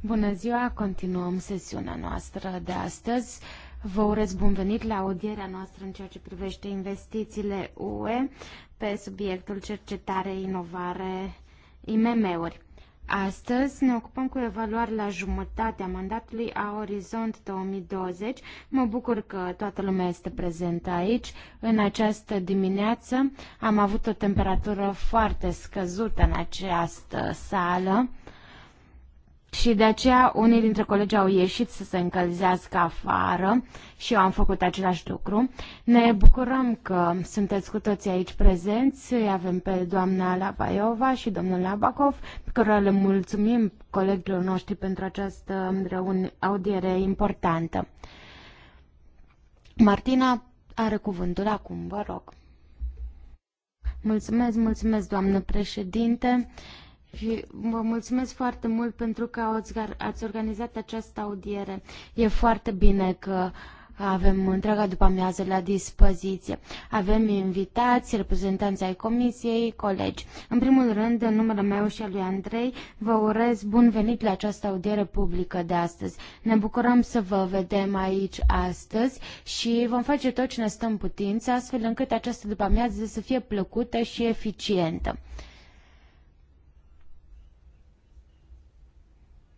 Bună ziua, continuăm sesiunea noastră de astăzi. Vă urez bun venit la audierea noastră în ceea ce privește investițiile UE pe subiectul cercetare, inovare, IMM-uri. Astăzi ne ocupăm cu evaluarea la jumătatea mandatului a Orizont 2020. Mă bucur că toată lumea este prezentă aici. În această dimineață am avut o temperatură foarte scăzută în această sală și de aceea unii dintre colegi au ieșit să se încălzească afară și eu am făcut același lucru. Ne bucurăm că sunteți cu toții aici prezenți. avem pe doamna Labaiova și domnul Labakov, pe care le mulțumim colegilor noștri pentru această audiere importantă. Martina are cuvântul acum, vă rog. Mulțumesc, mulțumesc, doamnă președinte. Uh, și vă mulțumesc foarte mult pentru că ați organizat această audiere. E foarte bine că avem întreaga după amiază la dispoziție. Avem invitați, reprezentanți ai comisiei, colegi. În primul rând, în numele meu și al lui Andrei, vă urez bun venit la această audiere publică de astăzi. Ne bucurăm să vă vedem aici astăzi și vom face tot ce ne stă în putință, astfel încât această după amiază să fie plăcută și eficientă.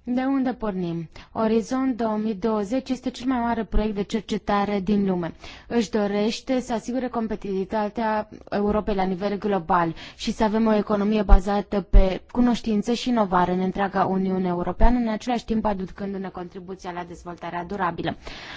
De unde pornim? Orizont 2020 este cel mai mare proiect de cercetare din lume. Își dorește să asigure competitivitatea Europei la nivel global și să avem o economie bazată pe cunoștință și inovare în întreaga Uniune Europeană, în același timp aducându-ne contribuția la dezvoltarea durabilă.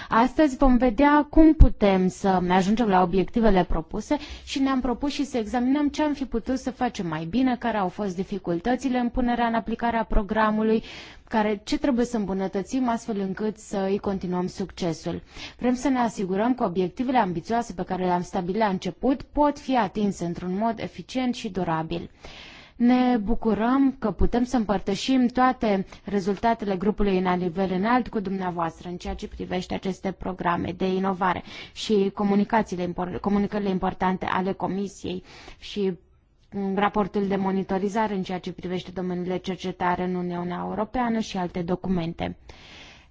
Astăzi vom vedea cum putem să ajungem la obiectivele propuse și ne-am propus și să examinăm ce am fi putut să facem mai bine, care au fost dificultățile în punerea în aplicarea programului, care, ce trebuie să îmbunătățim astfel încât să îi continuăm succesul. Vrem să ne asigurăm că obiectivele ambițioase pe care le-am stabilit la început pot fi atinse într-un mod eficient și durabil. Ne bucurăm că putem să împărtășim toate rezultatele grupului la în nivel înalt cu dumneavoastră în ceea ce privește aceste programe de inovare și comunicările importante ale Comisiei și raportul de monitorizare în ceea ce privește domeniile cercetare în Uniunea Europeană și alte documente.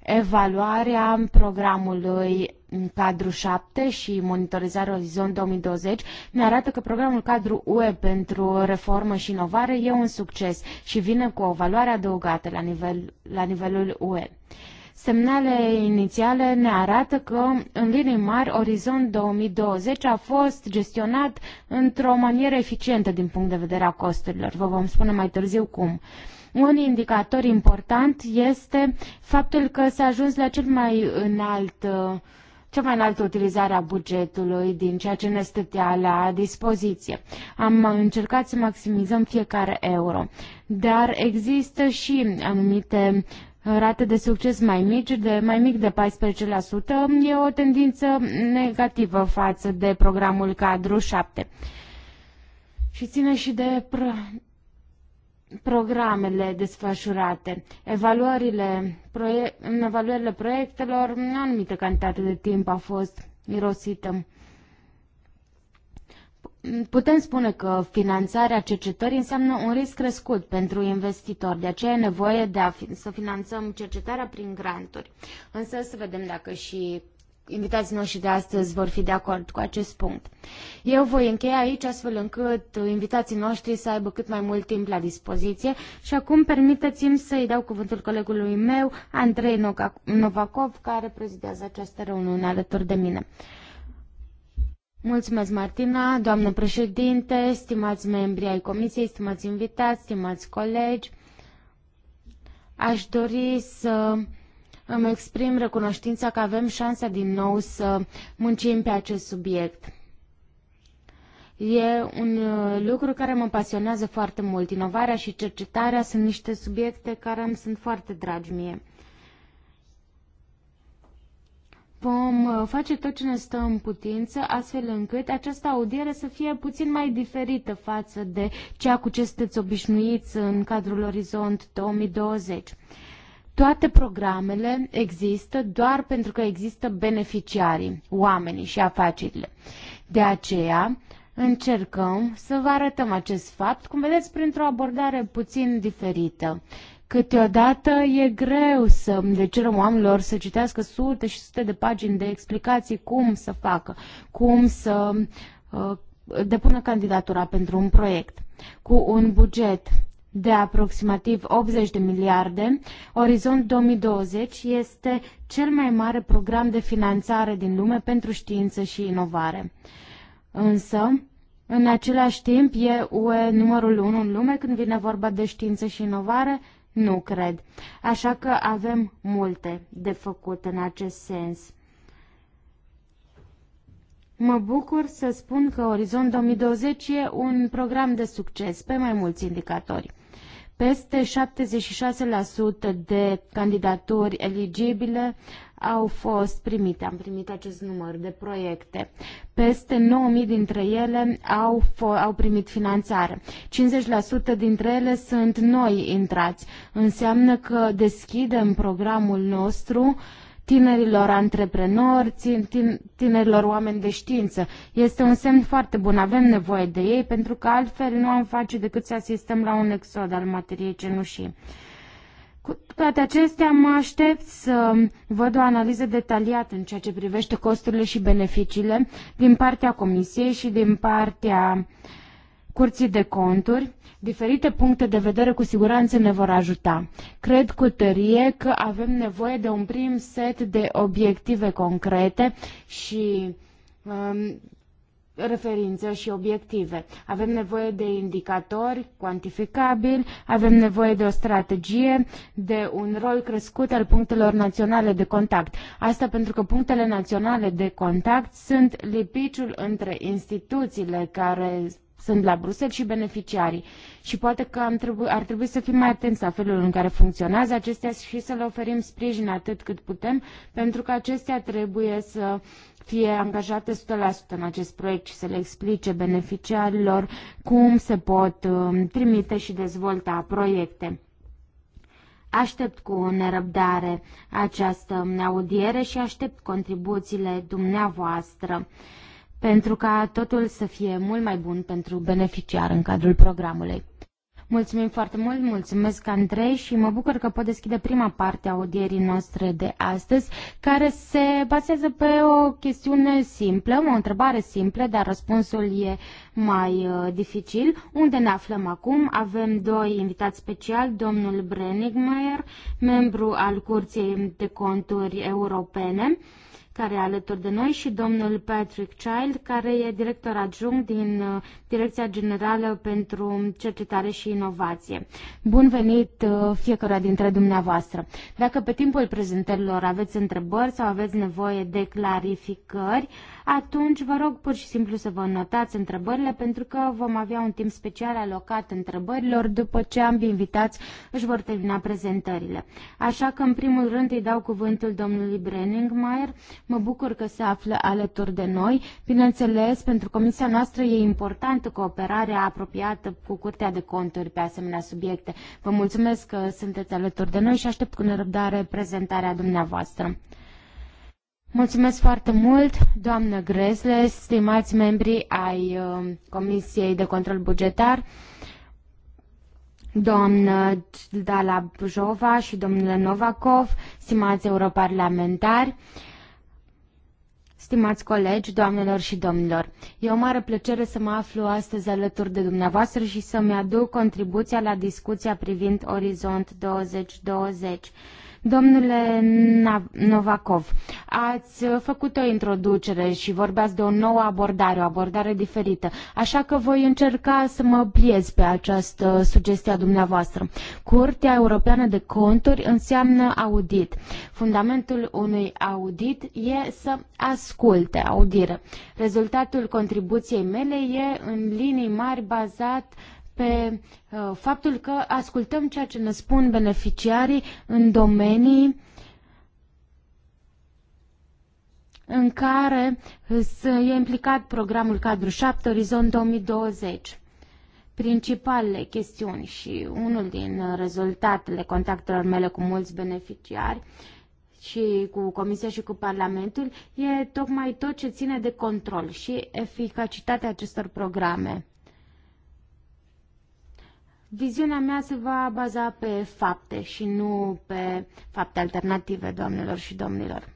Evaluarea programului cadru 7 și monitorizarea Orizont 2020 ne arată că programul cadru UE pentru reformă și inovare e un succes și vine cu o valoare adăugată la, nivel, la nivelul UE. Semnele inițiale ne arată că, în linii mari, Orizont 2020 a fost gestionat într-o manieră eficientă din punct de vedere a costurilor. Vă vom spune mai târziu cum. Un indicator important este faptul că s-a ajuns la cel mai înalt cea mai înaltă utilizare a bugetului din ceea ce ne stătea la dispoziție. Am încercat să maximizăm fiecare euro, dar există și anumite rate de succes mai mici, de mai mic de 14%, e o tendință negativă față de programul cadru 7. Și ține și de pr- programele desfășurate. Evaluările, proie- în evaluările proiectelor, o anumită cantitate de timp a fost irosită. Putem spune că finanțarea cercetării înseamnă un risc crescut pentru investitori, de aceea e nevoie de a fi, să finanțăm cercetarea prin granturi. Însă să vedem dacă și invitații noștri de astăzi vor fi de acord cu acest punct. Eu voi încheia aici astfel încât invitații noștri să aibă cât mai mult timp la dispoziție și acum permiteți-mi să-i dau cuvântul colegului meu, Andrei Novakov, care prezidează această reuniune alături de mine. Mulțumesc, Martina, doamnă președinte, stimați membri ai comisiei, stimați invitați, stimați colegi. Aș dori să îmi exprim recunoștința că avem șansa din nou să muncim pe acest subiect. E un uh, lucru care mă pasionează foarte mult. Inovarea și cercetarea sunt niște subiecte care îmi sunt foarte dragi mie. vom uh, face tot ce ne stă în putință, astfel încât această audiere să fie puțin mai diferită față de cea cu ce sunteți obișnuiți în cadrul Orizont 2020. Toate programele există doar pentru că există beneficiarii, oamenii și afacerile. De aceea, încercăm să vă arătăm acest fapt, cum vedeți, printr-o abordare puțin diferită. Câteodată e greu să le cerăm oamenilor să citească sute și sute de pagini de explicații cum să facă, cum să uh, depună candidatura pentru un proiect. Cu un buget de aproximativ 80 de miliarde, Orizont 2020 este cel mai mare program de finanțare din lume pentru știință și inovare. Însă, în același timp, e UE numărul 1 în lume când vine vorba de știință și inovare nu cred. Așa că avem multe de făcut în acest sens. Mă bucur să spun că Orizont 2020 e un program de succes pe mai mulți indicatori. Peste 76% de candidaturi eligibile au fost primite, am primit acest număr de proiecte. Peste 9.000 dintre ele au, au primit finanțare. 50% dintre ele sunt noi intrați. Înseamnă că deschidem programul nostru tinerilor antreprenori, tinerilor oameni de știință. Este un semn foarte bun, avem nevoie de ei, pentru că altfel nu am face decât să asistăm la un exod al materiei cenușii. Cu toate acestea, mă aștept să văd o analiză detaliată în ceea ce privește costurile și beneficiile din partea Comisiei și din partea Curții de Conturi. Diferite puncte de vedere cu siguranță ne vor ajuta. Cred cu tărie că avem nevoie de un prim set de obiective concrete și um, referințe și obiective. Avem nevoie de indicatori cuantificabili, avem nevoie de o strategie, de un rol crescut al punctelor naționale de contact. Asta pentru că punctele naționale de contact sunt lipiciul între instituțiile care sunt la Bruxelles și beneficiarii. Și poate că am trebu- ar trebui să fim mai atenți la felul în care funcționează acestea și să le oferim sprijin atât cât putem, pentru că acestea trebuie să fie angajate 100% în acest proiect și să le explice beneficiarilor cum se pot um, trimite și dezvolta proiecte. Aștept cu nerăbdare această audiere și aștept contribuțiile dumneavoastră pentru ca totul să fie mult mai bun pentru beneficiar în cadrul programului. Mulțumim foarte mult, mulțumesc Andrei și mă bucur că pot deschide prima parte a audierii noastre de astăzi, care se bazează pe o chestiune simplă, o întrebare simplă, dar răspunsul e mai uh, dificil. Unde ne aflăm acum? Avem doi invitați speciali, domnul Brenigmeier, membru al Curții de Conturi Europene, care e alături de noi, și domnul Patrick Child, care e director adjunct din uh, Direcția Generală pentru Cercetare și Inovație. Bun venit uh, fiecare dintre dumneavoastră. Dacă pe timpul prezentărilor aveți întrebări sau aveți nevoie de clarificări, atunci vă rog pur și simplu să vă notați întrebările pentru că vom avea un timp special alocat întrebărilor după ce ambii invitați își vor termina prezentările. Așa că în primul rând îi dau cuvântul domnului Brenningmeier. Mă bucur că se află alături de noi. Bineînțeles, pentru comisia noastră e importantă cooperarea apropiată cu Curtea de Conturi pe asemenea subiecte. Vă mulțumesc că sunteți alături de noi și aștept cu nerăbdare prezentarea dumneavoastră. Mulțumesc foarte mult, doamnă Grezle, stimați membri ai um, Comisiei de Control Bugetar, doamnă Dala Bujova și domnule Novakov, stimați europarlamentari, stimați colegi, doamnelor și domnilor. E o mare plăcere să mă aflu astăzi alături de dumneavoastră și să-mi aduc contribuția la discuția privind Orizont 2020 Domnule Novakov, ați uh, făcut o introducere și vorbeați de o nouă abordare, o abordare diferită, așa că voi încerca să mă pliez pe această sugestie a dumneavoastră. Curtea Europeană de Conturi înseamnă audit. Fundamentul unui audit e să asculte, audire. Rezultatul contribuției mele e în linii mari bazat pe uh, faptul că ascultăm ceea ce ne spun beneficiarii în domenii în care e implicat programul cadru 7 Orizont 2020 principalele chestiuni și unul din rezultatele contactelor mele cu mulți beneficiari și cu Comisia și cu Parlamentul e tocmai tot ce ține de control și eficacitatea acestor programe. Viziunea mea se va baza pe fapte și nu pe fapte alternative, doamnelor și domnilor.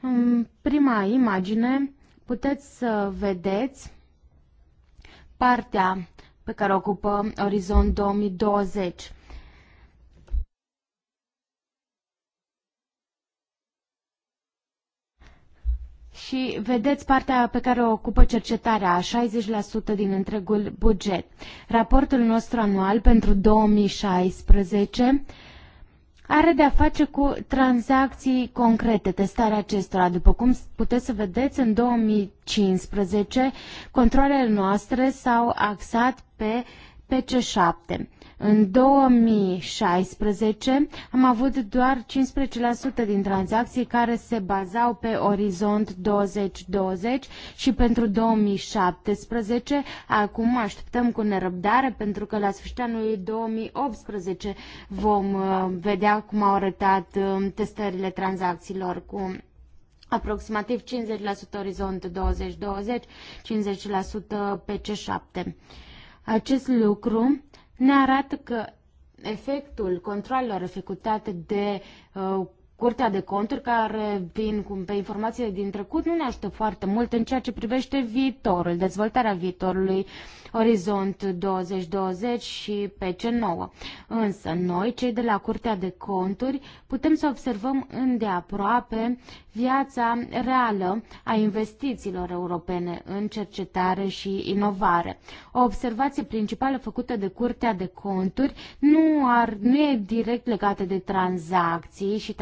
În prima imagine puteți să vedeți partea pe care o ocupă Orizont 2020 și vedeți partea pe care o ocupă cercetarea, 60% din întregul buget. Raportul nostru anual pentru 2016 are de-a face cu tranzacții concrete, testarea acestora. După cum puteți să vedeți, în 2015 controlele noastre s-au axat pe PC7. În 2016 am avut doar 15% din tranzacții care se bazau pe orizont 2020 și pentru 2017 acum așteptăm cu nerăbdare pentru că la sfârșitul anului 2018 vom uh, vedea cum au arătat uh, testările tranzacțiilor cu aproximativ 50% orizont 2020, 50% PC7. Acest lucru ne arată că efectul controlelor efectuate de uh, Curtea de conturi, care, prin, pe informațiile din trecut, nu ne ajută foarte mult în ceea ce privește viitorul, dezvoltarea viitorului Orizont 2020 și PC9. Însă noi, cei de la Curtea de Conturi, putem să observăm îndeaproape viața reală a investițiilor europene în cercetare și inovare. O observație principală făcută de Curtea de Conturi nu, ar, nu e direct legată de tranzacții și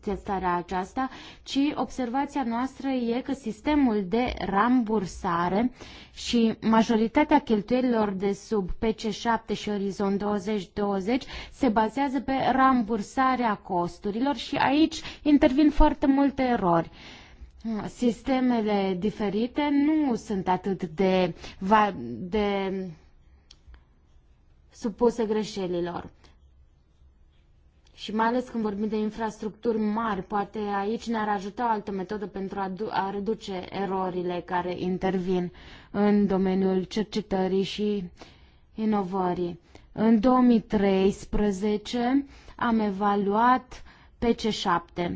testarea aceasta, ci observația noastră e că sistemul de rambursare și majoritatea cheltuielilor de sub PC7 și Orizont 2020 se bazează pe rambursarea costurilor și aici intervin foarte multe erori. Sistemele diferite nu sunt atât de, de supuse greșelilor. Și mai ales când vorbim de infrastructuri mari, poate aici ne-ar ajuta o altă metodă pentru a, a reduce erorile care intervin în domeniul cercetării și inovării. În 2013 am evaluat PC7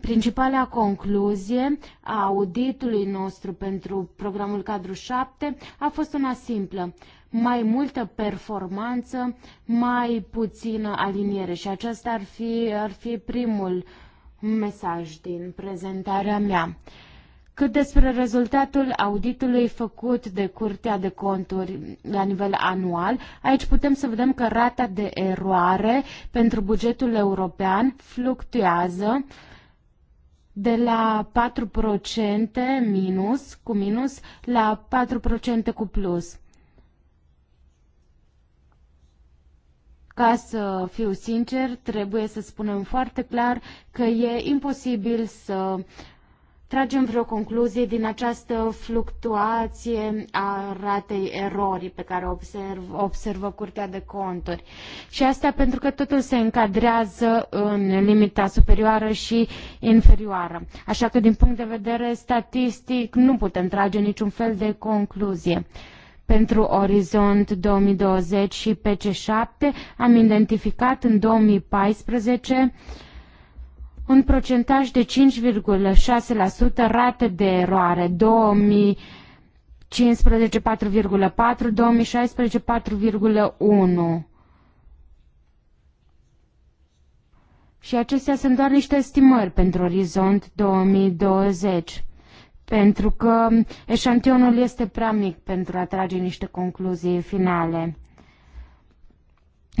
Principala concluzie a auditului nostru pentru programul cadru 7 a fost una simplă. Mai multă performanță, mai puțină aliniere și acesta ar fi, ar fi primul mesaj din prezentarea mea. Cât despre rezultatul auditului făcut de Curtea de Conturi la nivel anual, aici putem să vedem că rata de eroare pentru bugetul european fluctuează uh, de la 4% minus cu minus la 4% cu plus. Ca să fiu sincer, trebuie să spunem foarte clar că e imposibil să tragem vreo concluzie din această fluctuație a ratei erorii pe care o observ, observă Curtea de Conturi. Și asta pentru că totul se încadrează în limita superioară și inferioară. Așa că din punct de vedere statistic nu putem trage niciun fel de concluzie. Pentru Orizont 2020 și PC7 am identificat în 2014 un procentaj de 5,6% rată de eroare, 2015 4,4, 2016 4,1. Și acestea sunt doar niște estimări pentru orizont 2020, pentru că eșantionul este prea mic pentru a trage niște concluzii finale.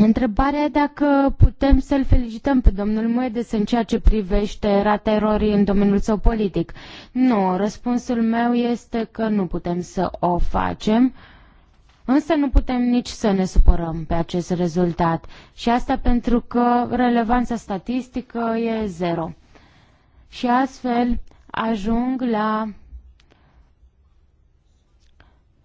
Întrebarea dacă putem să-l felicităm pe domnul Moedes în ceea ce privește rata erorii în domeniul său politic. Nu, răspunsul meu este că nu putem să o facem, însă nu putem nici să ne supărăm pe acest rezultat. Și asta pentru că relevanța statistică e zero. Și astfel ajung la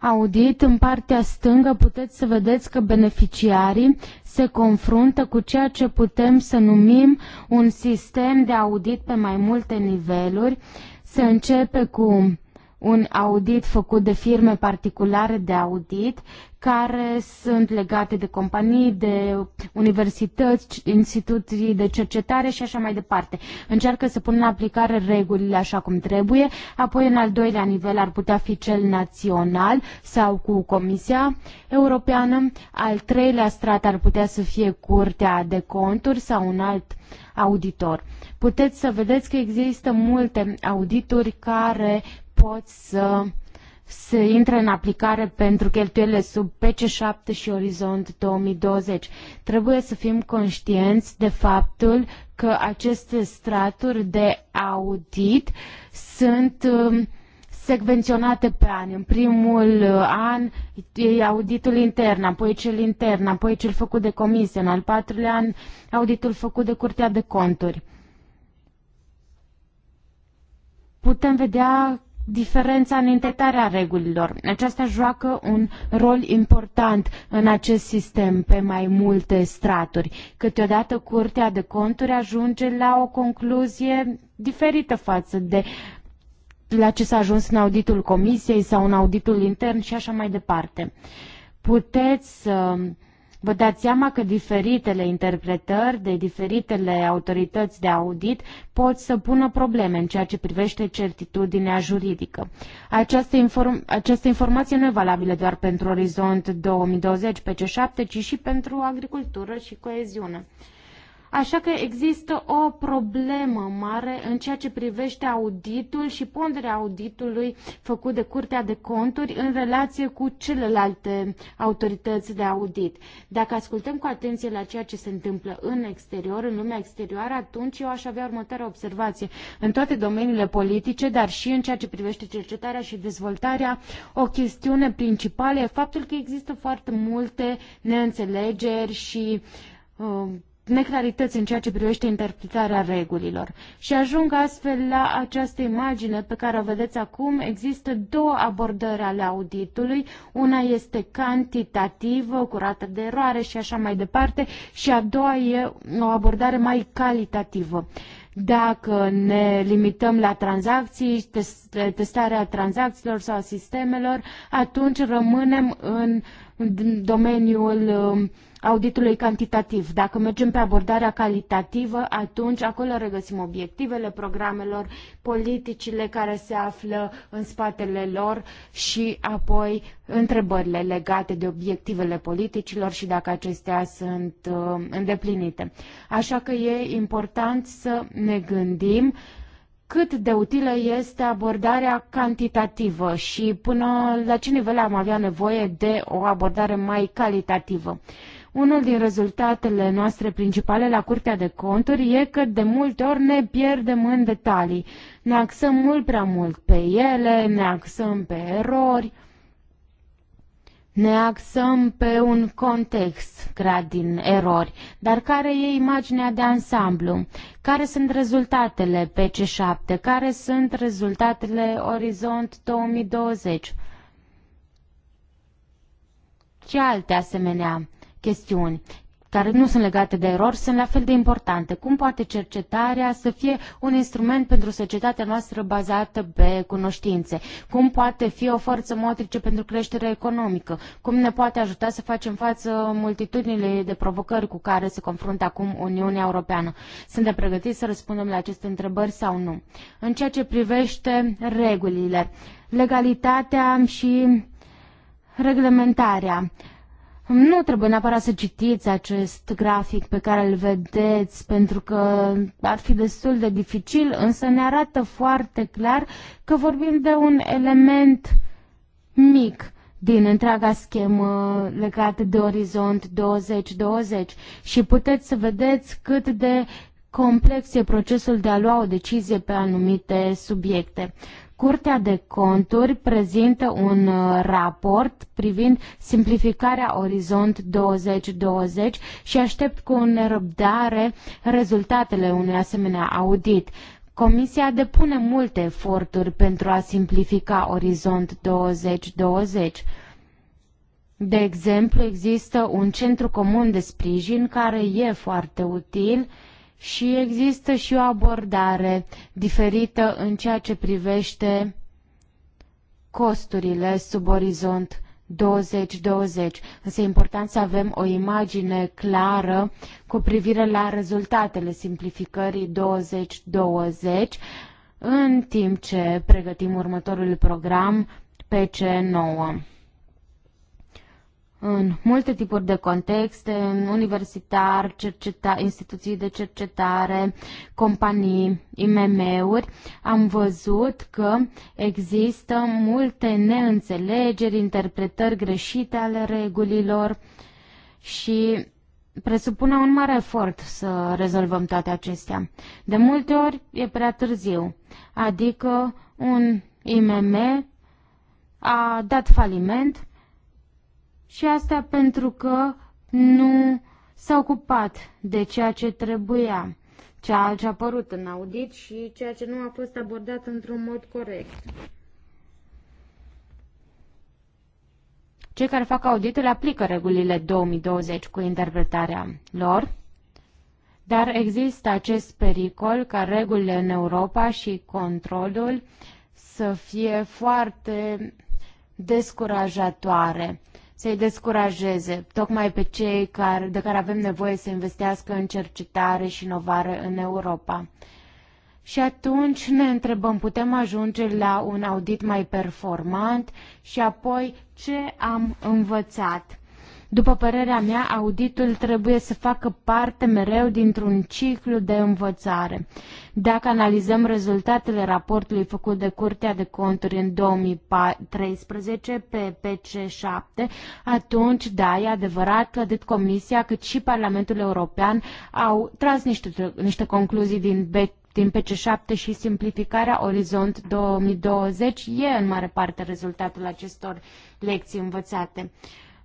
audit, în partea stângă puteți să vedeți că beneficiarii se confruntă cu ceea ce putem să numim un sistem de audit pe mai multe niveluri. Se începe cu un audit făcut de firme particulare de audit care sunt legate de companii, de universități, instituții de cercetare și așa mai departe. Încearcă să pună în aplicare regulile așa cum trebuie, apoi în al doilea nivel ar putea fi cel național sau cu Comisia Europeană, al treilea strat ar putea să fie Curtea de Conturi sau un alt auditor. Puteți să vedeți că există multe audituri care pot să se intre în aplicare pentru cheltuielile sub PC7 și Orizont 2020. Trebuie să fim conștienți de faptul că aceste straturi de audit sunt um, secvenționate pe an. În primul uh, an e auditul intern, apoi cel intern, apoi cel făcut de comisie, în al patrulea an auditul făcut de Curtea de Conturi. Putem vedea diferența în interpretarea regulilor. Aceasta joacă un rol important în acest sistem pe mai multe straturi. Câteodată Curtea de Conturi ajunge la o concluzie diferită față de la ce s-a ajuns în auditul comisiei sau în auditul intern și așa mai departe. Puteți să uh, Vă dați seama că diferitele interpretări de diferitele autorități de audit pot să pună probleme în ceea ce privește certitudinea juridică. Această, inform- această informație nu e valabilă doar pentru Orizont 2020 pe C7, ci și pentru agricultură și coeziune. Așa că există o problemă mare în ceea ce privește auditul și ponderea auditului făcut de Curtea de Conturi în relație cu celelalte autorități de audit. Dacă ascultăm cu atenție la ceea ce se întâmplă în exterior, în lumea exterioară, atunci eu aș avea următoarea observație. În toate domeniile politice, dar și în ceea ce privește cercetarea și dezvoltarea, o chestiune principală e faptul că există foarte multe neînțelegeri și uh, neclarități în ceea ce privește interpretarea regulilor. Și ajung astfel la această imagine pe care o vedeți acum. Există două abordări ale auditului. Una este cantitativă, curată de eroare și așa mai departe, și a doua e o abordare mai calitativă dacă ne limităm la tranzacții, testarea tranzacțiilor sau sistemelor, atunci rămânem în domeniul um, auditului cantitativ. Dacă mergem pe abordarea calitativă, atunci acolo regăsim obiectivele programelor, politicile care se află în spatele lor și apoi întrebările legate de obiectivele politicilor și dacă acestea sunt uh, îndeplinite. Așa că e important să ne gândim cât de utilă este abordarea cantitativă și până la ce nivel am avea nevoie de o abordare mai calitativă. Unul din rezultatele noastre principale la Curtea de Conturi e că de multe ori ne pierdem în detalii. Ne axăm mult prea mult pe ele, ne axăm pe erori, ne axăm pe un context creat din erori, dar care e imaginea de ansamblu? Care sunt rezultatele PC7? Care sunt rezultatele Orizont 2020? Și alte asemenea chestiuni care nu sunt legate de erori sunt la fel de importante. Cum poate cercetarea să fie un instrument pentru societatea noastră bazată pe cunoștințe? Cum poate fi o forță motrice pentru creșterea economică? Cum ne poate ajuta să facem față multitudinile de provocări cu care se confruntă acum Uniunea Europeană? Suntem pregătiți să răspundem la aceste întrebări sau nu? În ceea ce privește regulile, legalitatea și reglementarea. Nu trebuie neapărat să citiți acest grafic pe care îl vedeți, pentru că ar fi destul de dificil, însă ne arată foarte clar că vorbim de un element mic din întreaga schemă legată de Orizont 2020 și puteți să vedeți cât de complex e procesul de a lua o decizie pe anumite subiecte. Curtea de Conturi prezintă un uh, raport privind simplificarea Orizont 2020 și aștept cu nerăbdare rezultatele unui asemenea audit. Comisia depune multe eforturi pentru a simplifica Orizont 2020. De exemplu, există un centru comun de sprijin care e foarte util și există și o abordare diferită în ceea ce privește costurile sub orizont 2020. Însă e important să avem o imagine clară cu privire la rezultatele simplificării 2020 în timp ce pregătim următorul program PC9 în multe tipuri de contexte, în universitar, cerceta, instituții de cercetare, companii, IMM-uri, am văzut că există multe neînțelegeri, interpretări greșite ale regulilor și presupune un mare efort să rezolvăm toate acestea. De multe ori e prea târziu, adică un IMM a dat faliment și asta pentru că nu s-a ocupat de ceea ce trebuia, ceea ce a apărut în audit și ceea ce nu a fost abordat într-un mod corect. Cei care fac auditul aplică regulile 2020 cu interpretarea lor, dar există acest pericol ca regulile în Europa și controlul să fie foarte descurajatoare să-i descurajeze, tocmai pe cei care, de care avem nevoie să investească în cercetare și inovare în Europa. Și atunci ne întrebăm, putem ajunge la un audit mai performant și apoi ce am învățat după părerea mea, auditul trebuie să facă parte mereu dintr-un ciclu de învățare. Dacă analizăm rezultatele raportului făcut de Curtea de Conturi în 2013 pe PC7, atunci, da, e adevărat că atât Comisia cât și Parlamentul European au tras niște, niște concluzii din BC din PC7 și simplificarea Orizont 2020 e în mare parte rezultatul acestor lecții învățate.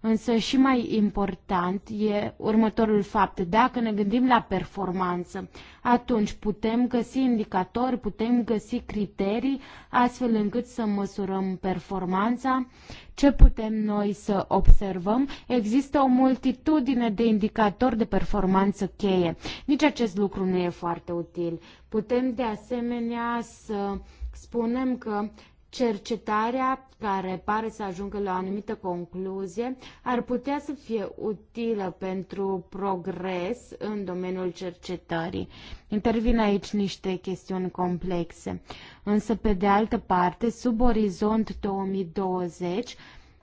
Însă și mai important e următorul fapt. Dacă ne gândim la performanță, atunci putem găsi indicatori, putem găsi criterii astfel încât să măsurăm performanța. Ce putem noi să observăm? Există o multitudine de indicatori de performanță cheie. Nici acest lucru nu e foarte util. Putem de asemenea să spunem că cercetarea care pare să ajungă la o anumită concluzie ar putea să fie utilă pentru progres în domeniul cercetării. Intervin aici niște chestiuni complexe. Însă, pe de altă parte, sub orizont 2020,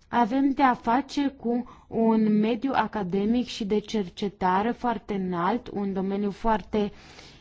avem de a face cu un mediu academic și de cercetare foarte înalt, un domeniu foarte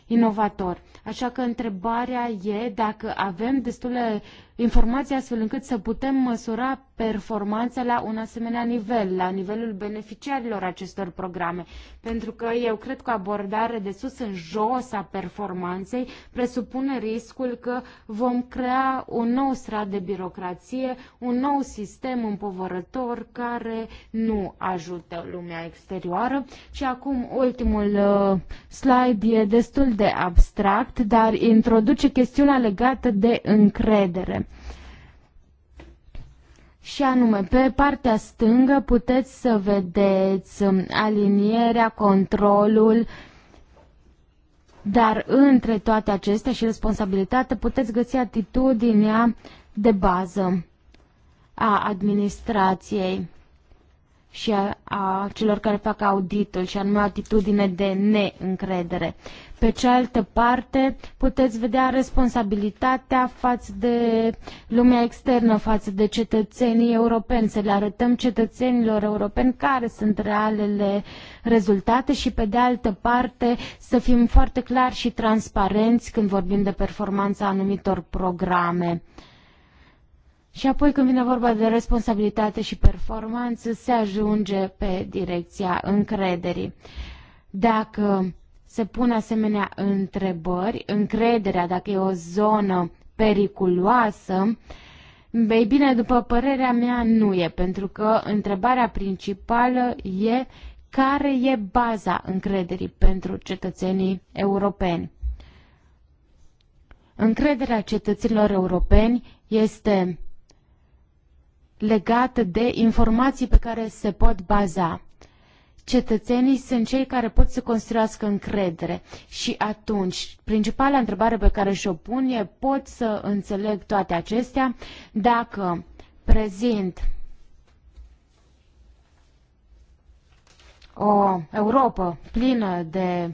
inovator. Așa că întrebarea e dacă avem destule informații astfel încât să putem măsura performanța la un asemenea nivel, la nivelul beneficiarilor acestor programe. Pentru că eu cred că abordare de sus în jos a performanței presupune riscul că vom crea un nou strat de birocrație, un nou sistem împovărător care nu ajută lumea exterioară. Și acum ultimul uh, slide e destul de abstract, dar introduce chestiunea legată de încredere. Și anume, pe partea stângă puteți să vedeți um, alinierea, controlul, dar între toate acestea și responsabilitate puteți găsi atitudinea de bază a administrației și a, a celor care fac auditul și anume atitudine de neîncredere. Pe cealaltă parte, puteți vedea responsabilitatea față de lumea externă, față de cetățenii europeni, să le arătăm cetățenilor europeni care sunt realele rezultate și, pe de altă parte, să fim foarte clari și transparenți când vorbim de performanța anumitor programe. Și apoi când vine vorba de responsabilitate și performanță, se ajunge pe direcția încrederii. Dacă se pun asemenea întrebări, încrederea, dacă e o zonă periculoasă, ei bine, după părerea mea, nu e, pentru că întrebarea principală e care e baza încrederii pentru cetățenii europeni. Încrederea cetățenilor europeni este legată de informații pe care se pot baza. Cetățenii sunt cei care pot să construiască încredere și atunci, principala întrebare pe care și-o pun e pot să înțeleg toate acestea dacă prezint o Europa plină de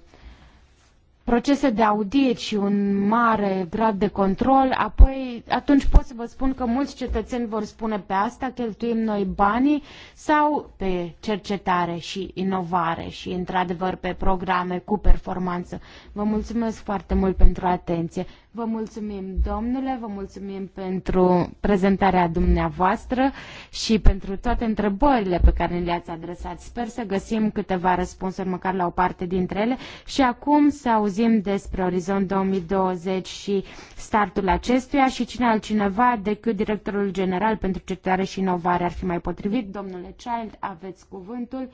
procese de audit și un mare grad de control, apoi atunci pot să vă spun că mulți cetățeni vor spune pe asta cheltuim noi banii sau pe cercetare și inovare și într-adevăr pe programe cu performanță. Vă mulțumesc foarte mult pentru atenție. Vă mulțumim, domnule, vă mulțumim pentru prezentarea dumneavoastră și pentru toate întrebările pe care ne le-ați adresat. Sper să găsim câteva răspunsuri, măcar la o parte dintre ele. Și acum să auzim despre Orizont 2020 și startul acestuia și cine altcineva decât directorul general pentru cercetare și inovare ar fi mai potrivit. Domnule Child, aveți cuvântul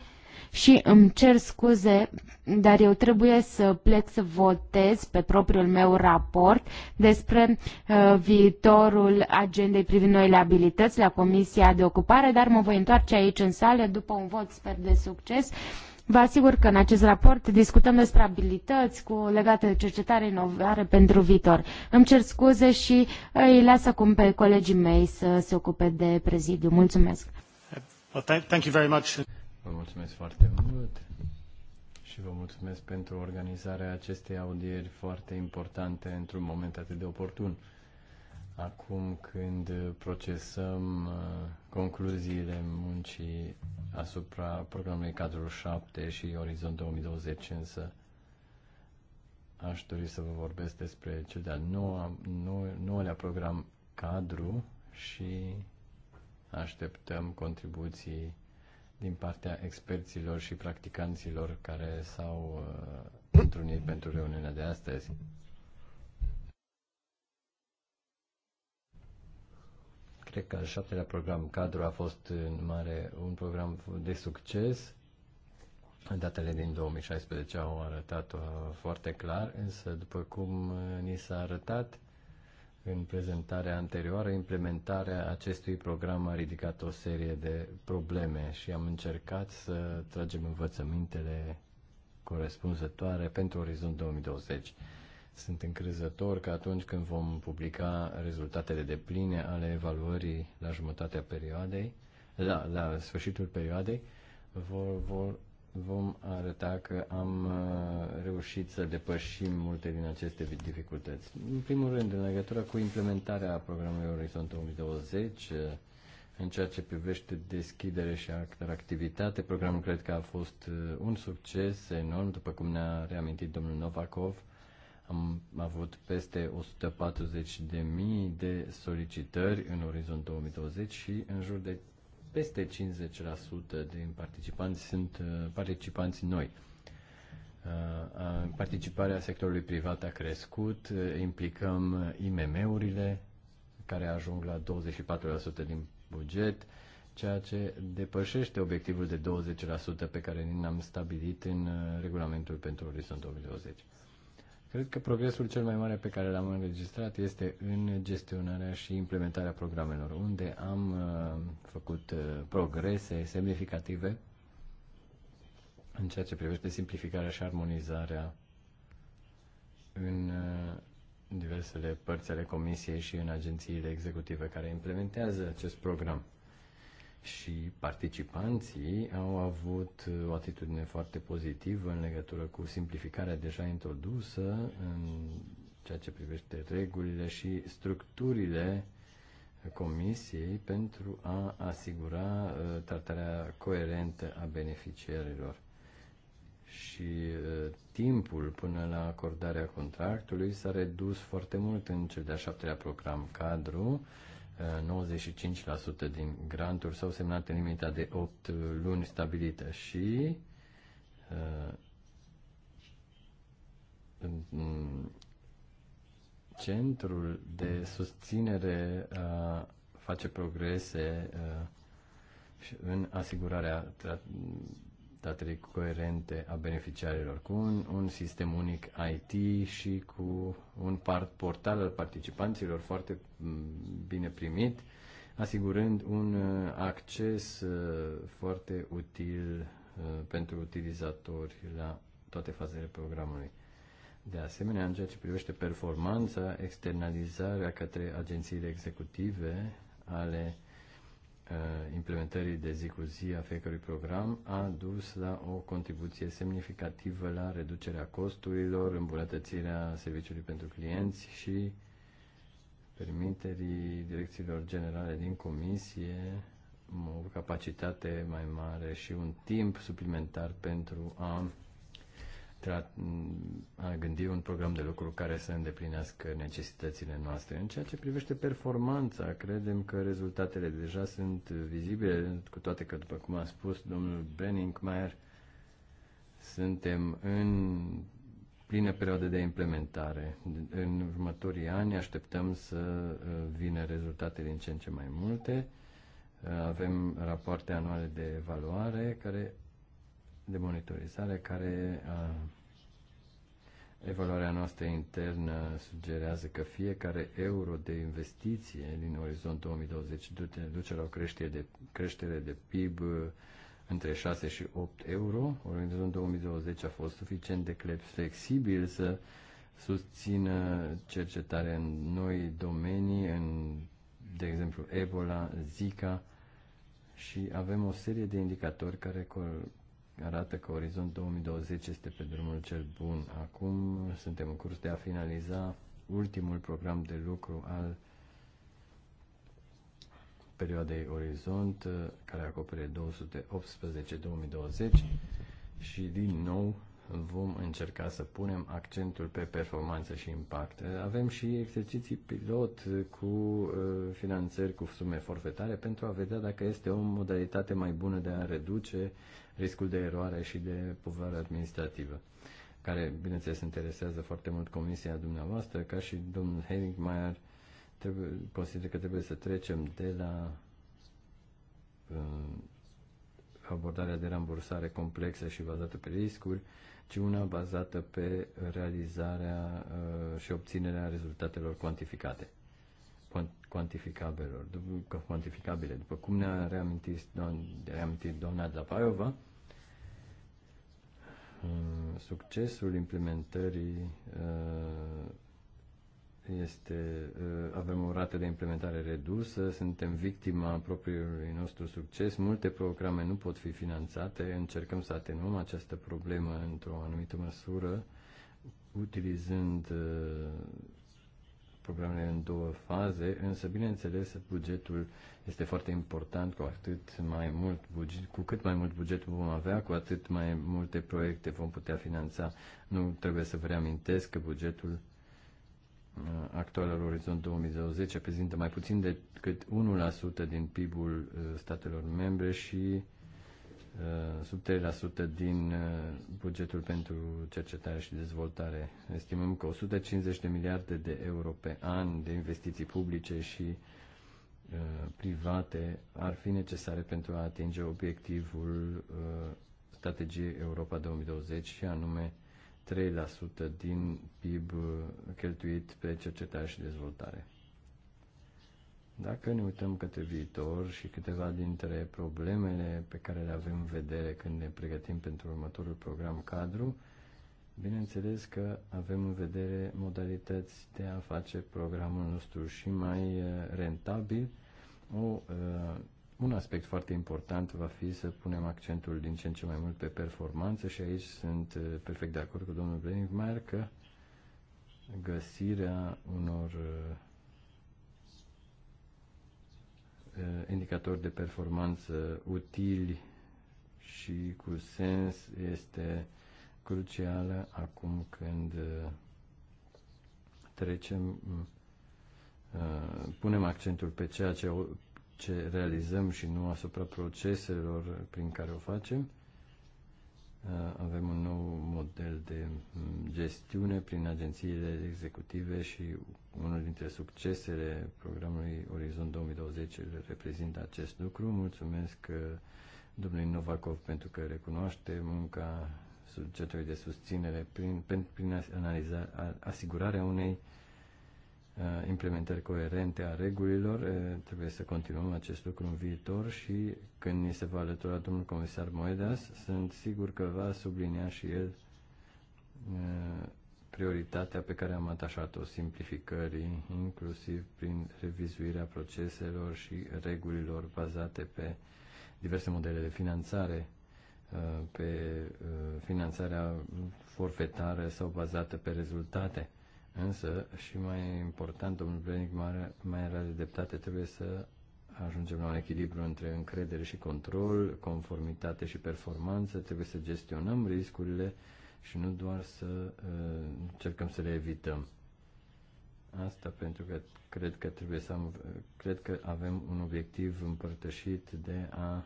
și îmi cer scuze, dar eu trebuie să plec să votez pe propriul meu raport despre uh, viitorul agendei privind noile abilități la Comisia de Ocupare, dar mă voi întoarce aici în sală după un vot, sper, de succes. Vă asigur că în acest raport discutăm despre abilități cu legate de cercetare inovare pentru viitor. Îmi cer scuze și îi las acum pe colegii mei să se ocupe de prezidiu. Mulțumesc. Well, thank you very much. Vă mulțumesc foarte mult și vă mulțumesc pentru organizarea acestei audieri foarte importante într-un moment atât de oportun. Acum când procesăm uh, concluziile muncii asupra programului cadrul 7 și Orizont 2020, însă aș dori să vă vorbesc despre cel de-al nouălea program cadru și așteptăm contribuții din partea experților și practicanților care s-au uh, întrunit pentru reuniunea de astăzi. Cred că al șaptelea program cadru a fost în mare un program de succes. Datele din 2016 au arătat uh, foarte clar, însă după cum uh, ni s-a arătat, în prezentarea anterioară, implementarea acestui program a ridicat o serie de probleme și am încercat să tragem învățămintele corespunzătoare pentru Orizont 2020. Sunt încrezător că atunci când vom publica rezultatele de pline ale evaluării la jumătatea perioadei, la, la sfârșitul perioadei, vor, vor, vom arăta că am uh, reușit să depășim multe din aceste dificultăți. În primul rând, în legătură cu implementarea programului Orizont 2020, uh, în ceea ce privește deschidere și activitate, programul cred că a fost uh, un succes enorm, după cum ne-a reamintit domnul Novakov. Am avut peste 140.000 de solicitări în orizont 2020 și în jur de peste 50% din participanți sunt uh, participanți noi. Uh, participarea sectorului privat a crescut, uh, implicăm IMM-urile care ajung la 24% din buget, ceea ce depășește obiectivul de 20% pe care ni l-am stabilit în regulamentul pentru orizont 2020. Cred că progresul cel mai mare pe care l-am înregistrat este în gestionarea și implementarea programelor, unde am uh, făcut uh, progrese semnificative în ceea ce privește simplificarea și armonizarea în uh, diversele părți ale Comisiei și în agențiile executive care implementează acest program și participanții au avut o atitudine foarte pozitivă în legătură cu simplificarea deja introdusă în ceea ce privește regulile și structurile comisiei pentru a asigura uh, tratarea coerentă a beneficiarilor și uh, timpul până la acordarea contractului s-a redus foarte mult în cel de-a șaptelea program cadru 95% din granturi s-au semnat în limita de 8 luni stabilită și uh, centrul de susținere uh, face progrese uh, în asigurarea datele coerente a beneficiarilor, cu un, un sistem unic IT și cu un portal al participanților foarte mm, bine primit, asigurând un uh, acces uh, foarte util uh, pentru utilizatori la toate fazele programului. De asemenea, în ceea ce privește performanța, externalizarea către agențiile executive ale Uh, implementării de zi cu zi a fiecărui program a dus la o contribuție semnificativă la reducerea costurilor, îmbunătățirea serviciului pentru clienți și permiterii direcțiilor generale din comisie o capacitate mai mare și un timp suplimentar pentru a a gândi un program de lucru care să îndeplinească necesitățile noastre. În ceea ce privește performanța, credem că rezultatele deja sunt vizibile, cu toate că, după cum a spus domnul Benningmeier, suntem în plină perioadă de implementare. În următorii ani așteptăm să uh, vină rezultate din ce în ce mai multe. Uh, avem rapoarte anuale de evaluare care de monitorizare care uh, evaluarea noastră internă sugerează că fiecare euro de investiție din orizont 2020 duce la o creștere de, creștere de PIB între 6 și 8 euro. Orizont 2020 a fost suficient de flexibil să susțină cercetare în noi domenii, în, de exemplu Ebola, Zika, și avem o serie de indicatori care arată că Orizont 2020 este pe drumul cel bun. Acum suntem în curs de a finaliza ultimul program de lucru al perioadei Orizont, uh, care acopere 218-2020 și din nou vom încerca să punem accentul pe performanță și impact. Avem și exerciții pilot cu uh, finanțări cu sume forfetare pentru a vedea dacă este o modalitate mai bună de a reduce riscul de eroare și de povară administrativă care, bineînțeles, interesează foarte mult comisia dumneavoastră, ca și domnul Henigmeier, trebuie, consider că trebuie să trecem de la uh, abordarea de rambursare complexă și bazată pe riscuri ci una bazată pe realizarea uh, și obținerea rezultatelor cuantificate cuantificabilor, cuantificabile. După cum ne-a reamintit, doamn, reamintit doamna Zapaiova, uh, succesul implementării uh, este, uh, avem o rată de implementare redusă, suntem victima propriului nostru succes, multe programe nu pot fi finanțate, încercăm să atenuăm această problemă într-o anumită măsură, utilizând uh, programele în două faze, însă, bineînțeles, bugetul este foarte important, cu atât mai mult buget, cu cât mai mult buget vom avea, cu atât mai multe proiecte vom putea finanța. Nu trebuie să vă reamintesc că bugetul Uh, actualul Orizont 2020 reprezintă mai puțin decât 1% din PIB-ul uh, statelor membre și uh, sub 3% din bugetul pentru cercetare și dezvoltare. Estimăm că 150 de miliarde de euro pe an de investiții publice și private ar fi necesare pentru a atinge obiectivul strategiei Europa 2020 și anume 3% din PIB cheltuit pe cercetare și dezvoltare. Dacă ne uităm către viitor și câteva dintre problemele pe care le avem în vedere când ne pregătim pentru următorul program cadru, bineînțeles că avem în vedere modalități de a face programul nostru și mai eh, rentabil, o eh, un aspect foarte important va fi să punem accentul din ce în ce mai mult pe performanță și aici sunt uh, perfect de acord cu domnul Brennick, că găsirea unor uh, uh, indicatori de performanță utili și cu sens este crucială acum când trecem, punem accentul pe ceea ce ce realizăm și nu asupra proceselor prin care o facem. Uh, avem un nou model de mm, gestiune prin agențiile executive și unul dintre succesele programului Orizont 2020 reprezintă acest lucru. Mulțumesc uh, domnului Novakov pentru că recunoaște munca subiectului de susținere prin, prin, prin analiza, asigurarea unei uh, Uh, implementări coerente a regulilor. Uh, trebuie să continuăm acest lucru în viitor și când ni se va alătura domnul comisar Moedas, sunt sigur că va sublinia și el uh, prioritatea pe care am atașat-o simplificării, inclusiv prin revizuirea proceselor și regulilor bazate pe diverse modele de finanțare, pe finanțarea forfetară sau bazată pe rezultate Însă, și mai important, domnul Brenic mai era de dreptate, trebuie să ajungem la un echilibru între încredere și control, conformitate și performanță, trebuie să gestionăm riscurile și nu doar să uh, încercăm să le evităm. Asta pentru că cred că trebuie să am, cred că avem un obiectiv împărtășit de a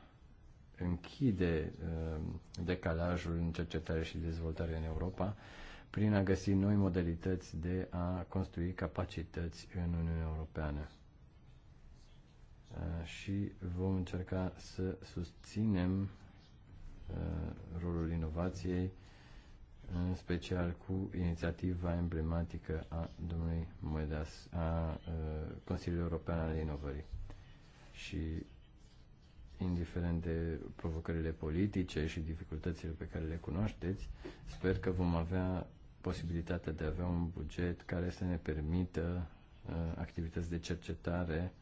închide uh, decalajul în cercetare și dezvoltare în Europa prin a găsi noi modalități de a construi capacități în Uniunea Europeană. Uh, și vom încerca să susținem uh, rolul inovației, în special cu inițiativa emblematică a domnului Moedas, a uh, Consiliului European al Inovării. Și indiferent de provocările politice și dificultățile pe care le cunoașteți, sper că vom avea posibilitatea de a avea un buget care să ne permită uh, activități de cercetare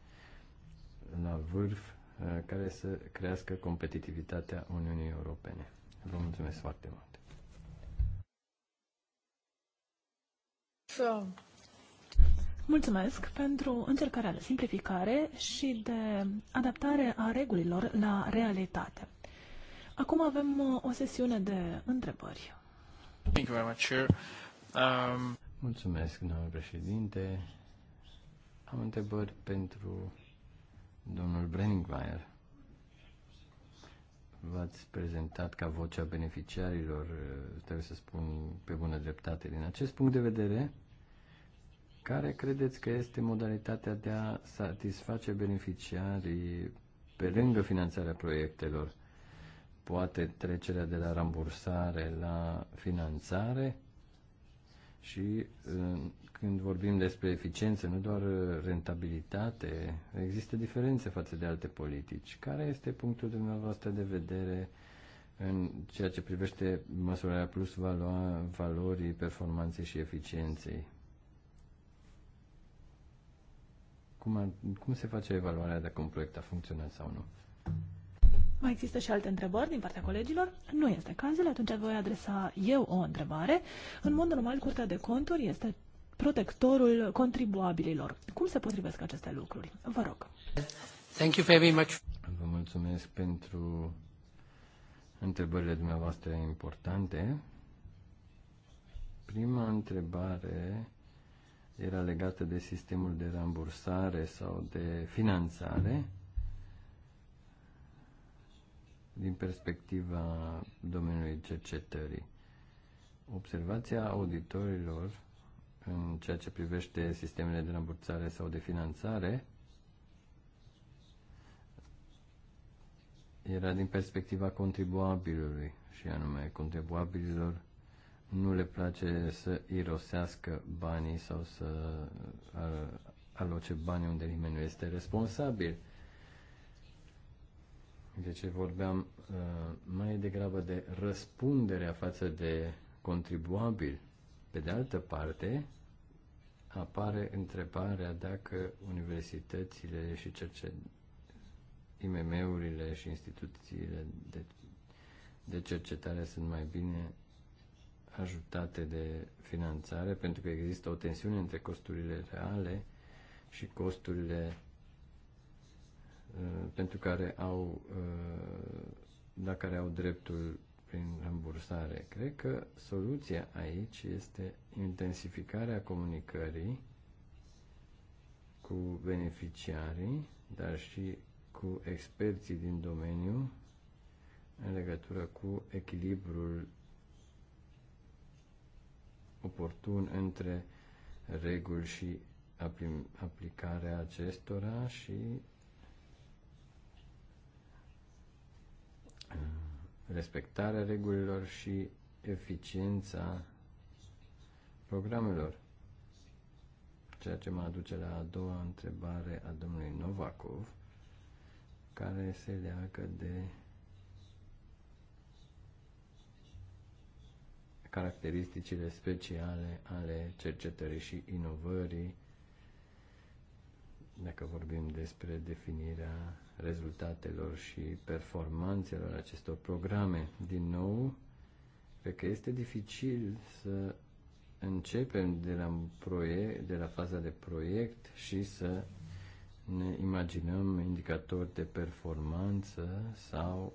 la vârf uh, care să crească competitivitatea Uniunii Europene. Vă mulțumesc foarte mult! Mulțumesc pentru încercarea de simplificare și de adaptare a regulilor la realitate. Acum avem uh, o sesiune de întrebări. Thank you very much, Um... Mulțumesc, domnule președinte. Am întrebări pentru domnul Brenningmeier. V-ați prezentat ca vocea beneficiarilor, trebuie să spun pe bună dreptate. Din acest punct de vedere, care credeți că este modalitatea de a satisface beneficiarii pe lângă finanțarea proiectelor? poate trecerea de la rambursare la finanțare și când vorbim despre eficiență, nu doar rentabilitate, există diferențe față de alte politici. Care este punctul dumneavoastră de vedere în ceea ce privește măsurarea plus valoa, valorii, performanței și eficienței? Cum, a, cum se face evaluarea dacă un proiect a funcționat sau nu? Mai există și alte întrebări din partea colegilor? Nu este cazul, atunci voi adresa eu o întrebare. În mod normal, Curtea de Conturi este protectorul contribuabililor. Cum se potrivesc aceste lucruri? Vă rog. Thank you very much. Vă mulțumesc pentru întrebările dumneavoastră importante. Prima întrebare era legată de sistemul de rambursare sau de finanțare din perspectiva domeniului cercetării. Observația auditorilor în ceea ce privește sistemele de rambursare sau de finanțare era din perspectiva contribuabilului și anume contribuabililor nu le place să irosească banii sau să aloce banii unde nimeni nu este responsabil ce vorbeam uh, mai degrabă de răspunderea față de contribuabil. Pe de altă parte, apare întrebarea dacă universitățile și cerce... IMM-urile și instituțiile de, de cercetare sunt mai bine ajutate de finanțare, pentru că există o tensiune între costurile reale și costurile Uh, pentru care au, la uh, da, care au dreptul prin rambursare. Cred că soluția aici este intensificarea comunicării cu beneficiarii, dar și cu experții din domeniu în legătură cu echilibrul oportun între reguli și aplicarea acestora și respectarea regulilor și eficiența programelor. Ceea ce mă aduce la a doua întrebare a domnului Novakov, care se leagă de caracteristicile speciale ale cercetării și inovării dacă vorbim despre definirea rezultatelor și performanțelor acestor programe. Din nou, cred că este dificil să începem de la, proiect, de la faza de proiect și să ne imaginăm indicatori de performanță sau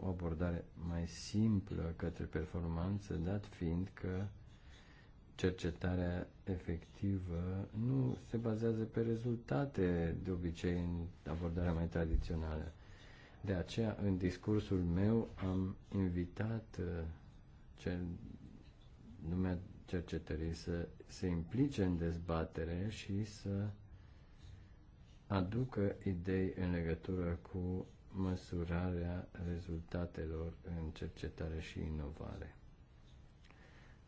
o abordare mai simplă către performanță, dat fiind că cercetarea efectivă nu se bazează pe rezultate de obicei în abordarea mai tradițională. De aceea, în discursul meu, am invitat uh, cel, lumea cercetării să se implice în dezbatere și să aducă idei în legătură cu măsurarea rezultatelor în cercetare și inovare.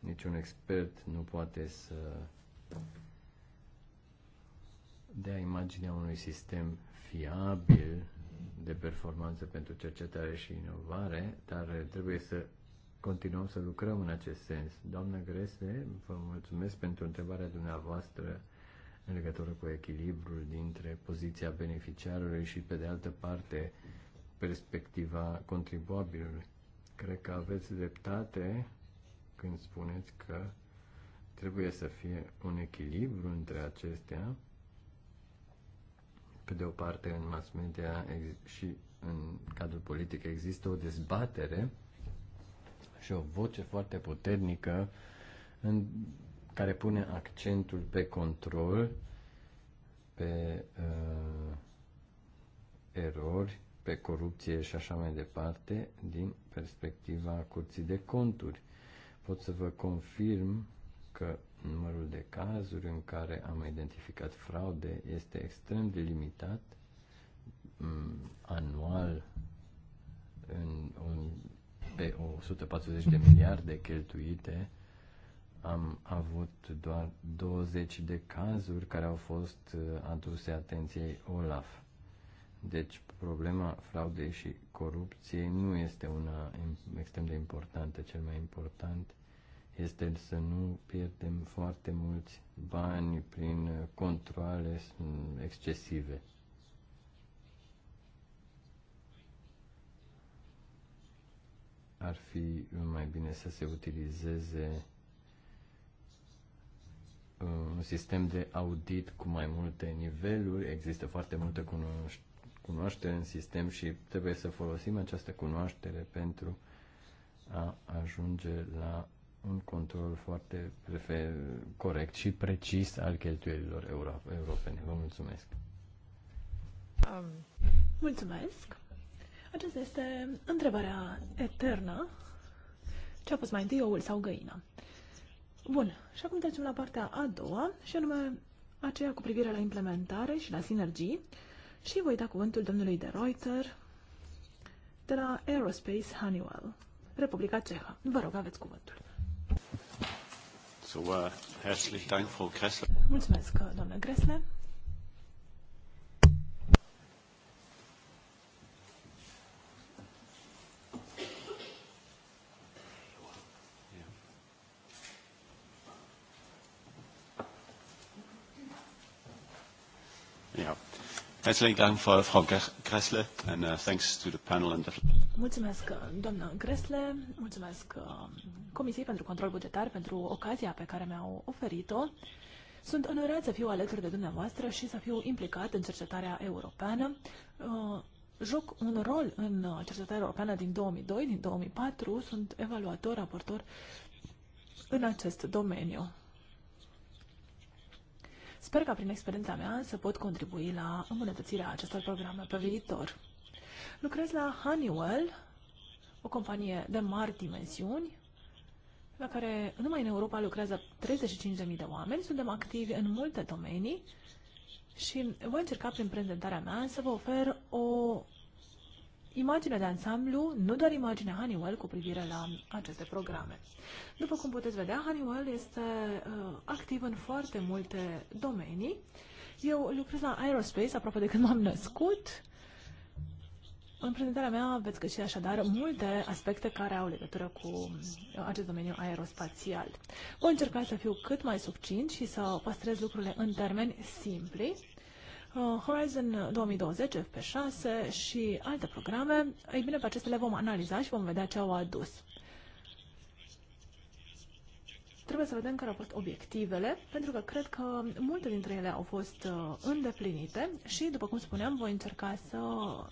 Niciun expert nu poate să dea imaginea unui sistem fiabil de performanță pentru cercetare și inovare, dar trebuie să continuăm să lucrăm în acest sens. Doamnă Grese, vă mulțumesc pentru întrebarea dumneavoastră în legătură cu echilibrul dintre poziția beneficiarului și, pe de altă parte, perspectiva contribuabilului. Cred că aveți dreptate când spuneți că trebuie să fie un echilibru între acestea, pe de o parte în mass media și în cadrul politic există o dezbatere și o voce foarte puternică în, care pune accentul pe control, pe uh, erori, pe corupție și așa mai departe din perspectiva curții de conturi pot să vă confirm că numărul de cazuri în care am identificat fraude este extrem de limitat mm, anual în, un, pe 140 de miliarde cheltuite am avut doar 20 de cazuri care au fost uh, aduse atenției Olaf. Deci problema fraudei și corupției nu este una extrem de importantă. Cel mai important este să nu pierdem foarte mulți bani prin controle excesive. Ar fi mai bine să se utilizeze uh, un sistem de audit cu mai multe niveluri. Există foarte multă cunoștință cunoaștere în sistem și trebuie să folosim această cunoaștere pentru a ajunge la un control foarte corect și precis al cheltuielilor euro- europene. Vă mulțumesc! Um, mulțumesc! Aceasta este întrebarea eternă. Ce a fost mai întâi, oul sau găina? Bun, și acum trecem la partea a doua, și anume aceea cu privire la implementare și la sinergii. Uh, și voi da cuvântul domnului de Reuter de la Aerospace Honeywell, Republica Cehă. Vă rog, aveți cuvântul. So, uh, Mulțumesc, doamnă Gresle. Mulțumesc, doamnă Gresle, mulțumesc uh, Comisiei pentru Control Bugetar pentru ocazia pe care mi-au oferit-o. Sunt onorat să fiu alături de dumneavoastră și să fiu implicat în cercetarea europeană. Uh, joc un rol în cercetarea europeană din 2002, din 2004. Sunt evaluator, raportor în acest domeniu. Sper ca prin experiența mea să pot contribui la îmbunătățirea acestor programe pe viitor. Lucrez la Honeywell, o companie de mari dimensiuni, la care numai în Europa lucrează 35.000 de oameni. Suntem activi în multe domenii și voi încerca prin prezentarea mea să vă ofer o imagine de ansamblu, nu doar imaginea Honeywell cu privire la aceste programe. După cum puteți vedea, Honeywell este uh, activ în foarte multe domenii. Eu lucrez la aerospace aproape de când m-am născut. În prezentarea mea veți găsi așadar multe aspecte care au legătură cu uh, acest domeniu aerospațial. Voi încerca să fiu cât mai succint și să păstrez lucrurile în termeni simpli Uh, Horizon 2020, FP6 și alte programe, ei bine, pe acestea le vom analiza și vom vedea ce au adus. Trebuie să vedem care au fost obiectivele, pentru că cred că multe dintre ele au fost uh, îndeplinite și, după cum spuneam, voi încerca să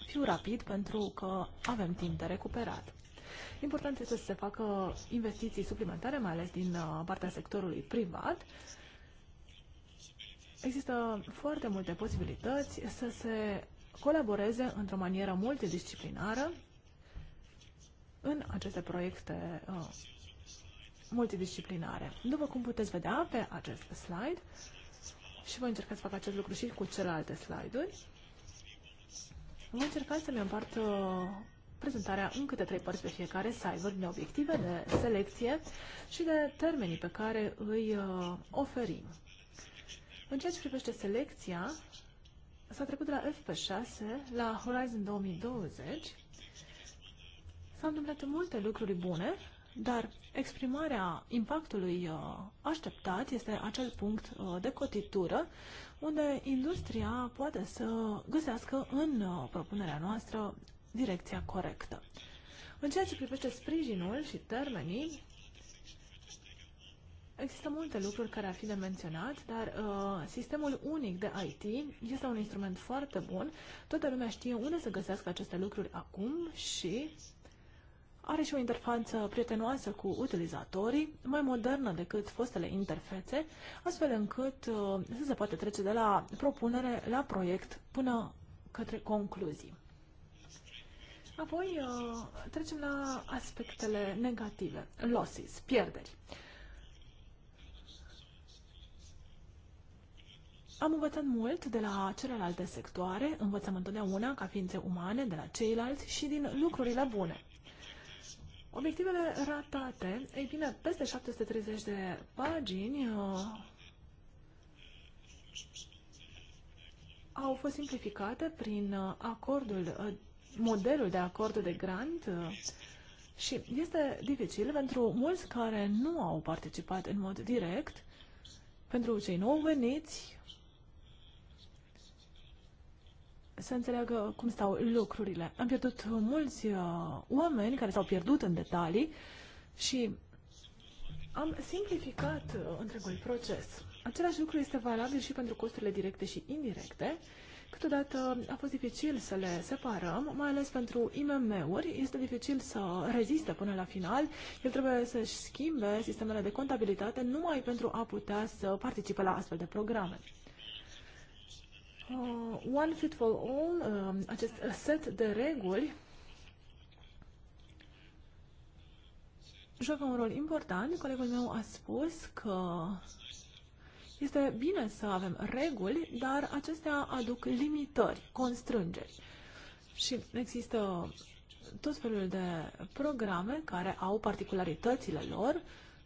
fiu rapid pentru că avem timp de recuperat. Important este să se facă investiții suplimentare, mai ales din uh, partea sectorului privat, Există foarte multe posibilități să se colaboreze într-o manieră multidisciplinară în aceste proiecte uh, multidisciplinare. După cum puteți vedea pe acest slide, și voi încerca să fac acest lucru și cu celelalte slide-uri, voi încerca să-mi împart uh, prezentarea în câte trei părți pe fiecare, să de obiective, de selecție și de termenii pe care îi uh, oferim. În ceea ce privește selecția, s-a trecut de la FP6 la Horizon 2020. S-au întâmplat multe lucruri bune, dar exprimarea impactului uh, așteptat este acel punct uh, de cotitură unde industria poate să găsească în uh, propunerea noastră direcția corectă. În ceea ce privește sprijinul și termenii, Există multe lucruri care ar fi de menționat, dar uh, sistemul unic de IT este un instrument foarte bun. Toată lumea știe unde să găsească aceste lucruri acum și are și o interfață prietenoasă cu utilizatorii, mai modernă decât fostele interfețe, astfel încât uh, să se poate trece de la propunere la proiect până către concluzii. Apoi uh, trecem la aspectele negative, losses, pierderi. Uh, am învățat mult de la celelalte sectoare, învățăm întotdeauna ca ființe umane de la ceilalți și din lucrurile bune. Obiectivele ratate, ei bine, peste 730 de pagini uh, au fost simplificate prin uh, acordul, uh, modelul de acord de grant uh, și este dificil pentru mulți care nu au participat în mod direct, pentru cei nou veniți, să înțeleagă cum stau lucrurile. Am pierdut mulți uh, oameni care s-au pierdut în detalii și am simplificat uh, întregul proces. Același lucru este valabil și pentru costurile directe și indirecte. Câteodată a fost dificil să le separăm, mai ales pentru IMM-uri. Este dificil să reziste până la final. El trebuie să-și schimbe sistemele de contabilitate numai pentru a putea să participe la astfel de programe uh, one fit for all, uh, acest set de reguli, joacă un rol important. Colegul meu a spus că este bine să avem reguli, dar acestea aduc limitări, constrângeri. Și există tot felul de programe care au particularitățile lor,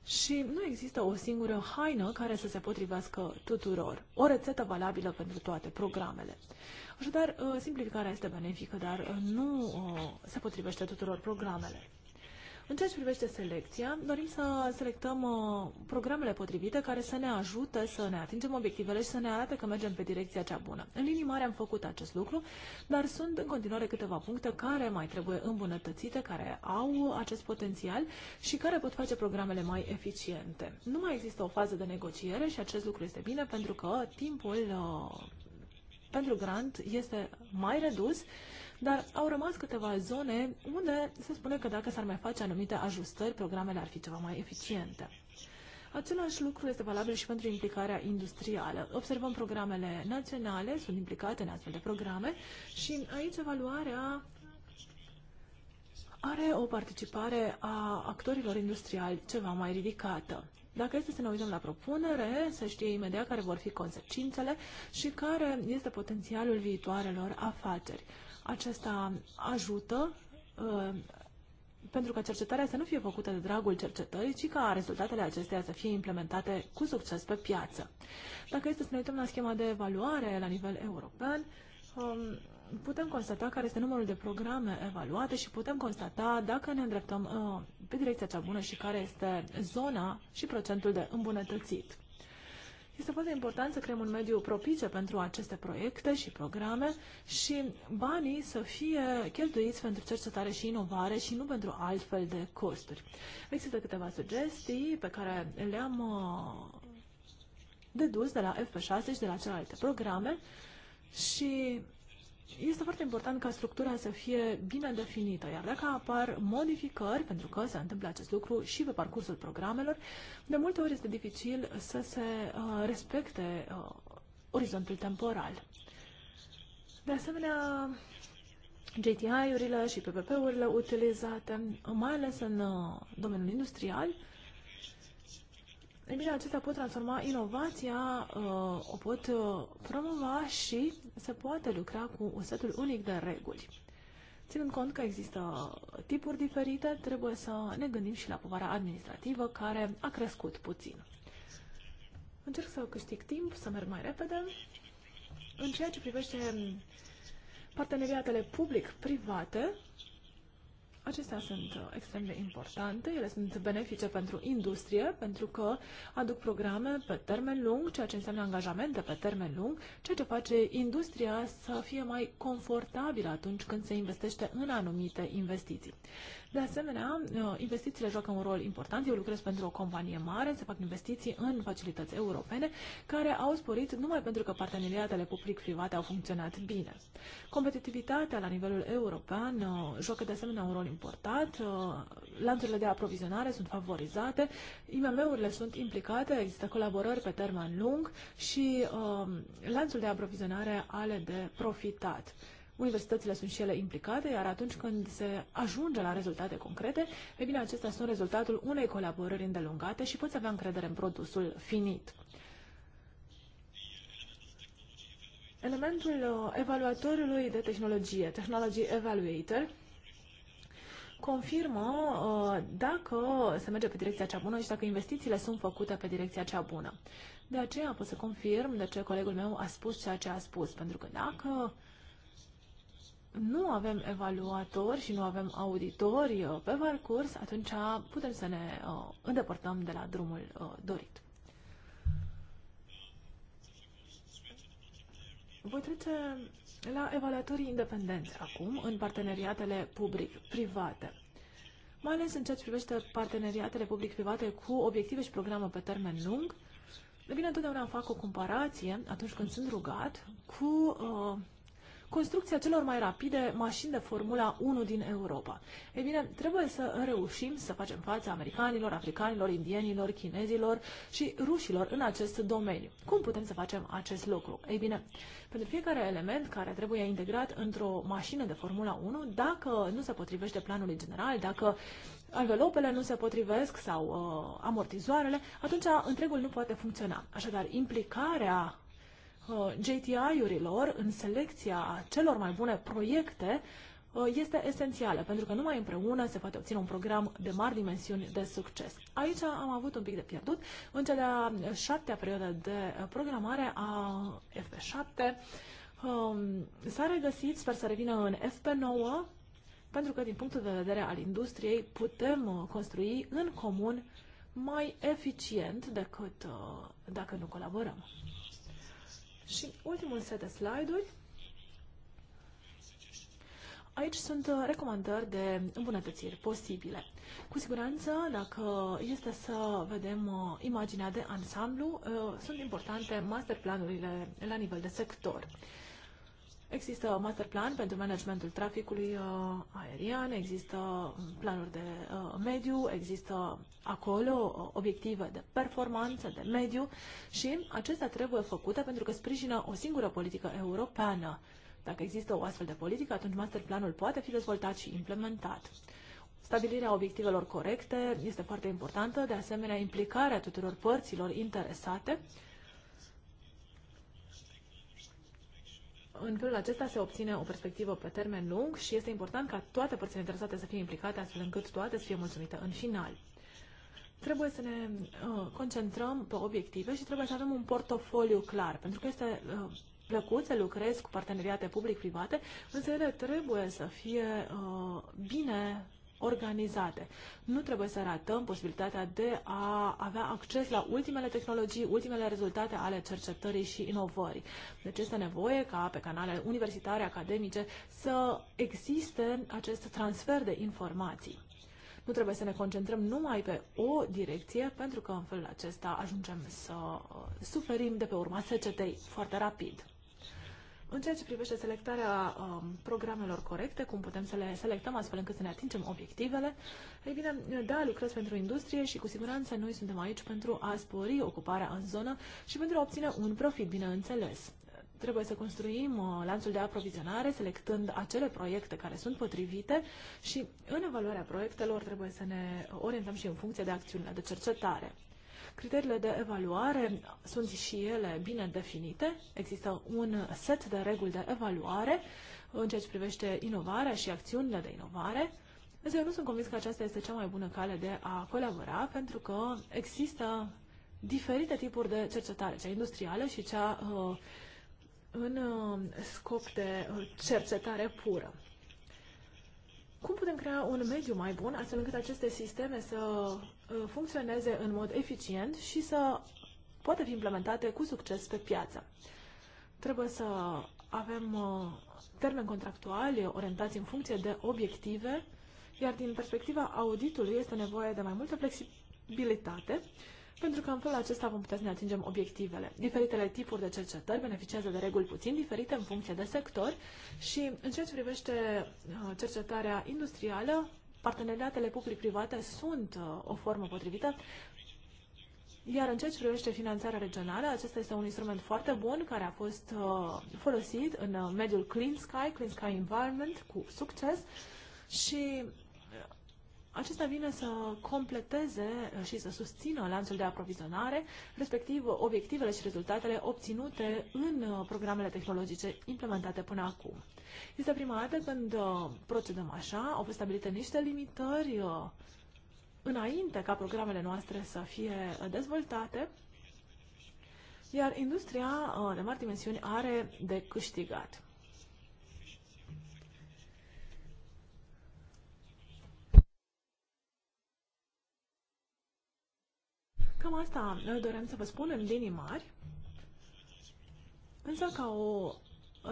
și nu există o singură haină care să se potrivească tuturor. O rețetă valabilă pentru toate programele. Așadar, uh, simplificarea este benefică, dar uh, nu uh, se potrivește tuturor programele. În ceea ce privește selecția, dorim să selectăm uh, programele potrivite care să ne ajute să ne atingem obiectivele și să ne arate că mergem pe direcția cea bună. În linii mari am făcut acest lucru, dar sunt în continuare câteva puncte care mai trebuie îmbunătățite, care au acest potențial și care pot face programele mai eficiente. Nu mai există o fază de negociere și acest lucru este bine pentru că timpul uh, pentru grant este mai redus dar au rămas câteva zone unde se spune că dacă s-ar mai face anumite ajustări, programele ar fi ceva mai eficiente. Același lucru este valabil și pentru implicarea industrială. Observăm programele naționale, sunt implicate în astfel de programe și aici evaluarea are o participare a actorilor industriali ceva mai ridicată. Dacă este să ne uităm la propunere, să știe imediat care vor fi consecințele și care este potențialul viitoarelor afaceri. Acesta ajută uh, pentru ca cercetarea să nu fie făcută de dragul cercetării, ci ca rezultatele acesteia să fie implementate cu succes pe piață. Dacă este să ne uităm la schema de evaluare la nivel european, um, putem constata care este numărul de programe evaluate și putem constata dacă ne îndreptăm uh, pe direcția cea bună și care este zona și procentul de îmbunătățit. Este foarte important să creăm un mediu propice pentru aceste proiecte și programe și banii să fie cheltuiți pentru cercetare și inovare și nu pentru altfel de costuri. Există câteva sugestii pe care le-am uh, dedus de la FP6 și de la celelalte programe și este foarte important ca structura să fie bine definită, iar dacă apar modificări, pentru că se întâmplă acest lucru și pe parcursul programelor, de multe ori este dificil să se uh, respecte uh, orizontul temporal. De asemenea, JTI-urile și PPP-urile utilizate, mai ales în uh, domeniul industrial, ei bine, acestea pot transforma inovația, uh, o pot uh, promova și se poate lucra cu un setul unic de reguli. Ținând cont că există tipuri diferite, trebuie să ne gândim și la povara administrativă, care a crescut puțin. Încerc să câștig timp, să merg mai repede. În ceea ce privește parteneriatele public-private, Acestea sunt uh, extrem de importante, ele sunt benefice pentru industrie, pentru că aduc programe pe termen lung, ceea ce înseamnă angajamente pe termen lung, ceea ce face industria să fie mai confortabilă atunci când se investește în anumite investiții. De asemenea, uh, investițiile joacă un rol important. Eu lucrez pentru o companie mare, se fac investiții în facilități europene care au sporit numai pentru că parteneriatele public-private au funcționat bine. Competitivitatea la nivelul european uh, joacă de asemenea un rol important. Uh, lanțurile de aprovizionare sunt favorizate, IMM-urile sunt implicate, există colaborări pe termen lung și lanțul de aprovizionare ale de profitat universitățile sunt și ele implicate, iar atunci când se ajunge la rezultate concrete, e bine, acestea sunt rezultatul unei colaborări îndelungate și poți avea încredere în produsul finit. Elementul uh, evaluatorului de tehnologie, Technology Evaluator, confirmă uh, dacă se merge pe direcția cea bună și dacă investițiile sunt făcute pe direcția cea bună. De aceea pot să confirm de ce colegul meu a spus ceea ce a spus, pentru că dacă nu avem evaluatori și nu avem auditori uh, pe parcurs, atunci putem să ne uh, îndepărtăm de la drumul uh, dorit. Voi trece la evaluatorii independenți acum, în parteneriatele public-private, mai ales în ceea ce privește parteneriatele public-private cu obiective și programe pe termen lung. De bine, întotdeauna fac o comparație atunci când sunt rugat cu uh, construcția celor mai rapide mașini de Formula 1 din Europa. Ei bine, trebuie să reușim să facem față americanilor, africanilor, indienilor, chinezilor și rușilor în acest domeniu. Cum putem să facem acest lucru? Ei bine, pentru fiecare element care trebuie integrat într-o mașină de Formula 1, dacă nu se potrivește planului general, dacă anvelopele nu se potrivesc sau uh, amortizoarele, atunci întregul nu poate funcționa. Așadar, implicarea JTI-urilor în selecția celor mai bune proiecte uh, este esențială, pentru că numai împreună se poate obține un program de mari dimensiuni de succes. Aici am avut un pic de pierdut. În cea de-a șaptea perioadă de programare a FP7 um, s-a regăsit, sper să revină în FP9, pentru că din punctul de vedere al industriei putem uh, construi în comun mai eficient decât uh, dacă nu colaborăm. Și ultimul set de slide-uri. Aici sunt uh, recomandări de îmbunătățiri posibile. Cu siguranță, dacă este să vedem uh, imaginea de ansamblu, uh, sunt importante masterplanurile la nivel de sector. Există master plan pentru managementul traficului uh, aerian, există planuri de uh, mediu, există acolo uh, obiective de performanță, de mediu și acestea trebuie făcute pentru că sprijină o singură politică europeană. Dacă există o astfel de politică, atunci master planul poate fi dezvoltat și implementat. Stabilirea obiectivelor corecte este foarte importantă, de asemenea implicarea tuturor părților interesate, uh, în felul acesta se obține o perspectivă pe termen lung și este important ca toate părțile interesate să fie implicate, astfel încât toate să fie mulțumite în final. Trebuie să ne uh, concentrăm pe obiective și trebuie să avem un portofoliu clar, pentru că este uh, plăcut să lucrezi cu parteneriate public-private, însă ele trebuie să fie uh, bine organizate. Nu trebuie să ratăm posibilitatea de a avea acces la ultimele tehnologii, ultimele rezultate ale cercetării și inovării. Deci este nevoie ca pe canalele universitare, academice, să existe acest transfer de informații. Nu trebuie să ne concentrăm numai pe o direcție, pentru că în felul acesta ajungem să suferim de pe urma secetei foarte rapid. În ceea ce privește selectarea um, programelor corecte, cum putem să le selectăm astfel încât să ne atingem obiectivele, ei bine, da, lucrez pentru industrie și cu siguranță noi suntem aici pentru a spori ocuparea în zonă și pentru a obține un profit, bineînțeles. Trebuie să construim uh, lanțul de aprovizionare, selectând acele proiecte care sunt potrivite și în evaluarea proiectelor trebuie să ne orientăm și în funcție de acțiunile de cercetare. Criteriile de evaluare sunt și ele bine definite. Există un set de reguli de evaluare în ceea ce privește inovarea și acțiunile de inovare. Însă eu nu sunt convins că aceasta este cea mai bună cale de a colabora, pentru că există diferite tipuri de cercetare, cea industrială și cea uh, în uh, scop de uh, cercetare pură. Cum putem crea un mediu mai bun astfel încât aceste sisteme să Uh, funcționeze în mod eficient și să poată fi implementate cu succes pe piață. Trebuie să avem uh, termeni contractuali orientați în funcție de obiective, iar din perspectiva auditului este nevoie de mai multă flexibilitate, pentru că în felul acesta vom putea să ne atingem obiectivele. Diferitele tipuri de cercetări beneficiază de reguli puțin diferite în funcție de sector și în ceea ce privește uh, cercetarea industrială, parteneriatele public-private sunt uh, o formă potrivită. Iar în ceea ce privește finanțarea regională, acesta este un instrument foarte bun care a fost uh, folosit în uh, mediul Clean Sky, Clean Sky Environment, cu succes și acesta vine să completeze și să susțină lanțul de aprovizionare, respectiv obiectivele și rezultatele obținute în programele tehnologice implementate până acum. Este prima dată când uh, procedăm așa, au fost stabilite niște limitări uh, înainte ca programele noastre să fie dezvoltate, iar industria uh, de mari dimensiuni are de câștigat. Cam asta dorem să vă spun în linii mari. Însă, ca o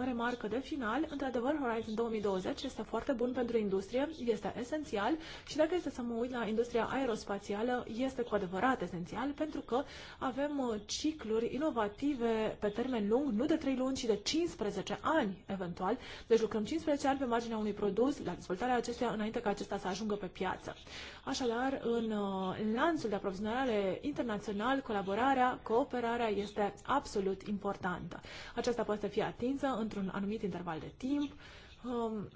remarcă de final, într-adevăr, Horizon 2020 este foarte bun pentru industrie, este esențial și dacă este să mă uit la industria aerospațială, este cu adevărat esențial pentru că avem uh, cicluri inovative pe termen lung, nu de 3 luni, ci de 15 ani, eventual. Deci lucrăm 15 ani pe marginea unui produs, la dezvoltarea acestuia, înainte ca acesta să ajungă pe piață. Așadar, în uh, lanțul de aprovizionare internațional, colaborarea, cooperarea este absolut importantă. Aceasta poate fi atinsă într-un anumit interval de timp. Um,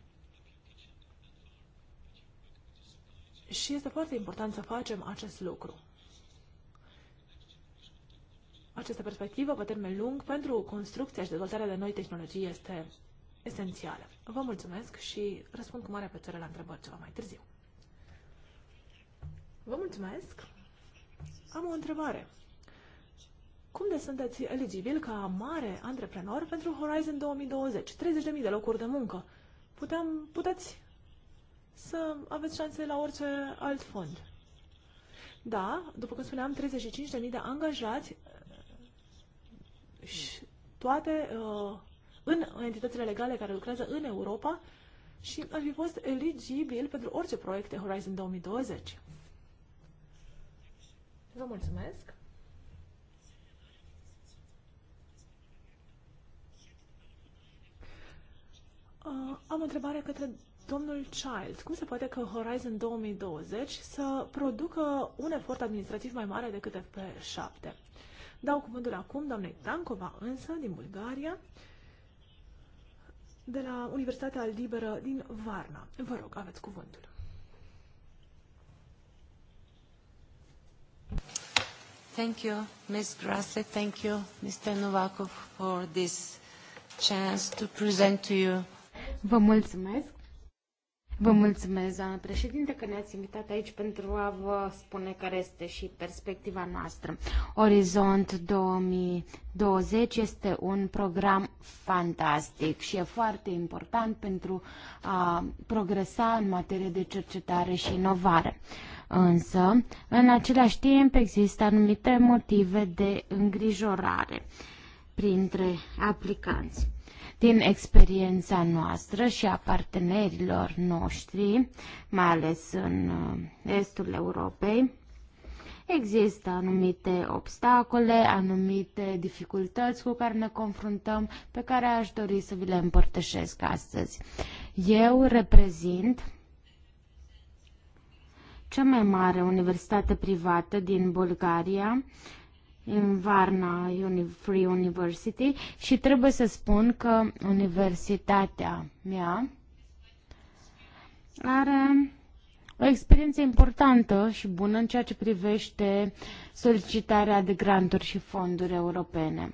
și este foarte important să facem acest lucru. Această perspectivă pe termen lung pentru construcția și dezvoltarea de noi tehnologii este esențială. Vă mulțumesc și răspund cu mare plăcere la întrebări ceva mai târziu. Vă mulțumesc! Am o întrebare. Cum de sunteți eligibil ca mare antreprenor pentru Horizon 2020? 30.000 de locuri de muncă. Putem, puteți să aveți șanse la orice alt fond. Da, după cum spuneam, 35.000 de angajați și toate uh, în entitățile legale care lucrează în Europa și ar fi fost eligibil pentru orice proiect Horizon 2020. Vă mulțumesc! Uh, am o întrebare către domnul Child. Cum se poate că Horizon 2020 să producă un efort administrativ mai mare decât FP7? Dau cuvântul acum doamnei Tancova, însă, din Bulgaria, de la Universitatea Liberă din Varna. Vă rog, aveți cuvântul. Thank you, Ms. Grasse. Thank you, Mr. Novakov, for this chance to present to you Vă mulțumesc. Vă mulțumesc, doamnă președinte, că ne-ați invitat aici pentru a vă spune care este și perspectiva noastră. Orizont 2020 este un program fantastic și e foarte important pentru a progresa în materie de cercetare și inovare. Însă, în același timp, există anumite motive de îngrijorare printre aplicanți din experiența noastră și a partenerilor noștri, mai ales în uh, estul Europei, există anumite obstacole, anumite dificultăți cu care ne confruntăm, pe care aș dori să vi le împărtășesc astăzi. Eu reprezint cea mai mare universitate privată din Bulgaria în Varna Free University și trebuie să spun că universitatea mea are o experiență importantă și bună în ceea ce privește solicitarea de granturi și fonduri europene.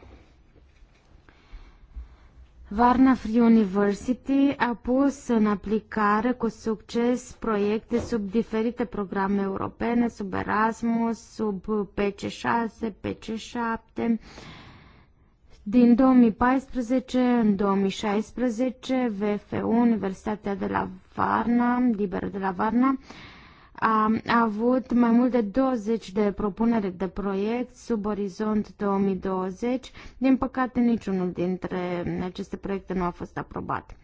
Varna Free University a pus în aplicare cu succes proiecte sub diferite programe europene, sub Erasmus, sub PC6, PC7. Din 2014 în 2016, VFU, Universitatea de la Varna, Liberă de la Varna, a avut mai mult de 20 de propuneri de proiect sub orizont 2020. Din păcate, niciunul dintre aceste proiecte nu a fost aprobat.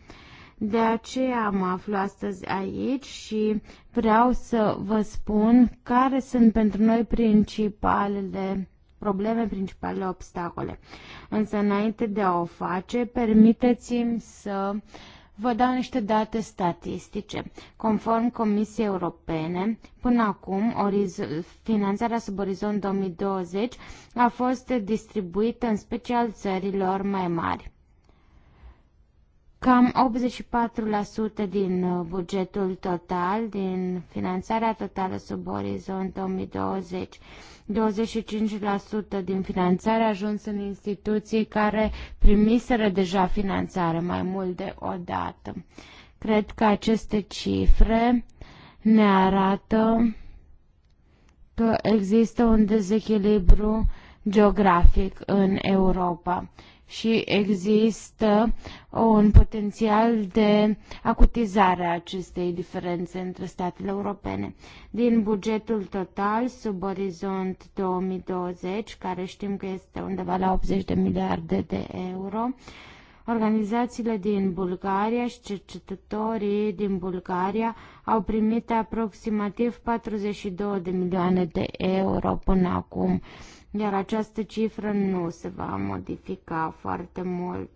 De aceea mă aflu astăzi aici și vreau să vă spun care sunt pentru noi principalele probleme, principalele obstacole. Însă, înainte de a o face, permiteți-mi să uh, Vă dau niște date statistice. Conform Comisiei Europene, până acum finanțarea sub orizont 2020 a fost distribuită în special țărilor mai mari. Cam 84% din uh, bugetul total, din finanțarea totală sub orizont 2020, 25% din finanțare a ajuns în instituții care primiseră deja finanțare mai mult de o dată. Cred că aceste cifre ne arată că există un dezechilibru geografic în Europa și există un potențial de acutizare a acestei diferențe între statele europene. Din bugetul total sub orizont 2020, care știm că este undeva la 80 de miliarde de euro, Organizațiile din Bulgaria și cercetătorii din Bulgaria au primit aproximativ 42 de milioane de euro până acum iar această cifră nu se va modifica foarte mult.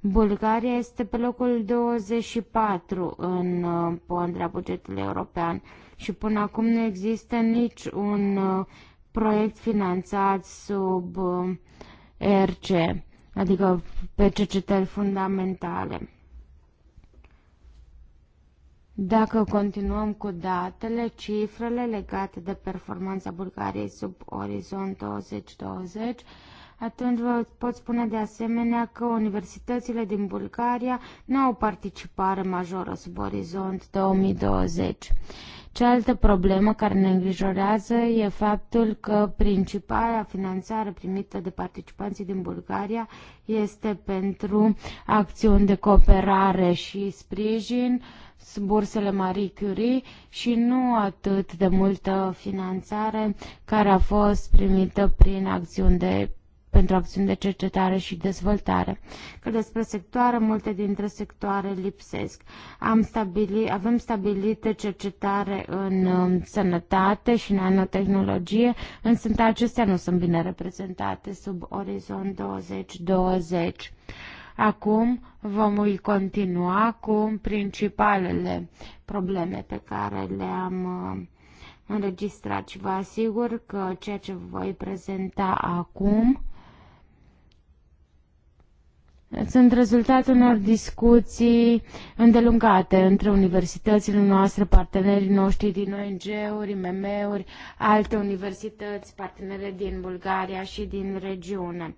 Bulgaria este pe locul 24 în uh, pondrea bugetului european și până acum nu există nici un uh, proiect finanțat sub uh, RC, adică pe cercetări fundamentale. Dacă continuăm cu datele, cifrele legate de performanța Bulgariei sub orizont 2020, atunci vă pot spune de asemenea că universitățile din Bulgaria nu au participare majoră sub orizont 2020. Cealaltă problemă care ne îngrijorează e faptul că principala finanțare primită de participanții din Bulgaria este pentru acțiuni de cooperare și sprijin, uh, bursele Marie Curie și nu atât de multă finanțare care a fost primită prin acțiuni de pentru acțiuni de cercetare și dezvoltare. Că despre sectoare, multe dintre sectoare lipsesc. Am stabili, avem stabilite cercetare în um, sănătate și în nanotehnologie, însă acestea nu sunt bine reprezentate sub orizont 2020. Acum vom continua cu principalele probleme pe care le-am uh, înregistrat și vă asigur că ceea ce voi prezenta acum sunt rezultatul unor discuții îndelungate între universitățile noastre, partenerii noștri din ONG-uri, IMM-uri, alte universități, partenere din Bulgaria și din regiune.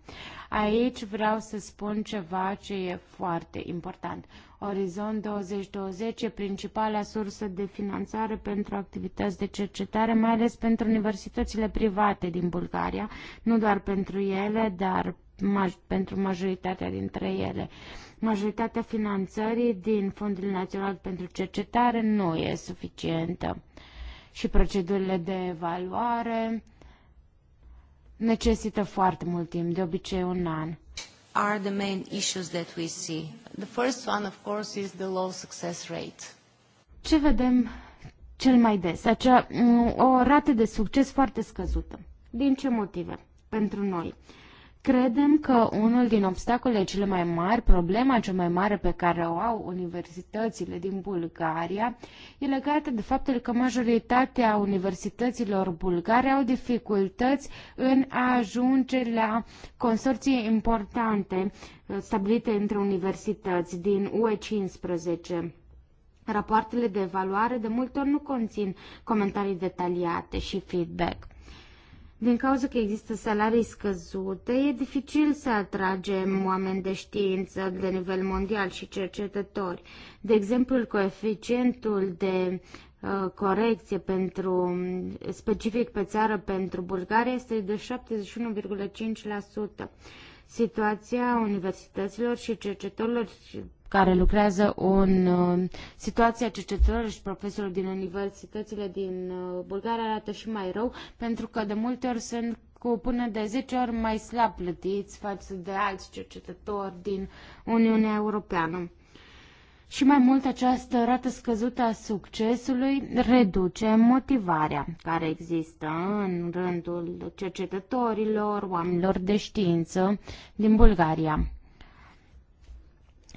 Aici vreau să spun ceva ce e foarte important. Orizont 2020 e principala sursă de finanțare pentru activități de cercetare, mai ales pentru universitățile private din Bulgaria, nu doar pentru ele, dar pentru majoritatea dintre ele. Majoritatea finanțării din Fondul Național pentru Cercetare nu e suficientă și procedurile de evaluare necesită foarte mult timp, de obicei un an. Are the main issues that we see. The first one, of course, is the low success rate. Ce vedem cel mai des? Acea, mm, o rată de succes foarte scăzută. Din ce motive? Pentru noi. Uh, Credem că unul din obstacolele cele mai mari, problema cea mai mare pe care o au universitățile din Bulgaria, e legată de faptul că majoritatea universităților bulgare au dificultăți în a ajunge la consorții importante uh, stabilite între universități din UE15. Rapoartele de evaluare de multe ori nu conțin comentarii detaliate și feedback. Din cauza că există salarii scăzute, e dificil să atragem oameni de știință de nivel mondial și cercetători. De exemplu, coeficientul de uh, corecție pentru, specific pe țară pentru Bulgaria este de 71,5%. Situația universităților și cercetătorilor care lucrează în uh, situația cercetătorilor și profesorilor din universitățile din uh, Bulgaria arată și mai rău, pentru că de multe ori sunt cu până de 10 ori mai slab plătiți față de alți cercetători din Uniunea Europeană. Și mai mult, această rată scăzută a succesului reduce motivarea care există în rândul cercetătorilor, oamenilor de știință din Bulgaria.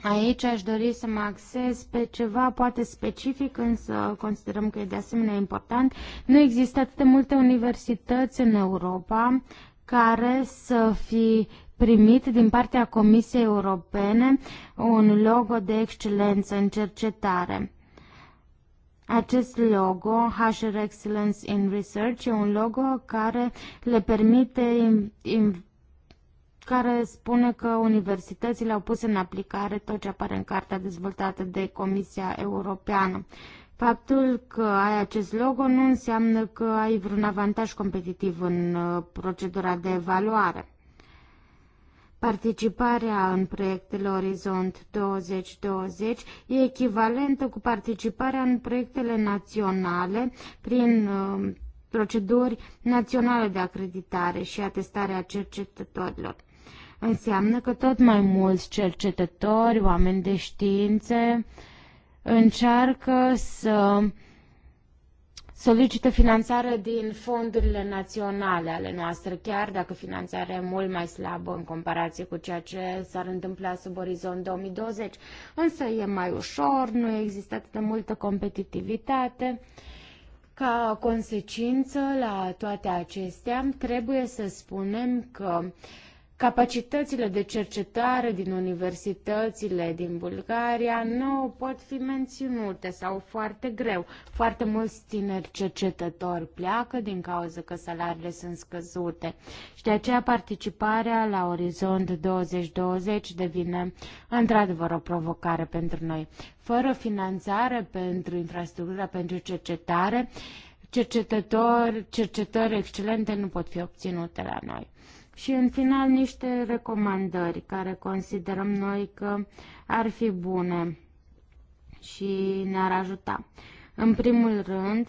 Aici aș dori să mă axez pe ceva poate specific, însă considerăm că e de asemenea important. Nu există atât de multe universități în Europa care să fi primit din partea Comisiei Europene un logo de excelență în cercetare. Acest logo, HR Excellence in Research, e un logo care le permite care spune că universitățile au pus în aplicare tot ce apare în cartea dezvoltată de Comisia Europeană. Faptul că ai acest logo nu înseamnă că ai vreun avantaj competitiv în uh, procedura de evaluare. Participarea în proiectele Orizont 2020 e echivalentă cu participarea în proiectele naționale prin uh, proceduri naționale de acreditare și atestare a cercetătorilor. Înseamnă că tot mai mulți cercetători, oameni de științe, încearcă să solicită finanțare din fondurile naționale ale noastre, chiar dacă finanțarea e mult mai slabă în comparație cu ceea ce s-ar întâmpla sub orizont 2020, însă e mai ușor, nu există atât de multă competitivitate. Ca consecință la toate acestea, trebuie să spunem că uh, Capacitățile de cercetare din universitățile din Bulgaria nu pot fi menținute sau foarte greu. Foarte mulți tineri cercetători pleacă din cauza că salariile sunt scăzute și de aceea participarea la Orizont 2020 devine într-adevăr o provocare pentru noi. Fără finanțare pentru infrastructura, pentru cercetare, cercetători, cercetări excelente nu pot fi obținute la noi. Și în final niște recomandări care considerăm noi că ar fi bune și ne-ar ajuta. În primul rând,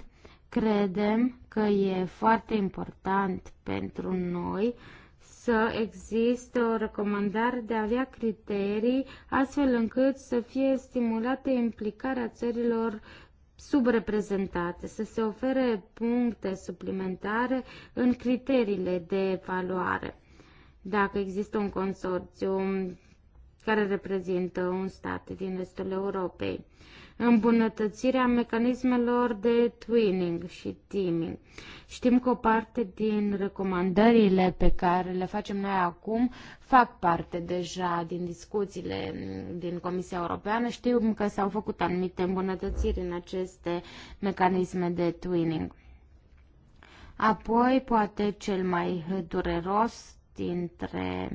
credem că e foarte important pentru noi să existe o recomandare de a avea criterii astfel încât să fie stimulată implicarea țărilor subreprezentate, să se ofere puncte suplimentare în criteriile de evaluare dacă există un consorțiu care reprezintă un stat din estul Europei. Îmbunătățirea mecanismelor de twinning și teaming. Știm că o parte din recomandările pe care le facem noi acum fac parte deja din discuțiile din Comisia Europeană. Știm că s-au făcut anumite îmbunătățiri în aceste mecanisme de twinning. Apoi, poate cel mai dureros dintre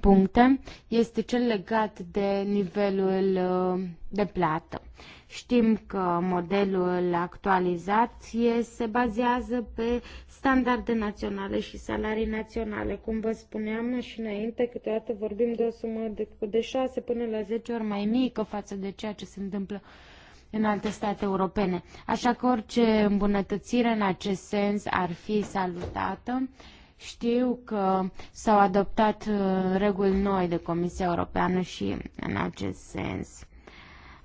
puncte este cel legat de nivelul uh, de plată. Știm că modelul actualizat se bazează pe standarde naționale și salarii naționale. Cum vă spuneam și înainte, câteodată vorbim de o sumă de, de 6 până la 10 ori mai mică față de ceea ce se întâmplă în alte state europene. Așa că orice îmbunătățire în acest sens ar fi salutată. Uh, știu că s-au adoptat uh, reguli noi de Comisia Europeană și în acest sens.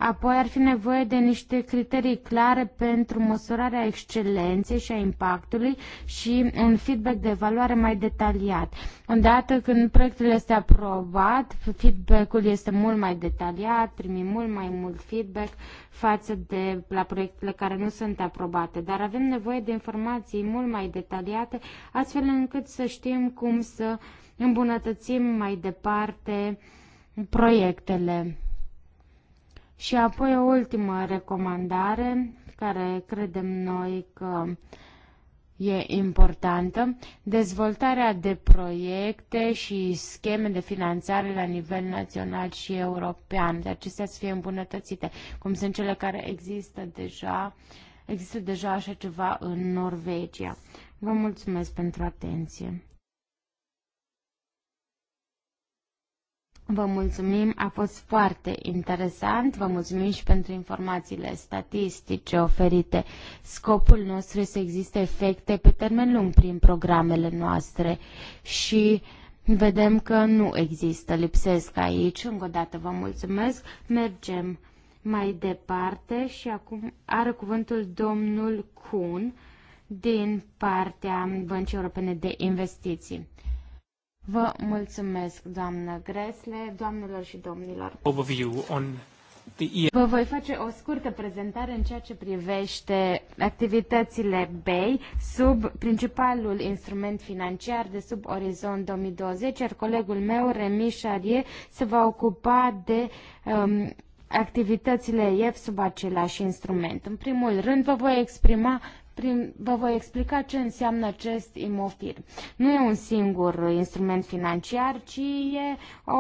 Apoi ar fi nevoie de niște criterii clare pentru măsurarea excelenței și a impactului și un feedback de evaluare mai detaliat. Odată când proiectul este aprobat, feedback-ul este mult mai detaliat, primim mult mai mult feedback față de la proiectele care nu sunt aprobate, dar avem nevoie de informații mult mai detaliate, astfel încât să știm cum să îmbunătățim mai departe proiectele. Și apoi o ultimă recomandare care credem noi că e importantă, dezvoltarea de proiecte și scheme de finanțare la nivel național și european, de acestea să fie îmbunătățite, cum sunt cele care există deja, există deja așa ceva în Norvegia. Vă mulțumesc pentru atenție. Vă mulțumim, a fost foarte interesant. Vă mulțumim și pentru informațiile statistice oferite. Scopul nostru este să existe efecte pe termen lung prin programele noastre și vedem că nu există, lipsesc aici. Încă o dată vă mulțumesc. Mergem mai departe și acum are cuvântul domnul Kuhn din partea Băncii Europene de Investiții. Vă mulțumesc, doamnă Gresle, doamnelor și domnilor. Overview on Vă voi face o scurtă prezentare în ceea ce privește activitățile BEI sub principalul instrument financiar de sub orizont 2020, iar colegul meu, Remi Șarie, se va ocupa de um, activitățile EF sub același instrument. În primul rând, vă voi exprima prin, vă voi explica ce înseamnă acest imofir. Nu e un singur instrument financiar, ci e o,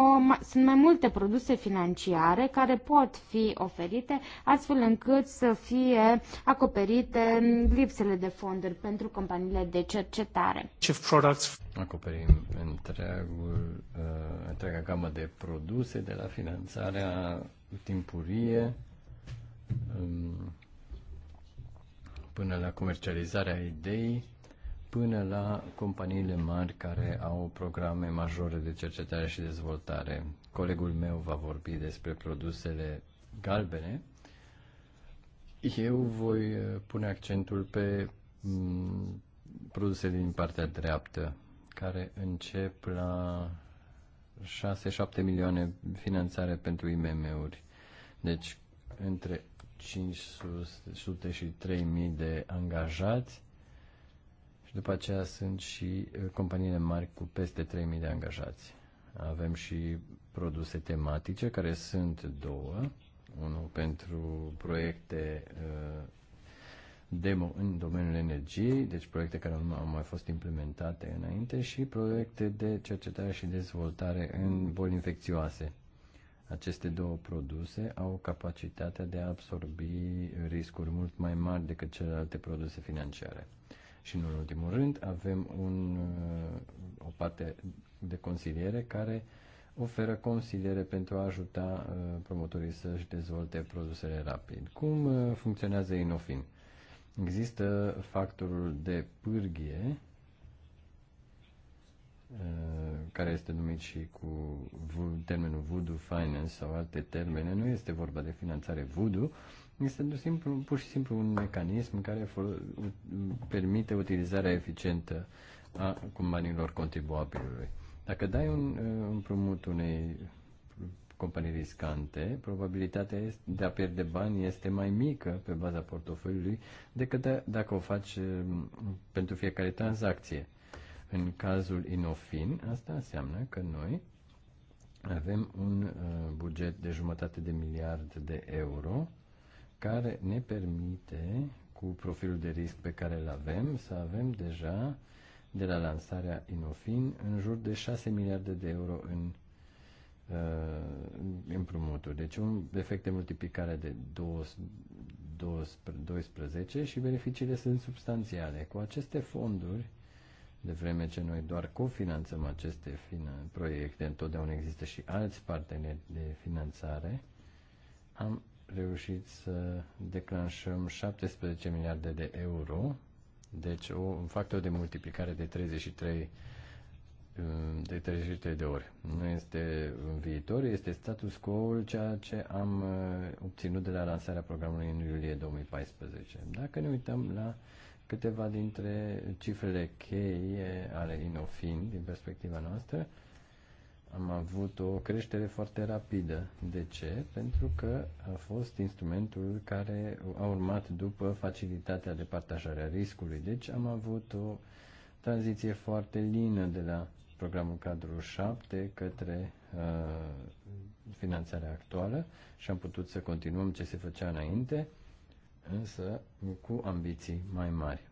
sunt mai multe produse financiare care pot fi oferite astfel încât să fie acoperite lipsele de fonduri pentru companiile de cercetare. Ce products? Acoperim întreagul, uh, întreaga gamă de produse de la finanțarea timpurie um, până la comercializarea ideii, până la companiile mari care au programe majore de cercetare și dezvoltare. Colegul meu va vorbi despre produsele galbene. Eu voi uh, pune accentul pe mm, produse din partea dreaptă, care încep la 6-7 milioane finanțare pentru IMM-uri. Deci, între 500 și 3000 de angajați și după aceea sunt și uh, companiile mari cu peste 3000 de angajați. Avem și produse tematice care sunt două, unul pentru proiecte uh, demo în domeniul energiei, deci proiecte care nu au mai fost implementate înainte și proiecte de cercetare și dezvoltare în boli infecțioase. Aceste două produse au capacitatea de a absorbi riscuri mult mai mari decât celelalte produse financiare. Și în ultimul rând avem un, uh, o parte de consiliere care oferă consiliere pentru a ajuta uh, promotorii să-și dezvolte produsele rapid. Cum uh, funcționează Inofin? Există factorul de pârghie Uh, care este numit și cu termenul voodoo finance sau alte termene, nu este vorba de finanțare voodoo, este simplu, pur și simplu un mecanism care permite utilizarea eficientă a banilor contribuabilului. Dacă dai un uh, împrumut unei companii riscante, probabilitatea de a pierde bani este mai mică pe baza portofoliului decât da, dacă o faci uh, pentru fiecare tranzacție. În cazul Inofin, asta înseamnă că noi avem un uh, buget de jumătate de miliard de euro care ne permite, cu profilul de risc pe care îl avem, să avem deja de la lansarea Inofin în jur de 6 miliarde de euro în uh, împrumuturi. Deci un efect de multiplicare de 12 și beneficiile sunt substanțiale. Cu aceste fonduri de vreme ce noi doar cofinanțăm aceste proiecte, întotdeauna există și alți parteneri de finanțare, am reușit să declanșăm 17 miliarde de euro, deci o, un factor de multiplicare de 33 um, de 33 de ori. Nu este în viitor, este status quo-ul ceea ce am uh, obținut de la lansarea programului în iulie 2014. Dacă ne uităm la câteva dintre cifrele cheie ale Inofin din perspectiva noastră. Am avut o creștere foarte rapidă. De ce? Pentru că a fost instrumentul care a urmat după facilitatea de partajare a riscului. Deci am avut o tranziție foarte lină de la programul cadru 7 către uh, finanțarea actuală și am putut să continuăm ce se făcea înainte însă cu ambiții mai mari.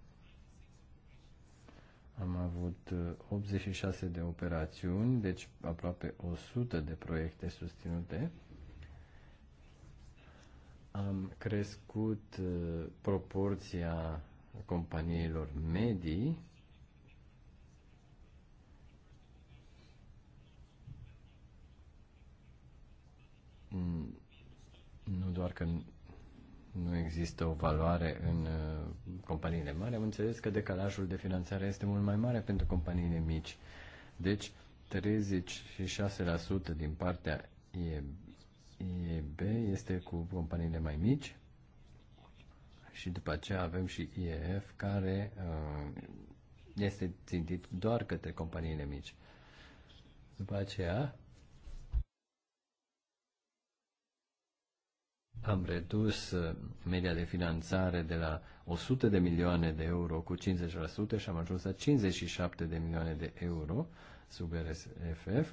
Am avut 86 uh, de operațiuni, deci aproape 100 de proiecte susținute. Am crescut uh, proporția companiilor medii nu doar că nu există o valoare în uh, companiile mari, am înțeles că decalajul de finanțare este mult mai mare pentru companiile mici. Deci, 36% din partea IEB este cu companiile mai mici și după aceea avem și IEF care uh, este țintit doar către companiile mici. După aceea, Am redus uh, media de finanțare de la 100 de milioane de euro cu 50% și am ajuns la 57 de milioane de euro sub RSFF.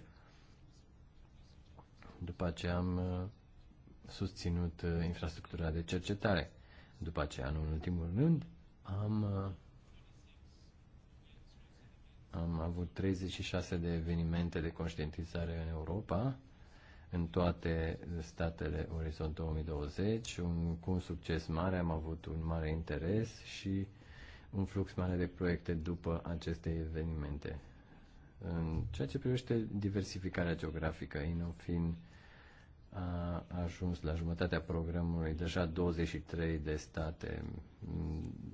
După ce am uh, susținut uh, infrastructura de cercetare. După aceea, în ultimul rând, am, am avut 36 de evenimente de conștientizare în Europa, în toate statele Orizont 2020, un, cu un succes mare, am avut un mare interes și un flux mare de proiecte după aceste evenimente. În ceea ce privește diversificarea geografică, Inofin a ajuns la jumătatea programului deja 23 de state,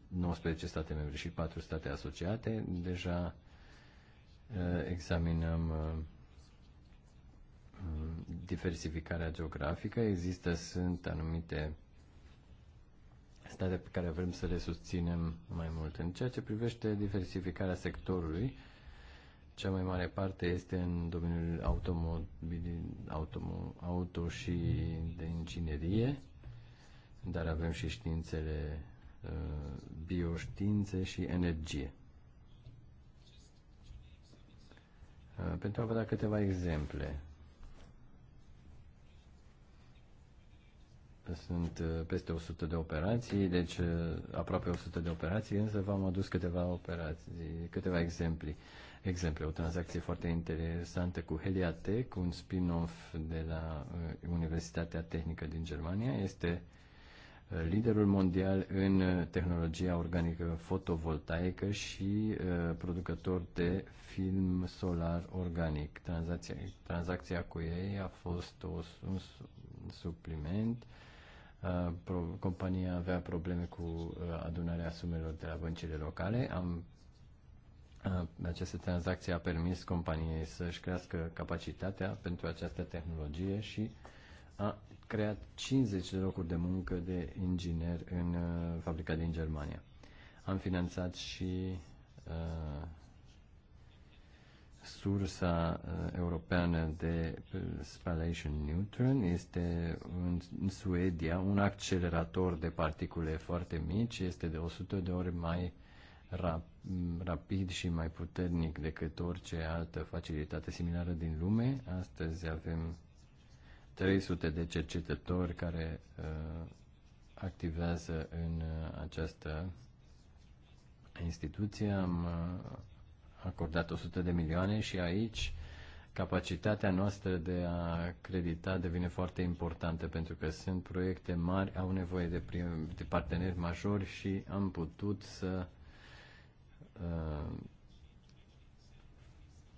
19 state membre și 4 state asociate. Deja uh, examinăm uh, diversificarea geografică. Există, sunt anumite state pe care vrem să le susținem mai mult. În ceea ce privește diversificarea sectorului, cea mai mare parte este în domeniul automobil, automo, auto și de inginerie, dar avem și științele uh, bioștiințe și energie. Uh, pentru a vă da câteva exemple, Sunt uh, peste 100 de operații, deci uh, aproape 100 de operații, însă v-am adus câteva operații, câteva exemple. Exemple, o tranzacție foarte interesantă cu Heliatec, un spin-off de la uh, Universitatea Tehnică din Germania, este liderul mondial în tehnologia organică fotovoltaică și producător de film solar organic. Tranzacția, tranzacția cu ei a fost o, un supliment pro, compania avea probleme cu adunarea sumelor de la băncile locale. Am, uh, această tranzacție a permis companiei să-și crească capacitatea pentru această tehnologie și a creat 50 de locuri de muncă de inginer în fabrica din Germania. Am finanțat și uh, sursa uh, europeană de uh, spallation neutron este în Suedia un accelerator de particule foarte mici, este de 100 de ori mai rapid și mai puternic decât orice altă facilitate similară din lume. Astăzi avem 300 de cercetători care uh, activează în uh, această instituție. Am uh, acordat 100 de milioane și aici capacitatea noastră de a credita devine foarte importantă pentru că sunt proiecte mari, au nevoie de, prim, de parteneri majori și am putut să uh,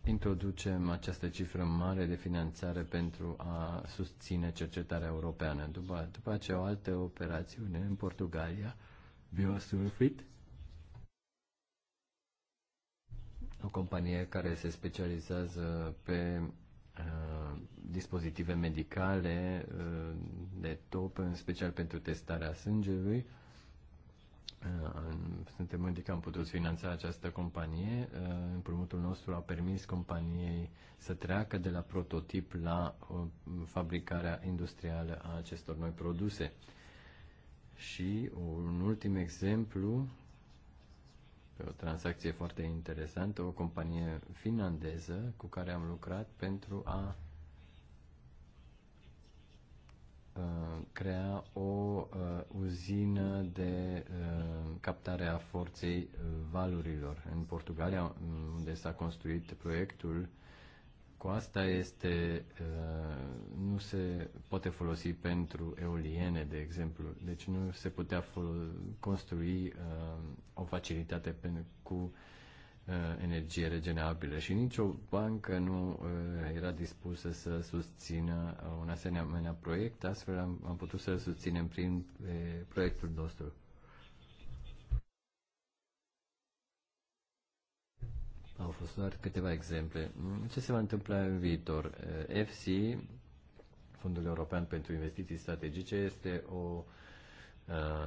introducem această cifră mare de finanțare pentru a susține cercetarea europeană. După, după aceea o altă operațiune în Portugalia, Biosurfit, o companie care se specializează pe uh, dispozitive medicale uh, de top, în special pentru testarea sângelui. Uh, suntem mândri că am putut finanța această companie. Uh, împrumutul nostru a permis companiei să treacă de la prototip la uh, fabricarea industrială a acestor noi produse. Și un ultim exemplu pe o tranzacție foarte interesantă, o companie finlandeză cu care am lucrat pentru a uh, crea o uh, uzină de uh, captare a forței uh, valurilor în Portugalia, unde s-a construit proiectul cu asta este, uh, nu se poate folosi pentru eoliene, de exemplu. Deci nu se putea construi uh, o facilitate cu cu uh, energie regenerabilă și nicio bancă nu era dispusă să susțină un asemenea proiect, astfel am, am putut să-l susținem prin proiectul nostru. Au fost doar câteva exemple. Mm, ce se va întâmpla în viitor? Eh, FC, Fondul European pentru Investiții Strategice, este o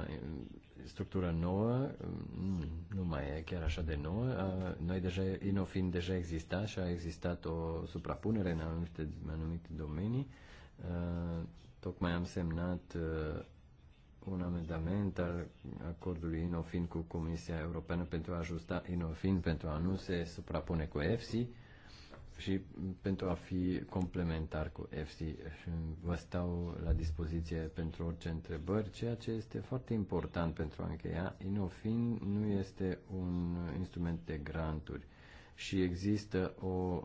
eh, structură nouă, mm, nu mai e chiar așa de nouă. Eh, noi deja, Inofin deja exista și a existat o suprapunere în anumite, în anumite domenii. Tocmai am semnat un amendament al acordului INOFIN cu Comisia Europeană pentru a ajusta INOFIN pentru a nu se suprapune cu EFSI și pentru a fi complementar cu EFSI. Vă stau la dispoziție pentru orice întrebări, ceea ce este foarte important pentru a încheia. INOFIN nu este un instrument de granturi și există o uh,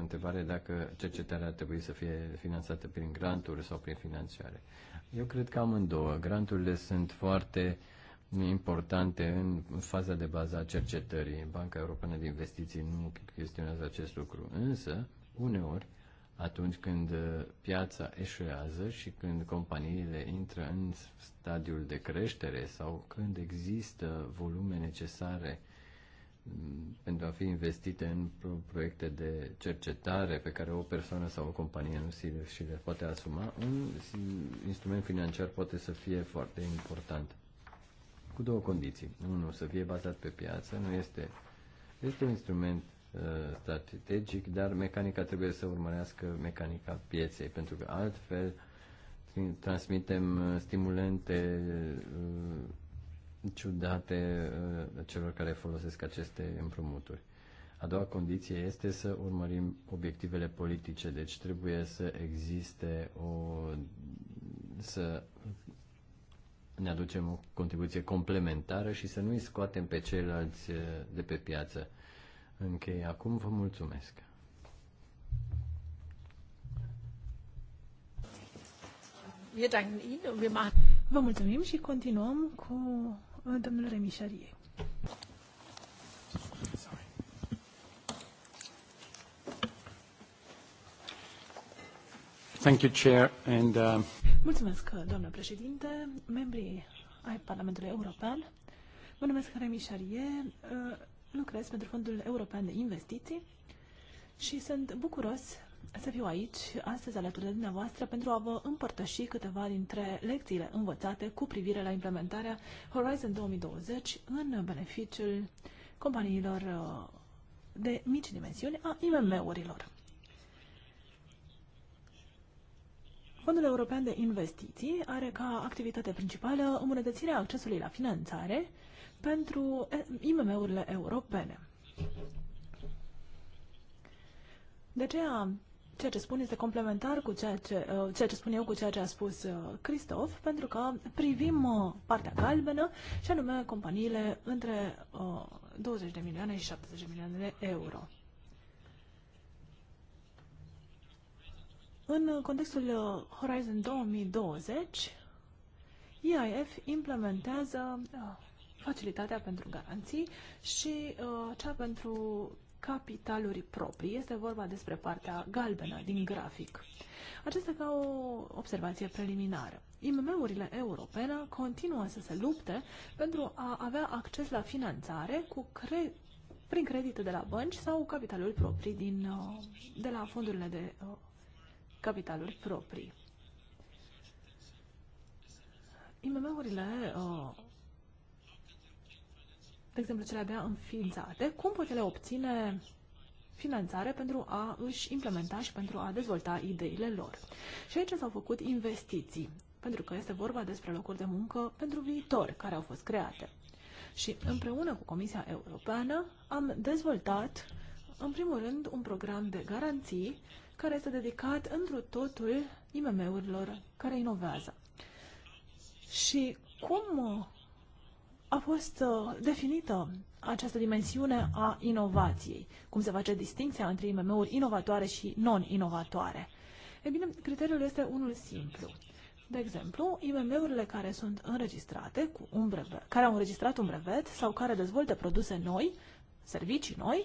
întrebare dacă cercetarea ar trebui să fie finanțată prin granturi sau prin finanțare. Eu cred că amândouă. Granturile sunt foarte importante în faza de bază a cercetării. Banca Europeană de Investiții nu chestionează acest lucru, însă, uneori, atunci când piața eșuează și când companiile intră în stadiul de creștere sau când există volume necesare Mm, pentru a fi investite în proiecte de cercetare pe care o persoană sau o companie nu și le poate asuma, un instrument financiar poate să fie foarte important. Cu două condiții. Unul, să fie bazat pe piață, nu este, este un instrument uh, strategic, dar mecanica trebuie să urmărească mecanica pieței, pentru că altfel transmitem uh, stimulente uh, ciudate uh, celor care folosesc aceste împrumuturi. A doua condiție este să urmărim obiectivele politice, deci trebuie să existe o. să ne aducem o contribuție complementară și să nu îi scoatem pe ceilalți uh, de pe piață. Închei acum, vă mulțumesc. Vă mulțumim și continuăm cu domnul Remișarie. Thank you, Chair, and, uh... Mulțumesc, doamnă președinte, membrii ai Parlamentului European. Mă numesc Remi Șarie, uh, lucrez pentru Fondul European de Investiții și sunt bucuros să fiu aici astăzi alături de dumneavoastră pentru a vă împărtăși câteva dintre lecțiile învățate cu privire la implementarea Horizon 2020 în beneficiul companiilor uh, de mici dimensiuni a IMM-urilor. Fondul European de Investiții are ca activitate principală îmbunătățirea accesului la finanțare pentru eh, IMM-urile europene. De aceea, ceea ce spun este complementar cu ceea ce, uh, ceea ce spun eu cu ceea ce a spus uh, Cristof, pentru că privim uh, partea galbenă și anume companiile între 20 de milioane și 70 de milioane de euro. În contextul Horizon 2020, EIF implementează facilitatea pentru garanții și cea pentru capitaluri proprii. Este vorba despre partea galbenă din grafic. Acesta ca o observație preliminară. IMM-urile europene continuă să se lupte pentru a avea acces la finanțare cu cre- prin credit de la bănci sau capitaluri proprii din, uh, de la fondurile de uh, capitaluri proprii. IMM-urile uh, de exemplu cele abia înființate, cum pot ele obține finanțare pentru a își implementa și pentru a dezvolta ideile lor. Și aici s-au făcut investiții, pentru că este vorba despre locuri de muncă pentru viitor care au fost create. Și împreună cu Comisia Europeană am dezvoltat, în primul rând, un program de garanții care este dedicat întru totul IMM-urilor care inovează. Și cum a fost uh, definită această dimensiune a inovației? Cum se face distinția între IMM-uri inovatoare și non-inovatoare? E bine, criteriul este unul simplu. De exemplu, IMM-urile care sunt înregistrate cu un brevet, care au înregistrat un brevet sau care dezvoltă produse noi, servicii noi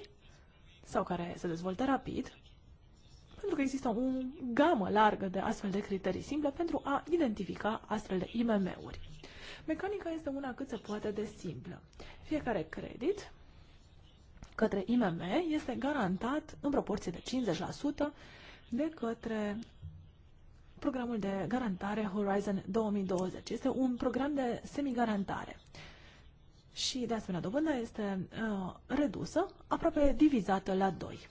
sau care se dezvoltă rapid, pentru că există o gamă largă de astfel de criterii simple pentru a identifica astfel de IMM-uri. Mecanica este una cât se poate de simplă. Fiecare credit către IMM este garantat în proporție de 50% de către programul de garantare Horizon 2020. Este un program de semigarantare. Și, de asemenea, dobânda este uh, redusă, aproape divizată la 2.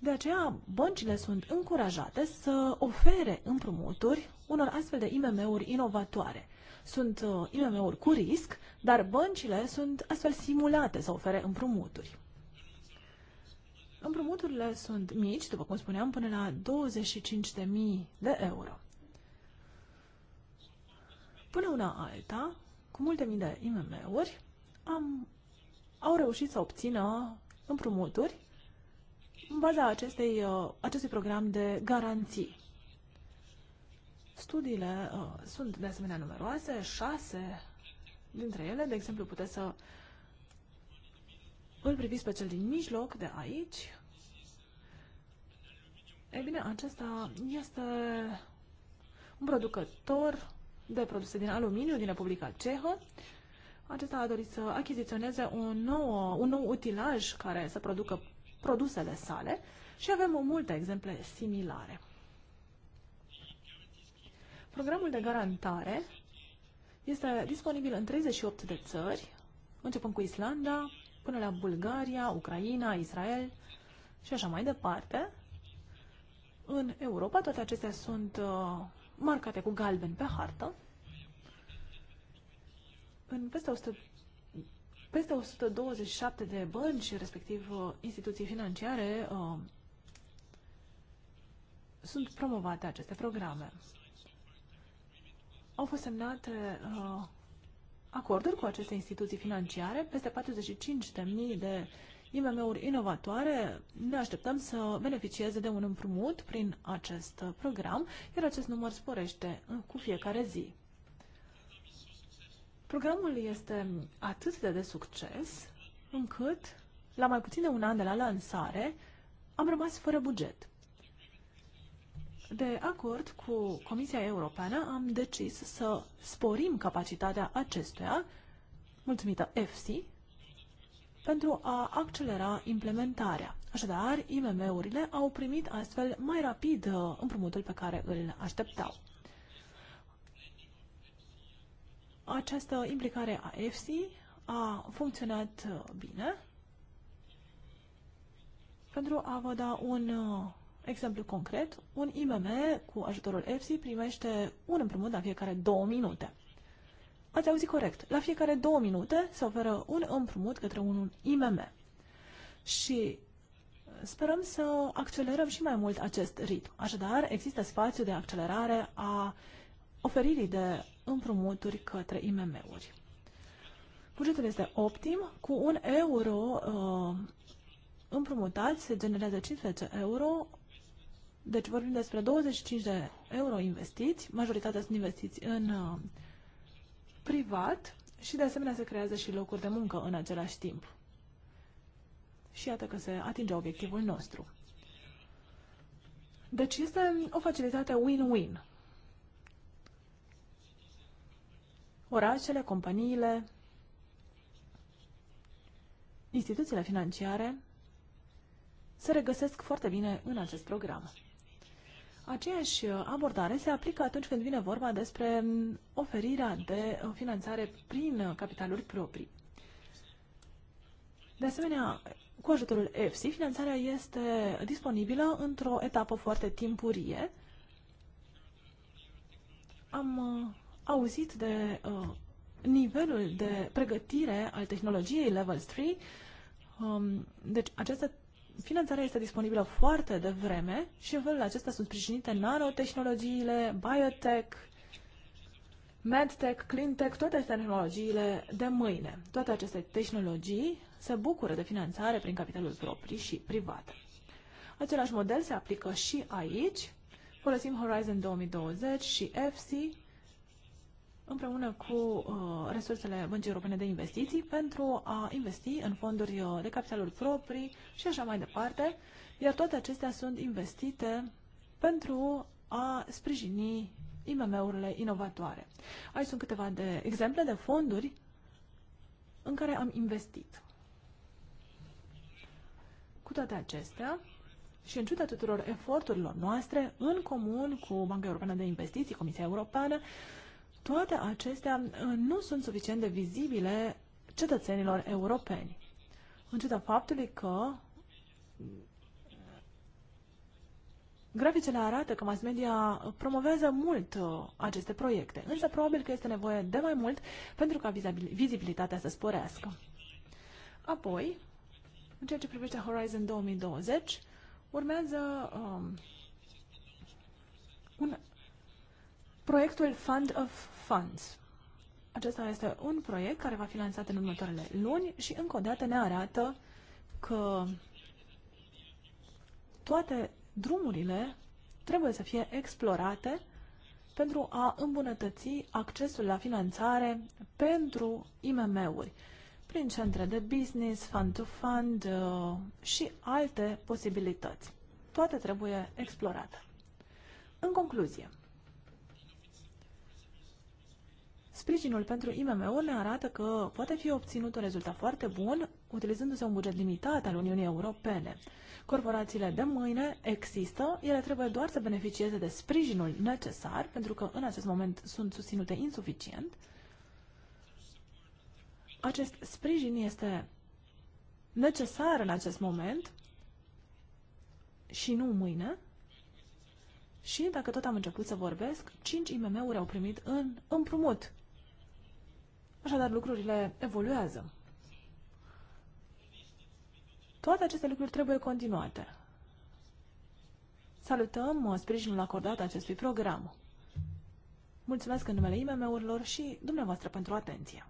De aceea, băncile sunt încurajate să ofere împrumuturi unor astfel de IMM-uri inovatoare, sunt uh, IMM-uri cu risc, dar băncile sunt astfel simulate să ofere împrumuturi. Împrumuturile sunt mici, după cum spuneam, până la 25.000 de euro. Până una alta, cu multe mii de IMM-uri, am, au reușit să obțină împrumuturi în baza acestei, uh, acestui program de garanții. Studiile uh, sunt de asemenea numeroase, șase dintre ele, de exemplu, puteți să îl priviți pe cel din mijloc de aici. Ei bine, acesta este un producător de produse din aluminiu din Republica Cehă. Acesta a dorit să achiziționeze un nou, un nou utilaj care să producă produsele sale și avem multe exemple similare. Programul de garantare este disponibil în 38 de țări, începând cu Islanda, până la Bulgaria, Ucraina, Israel și așa mai departe. În Europa toate acestea sunt uh, marcate cu galben pe hartă. În peste 100 peste 127 de bănci, respectiv uh, instituții financiare, uh, sunt promovate aceste programe au fost semnate uh, acorduri cu aceste instituții financiare, peste 45.000 de IMM-uri inovatoare. Ne așteptăm să beneficieze de un împrumut prin acest program, iar acest număr sporește uh, cu fiecare zi. Programul este atât de de succes încât, la mai puțin de un an de la lansare, am rămas fără buget. De acord cu Comisia Europeană, am decis să sporim capacitatea acestuia, mulțumită EFSI, pentru a accelera implementarea. Așadar, IMM-urile au primit astfel mai rapid uh, împrumutul pe care îl așteptau. Această implicare a EFSI a funcționat uh, bine pentru a vă da un uh, Exemplu concret, un IMM cu ajutorul EFSI primește un împrumut la fiecare două minute. Ați auzit corect. La fiecare două minute se oferă un împrumut către un IMM. Și sperăm să accelerăm și mai mult acest ritm. Așadar, există spațiu de accelerare a oferirii de împrumuturi către IMM-uri. Bugetul este optim. Cu un euro uh, împrumutat se generează 15 euro deci vorbim despre 25 de euro investiți, majoritatea sunt investiți în uh, privat și de asemenea se creează și locuri de muncă în același timp. Și iată că se atinge obiectivul nostru. Deci este o facilitate win-win. Orașele, companiile, instituțiile financiare se regăsesc foarte bine în acest program. Aceeași uh, abordare se aplică atunci când vine vorba despre mm, oferirea de uh, finanțare prin uh, capitaluri proprii. De asemenea, cu ajutorul EFSI, finanțarea este disponibilă într-o etapă foarte timpurie. Am auzit de uh, nivelul de pregătire al tehnologiei Level 3. Um, deci această finanțarea este disponibilă foarte devreme și în felul acesta sunt sprijinite nanotehnologiile, biotech, medtech, cleantech, toate tehnologiile de mâine. Toate aceste tehnologii se bucură de finanțare prin capitalul propriu și privat. Același model se aplică și aici. Folosim Horizon 2020 și EFSI împreună cu uh, resursele Băncii Europene de Investiții pentru a investi în fonduri uh, de capitaluri proprii și așa mai departe, iar toate acestea sunt investite pentru a sprijini IMM-urile inovatoare. Aici sunt câteva de exemple de fonduri în care am investit. Cu toate acestea, și în ciuda tuturor eforturilor noastre, în comun cu Banca Europeană de Investiții, Comisia Europeană, toate acestea uh, nu sunt suficient de vizibile cetățenilor europeni. În ciuda faptului că mm, Graficele arată că mass media promovează mult uh, aceste proiecte, însă probabil că este nevoie de mai mult pentru ca vizibilitatea să sporească. Apoi, în ceea ce privește Horizon 2020, urmează um, un proiectul Fund of Funds. Acesta este un proiect care va fi lansat în următoarele luni și încă o dată ne arată că toate drumurile trebuie să fie explorate pentru a îmbunătăți accesul la finanțare pentru IMM-uri prin centre de business, fund-to-fund -fund, uh, și alte posibilități. Toate trebuie explorate. În concluzie, Sprijinul pentru IMM-uri ne arată că poate fi obținut un rezultat foarte bun utilizându-se un buget limitat al Uniunii Europene. Corporațiile de mâine există, ele trebuie doar să beneficieze de sprijinul necesar, pentru că în acest moment sunt susținute insuficient. Acest sprijin este necesar în acest moment și nu mâine. Și dacă tot am început să vorbesc, 5 IMM-uri au primit în împrumut Așadar, lucrurile evoluează. Toate aceste lucruri trebuie continuate. Salutăm uh, sprijinul acordat acestui program. Mulțumesc în numele IMM-urilor și dumneavoastră pentru atenție.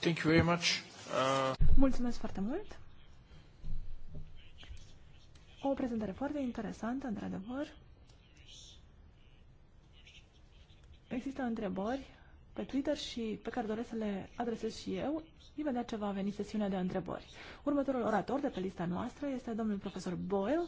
Thank you very much. Uh... Mulțumesc foarte mult. O prezentare foarte interesantă, într-adevăr. Există întrebări pe Twitter și pe care doresc să le adresez și eu, imediat ce va veni sesiunea de întrebări. Următorul orator de pe lista noastră este domnul profesor Boyle,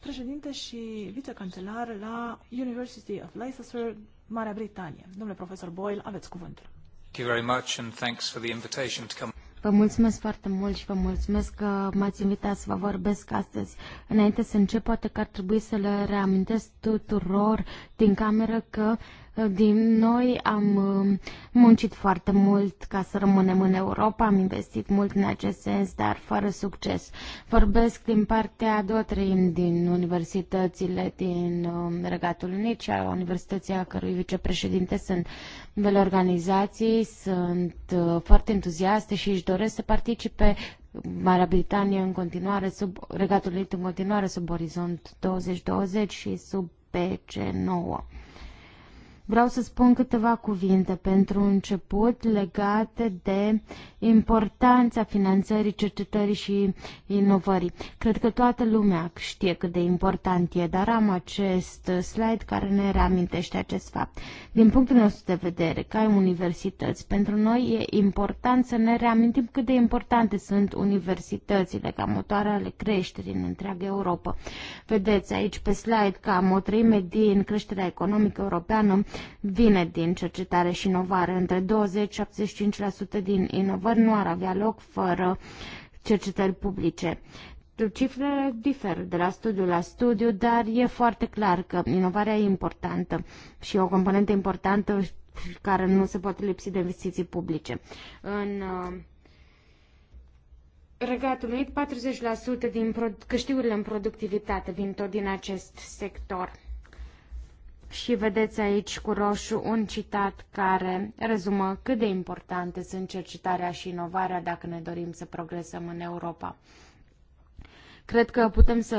președinte și vicecancelar la University of Leicester, Marea Britanie. Domnule profesor Boyle, aveți cuvântul. Thank you very much and thanks for the invitation to come. Vă mulțumesc foarte mult și vă mulțumesc că m-ați invitat să vă vorbesc astăzi. Înainte să încep, poate că ar trebui să le reamintesc tuturor din cameră că uh, din noi am um, muncit foarte mult ca să rămânem în Europa, am investit mult în acest sens, dar fără succes. Vorbesc din partea a doua treimi din universitățile din um, Regatul Unit și a universității a cărui vicepreședinte sunt vele organizații, sunt uh, foarte entuziaste și își doresc să participe Marea Britanie în continuare, sub Regatul Unit în continuare, sub Orizont 2020 și sub PC9. Vreau să spun câteva cuvinte pentru început legate de importanța finanțării cercetării și inovării. Cred că toată lumea știe cât de important e, dar am acest slide care ne reamintește acest fapt. Din punctul nostru de vedere, ca universități, pentru noi e important să ne reamintim cât de importante sunt universitățile ca motoare ale creșterii în întreaga Europa. Vedeți aici pe slide cam o treime din creșterea economică europeană vine din cercetare și inovare. Între 20-75% din inovări nu ar avea loc fără cercetări publice. Cifrele diferă de la studiu la studiu, dar e foarte clar că inovarea e importantă și o componentă importantă care nu se poate lipsi de investiții publice. În uh, Regatul Unit, 40% din câștigurile în productivitate vin tot din acest sector. Și vedeți aici cu roșu un citat care rezumă cât de importante sunt cercetarea și inovarea dacă ne dorim să progresăm în Europa. Cred că putem să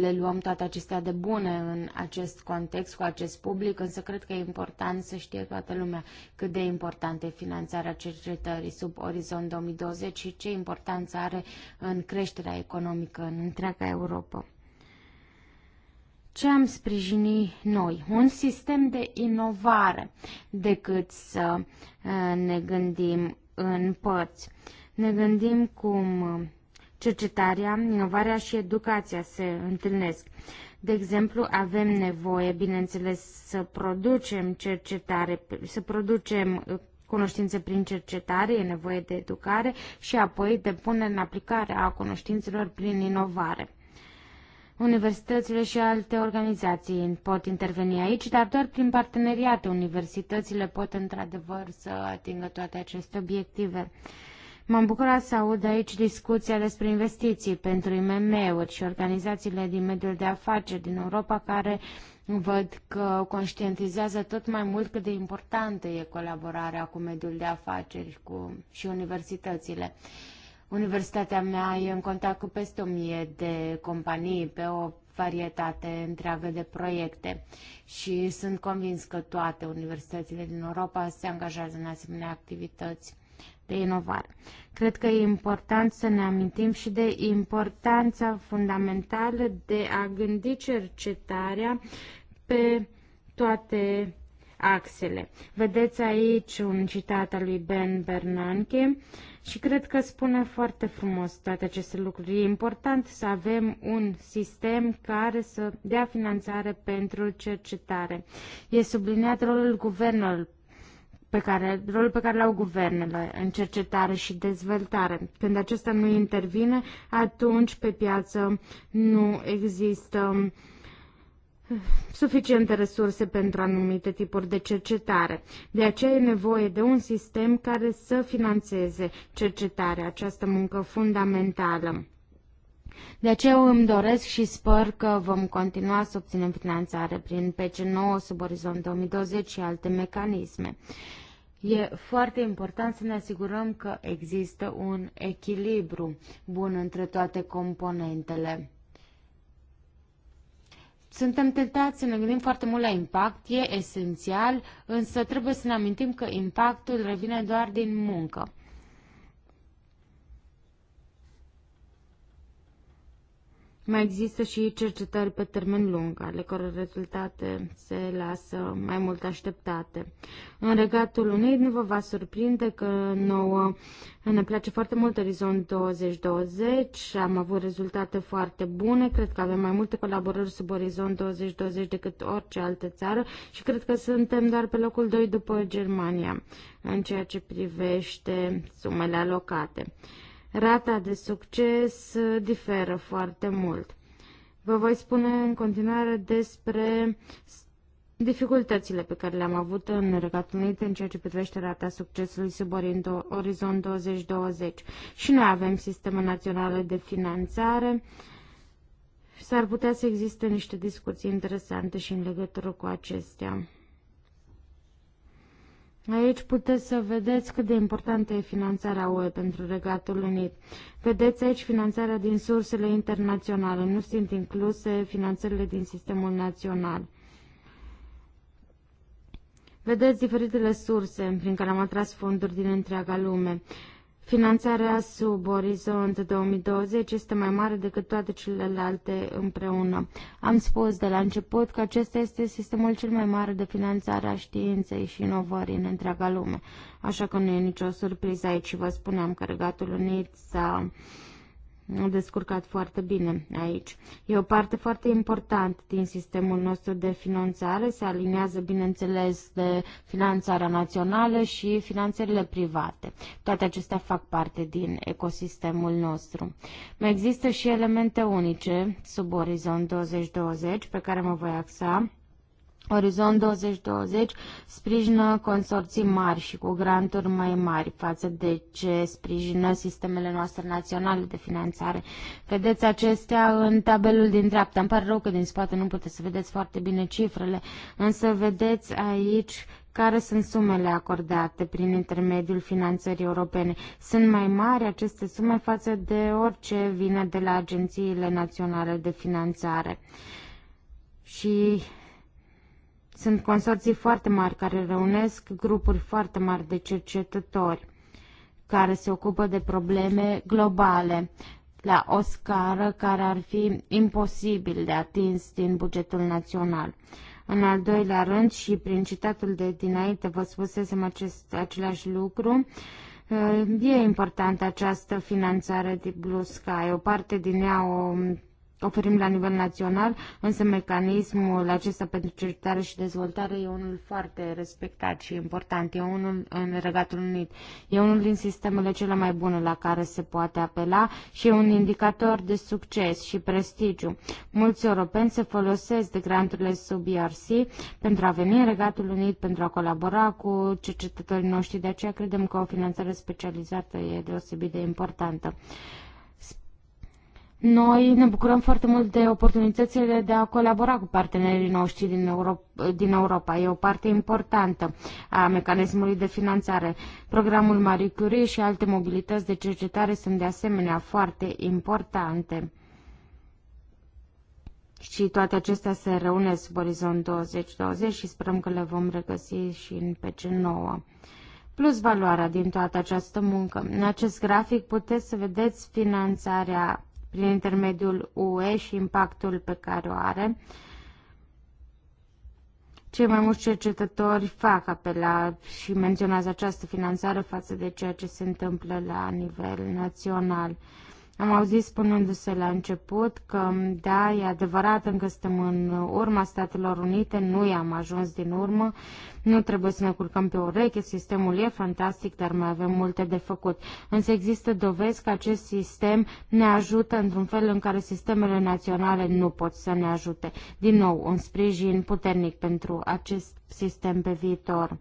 le luăm toate acestea de bune în acest context, cu acest public, însă cred că e important să știe toată lumea cât de importantă e finanțarea cercetării sub orizont 2020 și ce importanță are în creșterea economică în întreaga Europa. Ce am sprijini noi? Un sistem de inovare decât să uh, ne gândim în părți. Ne gândim cum uh, cercetarea, inovarea și educația se întâlnesc. De exemplu, avem nevoie, bineînțeles, să producem cercetare, să producem uh, cunoștințe prin cercetare, e nevoie de educare și apoi de punere în aplicare a cunoștințelor prin inovare. Universitățile și alte organizații pot interveni aici, dar doar prin parteneriate universitățile pot într-adevăr să atingă toate aceste obiective. M-am bucurat să aud aici discuția despre investiții pentru IMM-uri și organizațiile din mediul de afaceri din Europa care văd că conștientizează tot mai mult cât de importantă e colaborarea cu mediul de afaceri cu, și universitățile. Universitatea mea e în contact cu peste mie de companii pe o varietate întreagă de proiecte și sunt convins că toate universitățile din Europa se angajează în asemenea activități de inovare. Cred că e important să ne amintim și de importanța fundamentală de a gândi cercetarea pe toate axele. Vedeți aici un citat al lui Ben Bernanke și cred că spune foarte frumos toate aceste lucruri. E important să avem un sistem care să dea finanțare pentru cercetare. E subliniat rolul guvernului pe care, rolul pe care l-au guvernele în cercetare și dezvoltare. Când acesta nu intervine, atunci pe piață nu există uh, suficiente resurse pentru anumite tipuri de cercetare. De aceea e nevoie de un sistem care să financeze cercetarea, această muncă fundamentală. De aceea îmi doresc și sper că vom continua să obținem finanțare prin PC9 sub orizont 2020 și alte mecanisme. E foarte important să ne asigurăm că există un echilibru bun între toate componentele. Suntem tentați să ne gândim foarte mult la impact, e esențial, însă trebuie să ne amintim că impactul revine doar din muncă. Mai există și cercetări pe termen lung, ale căror rezultate se lasă mai mult așteptate. În regatul unei nu vă va surprinde că nouă ne place foarte mult Orizont 2020, am avut rezultate foarte bune, cred că avem mai multe colaborări sub Orizont 2020 decât orice altă țară și cred că suntem doar pe locul 2 după Germania în ceea ce privește sumele alocate. Rata de succes uh, diferă foarte mult. Vă voi spune în continuare despre dificultățile pe care le-am avut în Regatul Unit în ceea ce privește rata succesului sub orizont 2020. Și noi avem sisteme naționale de finanțare. S-ar putea să existe niște discuții interesante și în legătură cu acestea. Aici puteți să vedeți cât de importantă e finanțarea UE pentru Regatul Unit. Vedeți aici finanțarea din sursele internaționale, nu sunt incluse finanțările din sistemul național. Vedeți diferitele surse prin care am atras fonduri din întreaga lume. Finanțarea sub orizont 2020 este mai mare decât toate celelalte împreună. Am spus de la început că acesta este sistemul cel mai mare de finanțare a științei și inovării în întreaga lume, așa că nu e nicio surpriză aici și vă spuneam că Regatul Unit s-a uh, descurcat foarte bine aici. E o parte foarte importantă din sistemul nostru de finanțare, se aliniază, bineînțeles, de finanțarea națională și finanțările private. Toate acestea fac parte din ecosistemul nostru. Mai există și elemente unice sub orizont 2020 pe care mă voi axa Orizont 2020 sprijină consorții mari și cu granturi mai mari față de ce sprijină sistemele noastre naționale de finanțare. Vedeți acestea în tabelul din dreapta. Îmi pare rău că din spate nu puteți să vedeți foarte bine cifrele, însă vedeți aici care sunt sumele acordate prin intermediul finanțării europene. Sunt mai mari aceste sume față de orice vine de la agențiile naționale de finanțare. Și sunt consorții foarte mari care reunesc grupuri foarte mari de cercetători care se ocupă de probleme globale la o scară care ar fi imposibil de atins din bugetul național. În al doilea rând și prin citatul de dinainte vă spusesem acest, același lucru, e importantă această finanțare de Blue Sky. O parte din ea o oferim la nivel național, însă mecanismul acesta pentru cercetare și dezvoltare e unul foarte respectat și important. E unul în Regatul Unit. E unul din sistemele cele mai bune la care se poate apela și e un indicator de succes și prestigiu. Mulți europeni se folosesc de granturile sub ERC pentru a veni în Regatul Unit, pentru a colabora cu cercetătorii noștri. De aceea credem că o finanțare specializată e deosebit de importantă. Noi ne bucurăm foarte mult de oportunitățile de a colabora cu partenerii noștri din Europa, din Europa. E o parte importantă a mecanismului de finanțare. Programul Marie Curie și alte mobilități de cercetare sunt de asemenea foarte importante. Și toate acestea se reunesc sub orizont 2020 și sperăm că le vom regăsi și în PC9 plus valoarea din toată această muncă. În acest grafic puteți să vedeți finanțarea prin intermediul UE și impactul pe care o are. Cei mai mulți cercetători fac apel la și menționează această finanțare față de ceea ce se întâmplă la nivel național. Am auzit spunându-se la început că, da, e adevărat, încă suntem în urma Statelor Unite, nu i-am ajuns din urmă, nu trebuie să ne culcăm pe oreche, sistemul e fantastic, dar mai avem multe de făcut. Însă există dovezi că acest sistem ne ajută într-un fel în care sistemele naționale nu pot să ne ajute. Din nou, un sprijin puternic pentru acest sistem pe viitor.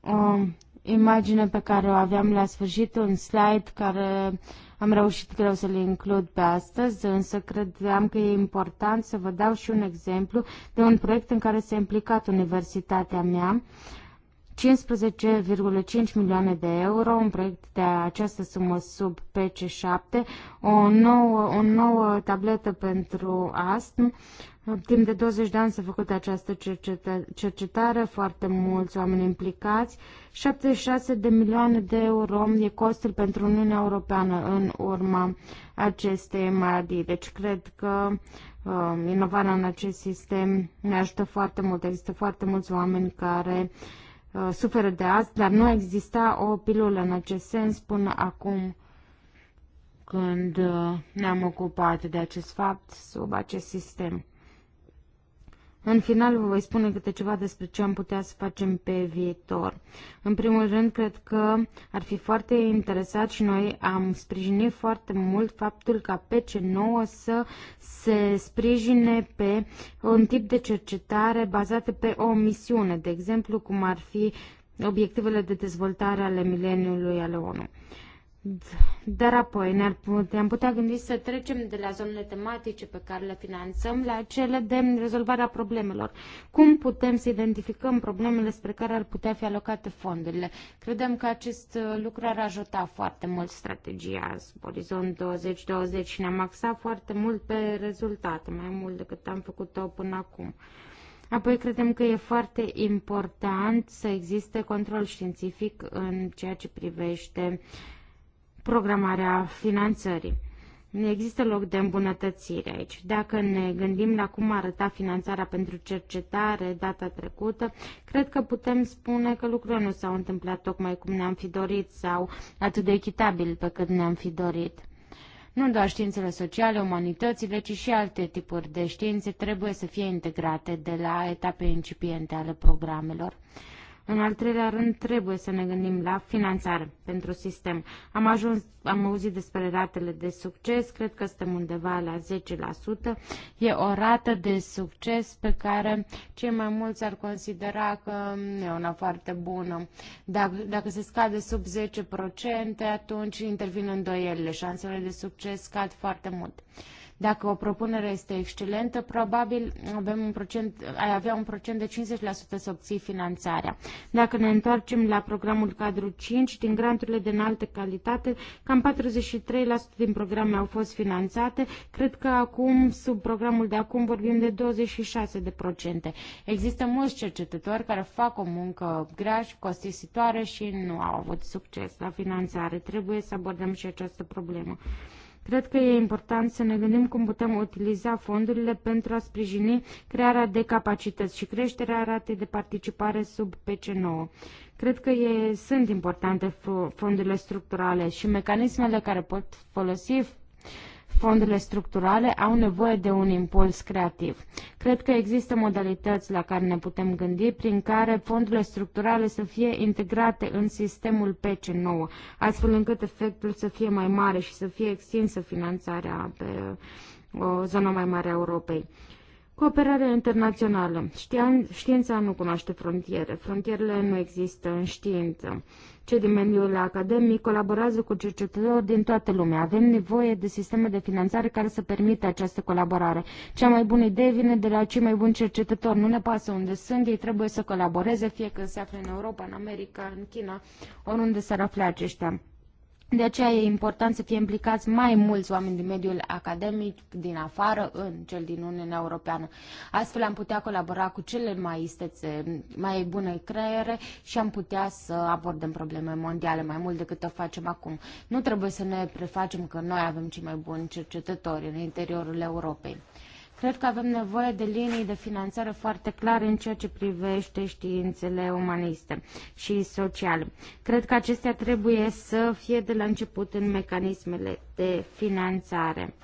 Um, imagine pe care o aveam la sfârșit, un slide care am reușit greu să-l includ pe astăzi, însă credeam că e important să vă dau și un exemplu de un proiect în care s-a implicat universitatea mea. 15,5 milioane de euro, un proiect de această sumă sub PC7, o nouă, o nouă tabletă pentru astm. Timp de 20 de ani s-a făcut această cercetă, cercetare, foarte mulți oameni implicați. 76 de milioane de euro e costul pentru Uniunea Europeană în urma acestei maladii. Deci cred că uh, inovarea în acest sistem ne ajută foarte mult. Există foarte mulți oameni care uh, Uh, suferă de asta, dar nu exista o pilulă în acest sens până acum când uh, ne-am ocupat de acest fapt sub acest sistem. În final vă voi spune câte ceva despre ce am putea să facem pe viitor. În primul rând, cred că ar fi foarte interesat și noi am sprijinit foarte mult faptul ca PC9 să se sprijine pe un tip de cercetare bazată pe o misiune, de exemplu cum ar fi obiectivele de dezvoltare ale mileniului ale ONU. Dar apoi ne-am putea, putea gândi să trecem de la zonele tematice pe care le finanțăm la cele de rezolvarea problemelor. Cum putem să identificăm problemele spre care ar putea fi alocate fondurile? Credem că acest uh, lucru ar ajuta foarte mult strategia Orizont 2020 și ne-am axat foarte mult pe rezultate, mai mult decât am făcut-o până acum. Apoi credem că e foarte important să existe control științific în ceea ce privește uh, programarea finanțării. Nu există loc de îmbunătățire aici. Dacă ne gândim la cum arăta finanțarea pentru cercetare data trecută, cred că putem spune că lucrurile nu s-au întâmplat tocmai cum ne-am fi dorit sau atât de echitabil pe cât ne-am fi dorit. Nu doar științele sociale, umanitățile, ci și alte tipuri de științe trebuie să fie integrate de la etape incipiente ale programelor. În al treilea rând, trebuie să ne gândim la finanțare pentru sistem. Am, ajuns, am auzit despre ratele de succes, cred că suntem undeva la 10%. E o rată de succes pe care cei mai mulți ar considera că mm, e una foarte bună. Dacă, dacă se scade sub 10%, atunci intervin îndoielile, șansele de succes scad foarte mult. Dacă o propunere este excelentă, probabil avem un procent, ai avea un procent de 50% să obții finanțarea. Dacă ne întoarcem la programul cadru 5, din granturile de înaltă calitate, cam 43% din programe au fost finanțate. Cred că acum, sub programul de acum, vorbim de 26%. Există mulți cercetători care fac o muncă grea și costisitoare și nu au avut succes la finanțare. Trebuie să abordăm și această problemă. Cred că e important să ne gândim cum putem utiliza fondurile pentru a sprijini crearea de capacități și creșterea ratei de participare sub PC9. Cred că e, sunt importante fondurile structurale și mecanismele care pot folosi fondurile structurale au nevoie de un impuls creativ. Cred că există modalități la care ne putem gândi prin care fondurile structurale să fie integrate în sistemul PC9, astfel încât efectul să fie mai mare și să fie extinsă finanțarea pe o zonă mai mare a Europei. Cooperarea internațională. Știința nu cunoaște frontiere. Frontierele nu există în știință. Cei din mediul academic colaborează cu cercetători din toată lumea. Avem nevoie de sisteme de finanțare care să permită această colaborare. Cea mai bună idee vine de la cei mai buni cercetători. Nu ne pasă unde sunt, ei trebuie să colaboreze, fie că se află în Europa, în America, în China, oriunde s-ar afla aceștia. De aceea e important să fie implicați mai mulți oameni din mediul academic din afară în cel din Uniunea Europeană. Astfel am putea colabora cu cele mai istețe, mai bune creiere și am putea să abordăm probleme mondiale mai mult decât o facem acum. Nu trebuie să ne prefacem că noi avem cei mai buni cercetători în interiorul Europei. Cred că avem nevoie de linii de finanțare foarte clare în ceea ce privește științele umaniste și sociale. Cred că acestea trebuie să fie de la început în mecanismele de finanțare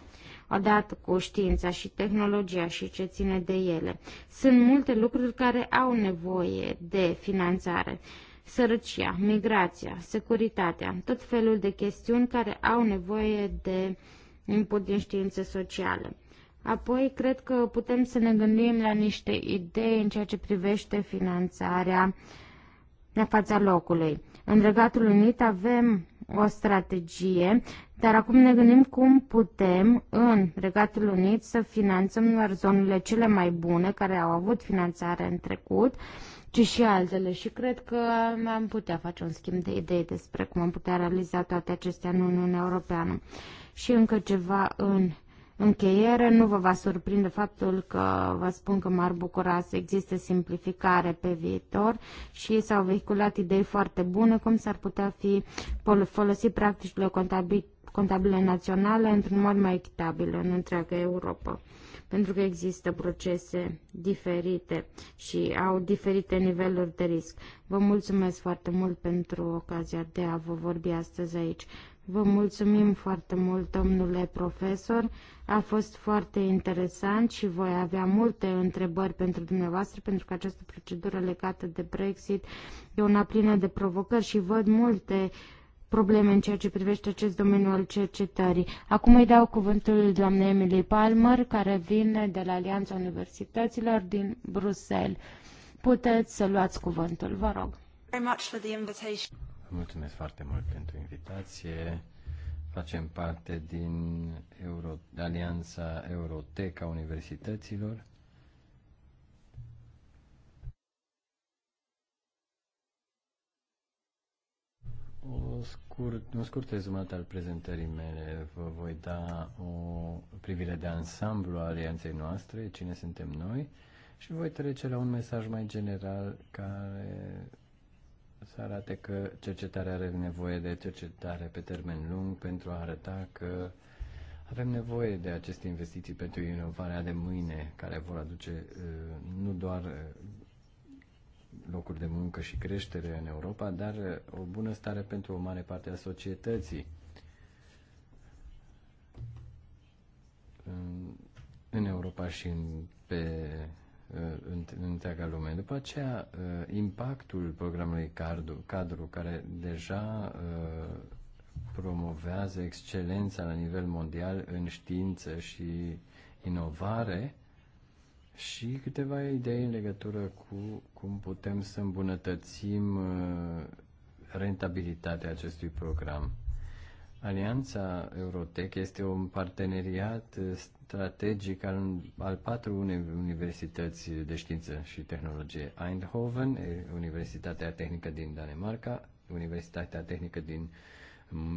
odată cu știința și tehnologia și ce ține de ele. Sunt multe lucruri care au nevoie de finanțare. Sărăcia, migrația, securitatea, tot felul de chestiuni care au nevoie de input din științe sociale. Apoi, cred că putem să ne gândim la niște idei în ceea ce privește finanțarea în fața locului. În Regatul Unit avem o strategie, dar acum ne gândim cum putem în Regatul Unit să finanțăm doar zonele cele mai bune care au avut finanțare în trecut, ci și altele. Și cred că am putea face un schimb de idei despre cum am putea realiza toate acestea în Uniunea Europeană. Și încă ceva în încheiere, nu vă va surprinde faptul că vă spun că m-ar bucura să existe simplificare pe viitor și s-au vehiculat idei foarte bune cum s-ar putea fi folosi practicile contabile, contabile naționale într-un mod mai echitabil în întreaga Europa pentru că există procese diferite și au diferite niveluri de risc. Vă mulțumesc foarte mult pentru ocazia de a vă vorbi astăzi aici. Vă mulțumim foarte mult, domnule profesor. A fost foarte interesant și voi avea multe întrebări pentru dumneavoastră, pentru că această procedură legată de Brexit e una plină de provocări și văd multe probleme în ceea ce privește acest domeniu al cercetării. Acum îi dau cuvântul doamnei Emily Palmer, care vine de la Alianța Universităților din Bruxelles. Puteți să luați cuvântul, vă rog. Mulțumesc foarte mult pentru invitație. Facem parte din Euro, Alianța Euroteca Universităților. O scurt, un scurt rezumat al prezentării mele. Vă voi da o privire de ansamblu a alianței noastre, cine suntem noi, și voi trece la un mesaj mai general care să arate că cercetarea are nevoie de cercetare pe termen lung pentru a arăta că avem nevoie de aceste investiții pentru inovarea de mâine, care vor aduce uh, nu doar uh, locuri de muncă și creștere în Europa, dar uh, o bună stare pentru o mare parte a societății. În Europa și în, pe Uh, în întreaga lume. După aceea, uh, impactul programului cadru, cadru care deja uh, promovează excelența la nivel mondial în știință și inovare și câteva idei în legătură cu cum putem să îmbunătățim rentabilitatea acestui program. Alianța Eurotech este un parteneriat strategic al, al patru universități de știință și tehnologie, Eindhoven, Universitatea Tehnică din Danemarca, Universitatea Tehnică din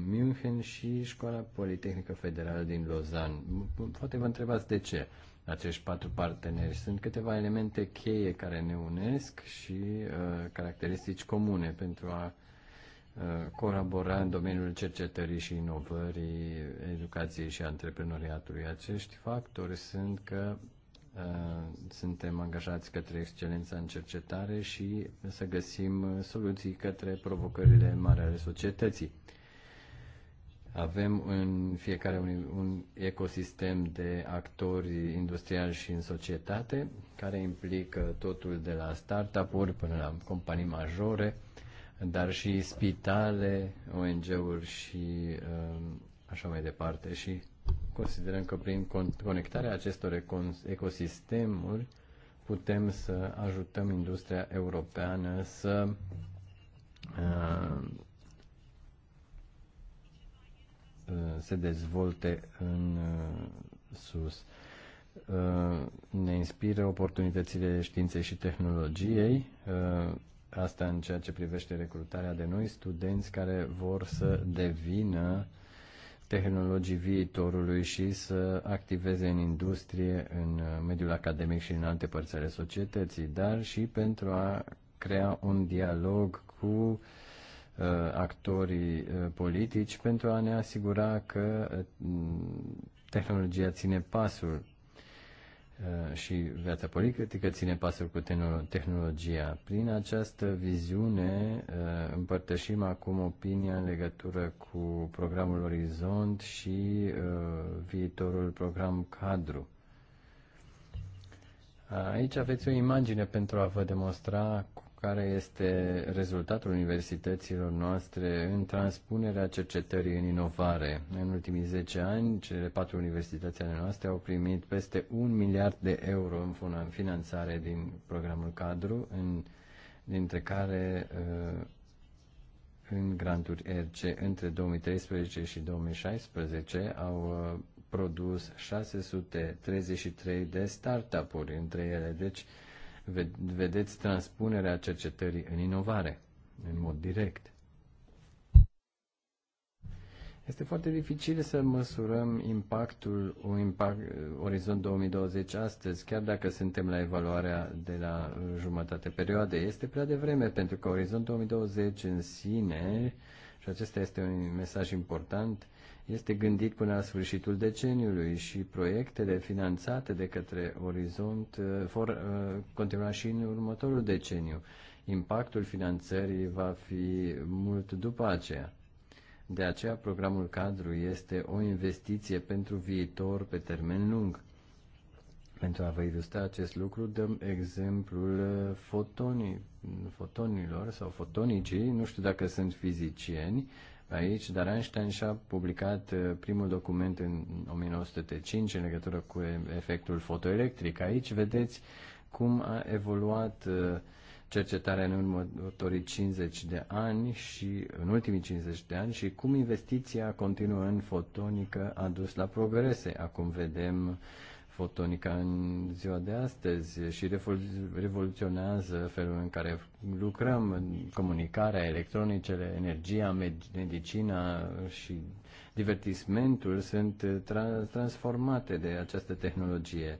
München și Școala Politehnică Federală din Lausanne. Poate vă întrebați de ce acești patru parteneri. Sunt câteva elemente cheie care ne unesc și uh, caracteristici comune pentru a Uh, colabora în domeniul cercetării și inovării, educației și antreprenoriatului. Acești factori sunt că uh, suntem angajați către excelența în cercetare și să găsim soluții către provocările mari ale societății. Avem în fiecare un, un ecosistem de actori industriali și în societate, care implică totul de la startup-uri până la companii majore, dar și spitale, ONG-uri și um, așa mai departe. Și considerăm că prin conectarea acestor ecosistemuri putem să ajutăm industria europeană să um, se dezvolte în uh, sus. Uh, ne inspiră oportunitățile științei și tehnologiei, uh, Asta în ceea ce privește recrutarea de noi studenți care vor să devină tehnologii viitorului și să activeze în industrie, în mediul academic și în alte părți ale societății, dar și pentru a crea un dialog cu uh, actorii uh, politici pentru a ne asigura că uh, tehnologia ține pasul. Eh, și viața politică ține pasul cu tehnologia. Prin această viziune eh, împărtășim acum opinia în legătură cu programul Orizont și eh, viitorul program Cadru. Aici aveți o imagine pentru a vă demonstra care este rezultatul universităților noastre în transpunerea cercetării în inovare. În ultimii 10 ani, cele patru universități ale noastre au primit peste un miliard de euro în finanțare din programul cadru, în, dintre care uh, în granturi RC între 2013 și 2016 au uh, produs 633 de startup-uri între ele. Deci, vedeți transpunerea cercetării în inovare, în mod direct. Este foarte dificil să măsurăm impactul un impact, Orizont 2020 astăzi, chiar dacă suntem la evaluarea de la jumătate perioade. Este prea devreme, pentru că Orizont 2020 în sine, și acesta este un mesaj important, este gândit până la sfârșitul deceniului și proiectele finanțate de către Orizont uh, vor uh, continua și în următorul deceniu. Impactul finanțării va fi mult după aceea. De aceea, programul cadru este o investiție pentru viitor pe termen lung. Pentru a vă ilustra acest lucru, dăm exemplul uh, fotonii, fotonilor sau fotonicii, nu știu dacă sunt fizicieni, aici, dar Einstein și-a publicat uh, primul document în 1905 în legătură cu efectul fotoelectric. Aici vedeți cum a evoluat uh, cercetarea în următorii 50 de ani și în ultimii 50 de ani și cum investiția continuă în fotonică a dus la progrese. Acum vedem uh, fotonica în ziua de astăzi și revoluționează felul în care lucrăm, comunicarea, electronicele, energia, medicina și divertismentul sunt tra- transformate de această tehnologie.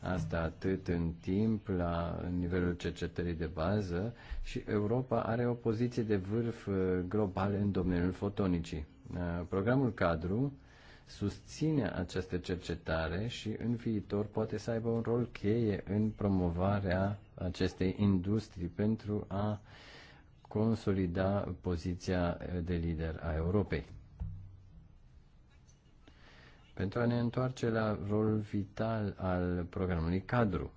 Asta atât în timp, la nivelul cercetării de bază și Europa are o poziție de vârf uh, global în domeniul fotonicii. Uh, programul cadru susține această cercetare și în viitor poate să aibă un rol cheie în promovarea acestei industrii pentru a consolida poziția de lider a Europei. Pentru a ne întoarce la rolul vital al programului cadru,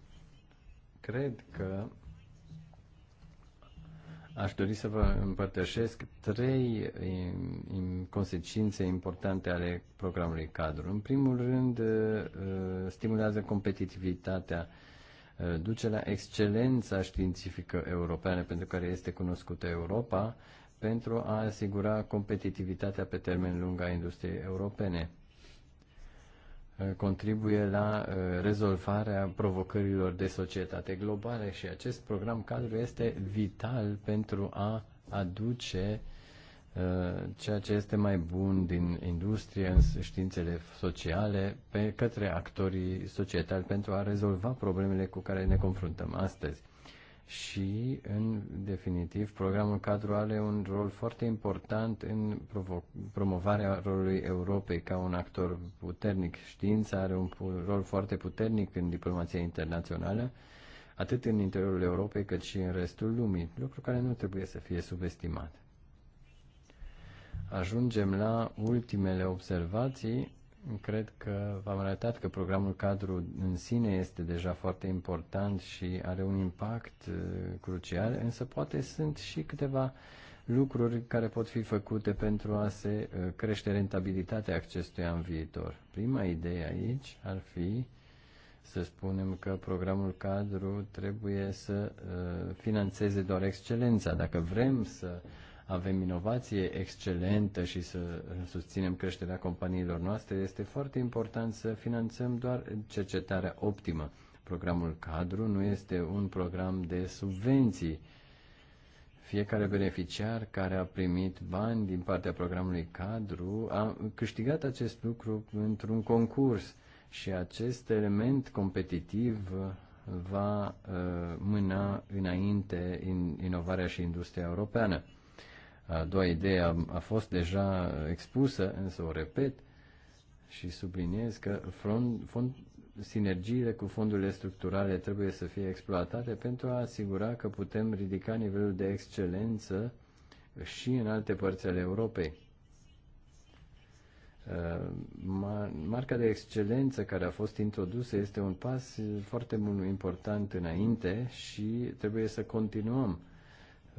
cred că Aș dori să vă împărtășesc trei consecințe importante ale programului cadru. În primul rând, uh, stimulează competitivitatea, uh, duce la excelența științifică europeană pentru care este cunoscută Europa, pentru a asigura competitivitatea pe termen lung a industriei europene. Uh, contribuie la uh, rezolvarea provocărilor de societate globale și acest program cadru este vital pentru a aduce uh, ceea ce este mai bun din industrie, în științele sociale, pe către actorii societali pentru a rezolva problemele cu care ne confruntăm astăzi și, în definitiv, programul cadru are un rol foarte important în promovarea rolului Europei ca un actor puternic. Știința are un rol foarte puternic în diplomația internațională, atât în interiorul Europei cât și în restul lumii, lucru care nu trebuie să fie subestimat. Ajungem la ultimele observații Cred că v-am arătat că programul cadru în sine este deja foarte important și are un impact uh, crucial, însă poate sunt și câteva lucruri care pot fi făcute pentru a se uh, crește rentabilitatea acestuia în viitor. Prima idee aici ar fi să spunem că programul cadru trebuie să uh, finanțeze doar excelența. Dacă vrem să avem inovație excelentă și să susținem creșterea companiilor noastre, este foarte important să finanțăm doar cercetarea optimă. Programul cadru nu este un program de subvenții. Fiecare beneficiar care a primit bani din partea programului cadru a câștigat acest lucru într-un concurs și acest element competitiv va uh, mâna înainte în inovarea și industria europeană. A doua idee a, a fost deja expusă, însă o repet și subliniez că front, fond, sinergiile cu fondurile structurale trebuie să fie exploatate pentru a asigura că putem ridica nivelul de excelență și în alte părți ale Europei. Marca de excelență care a fost introdusă este un pas foarte important înainte și trebuie să continuăm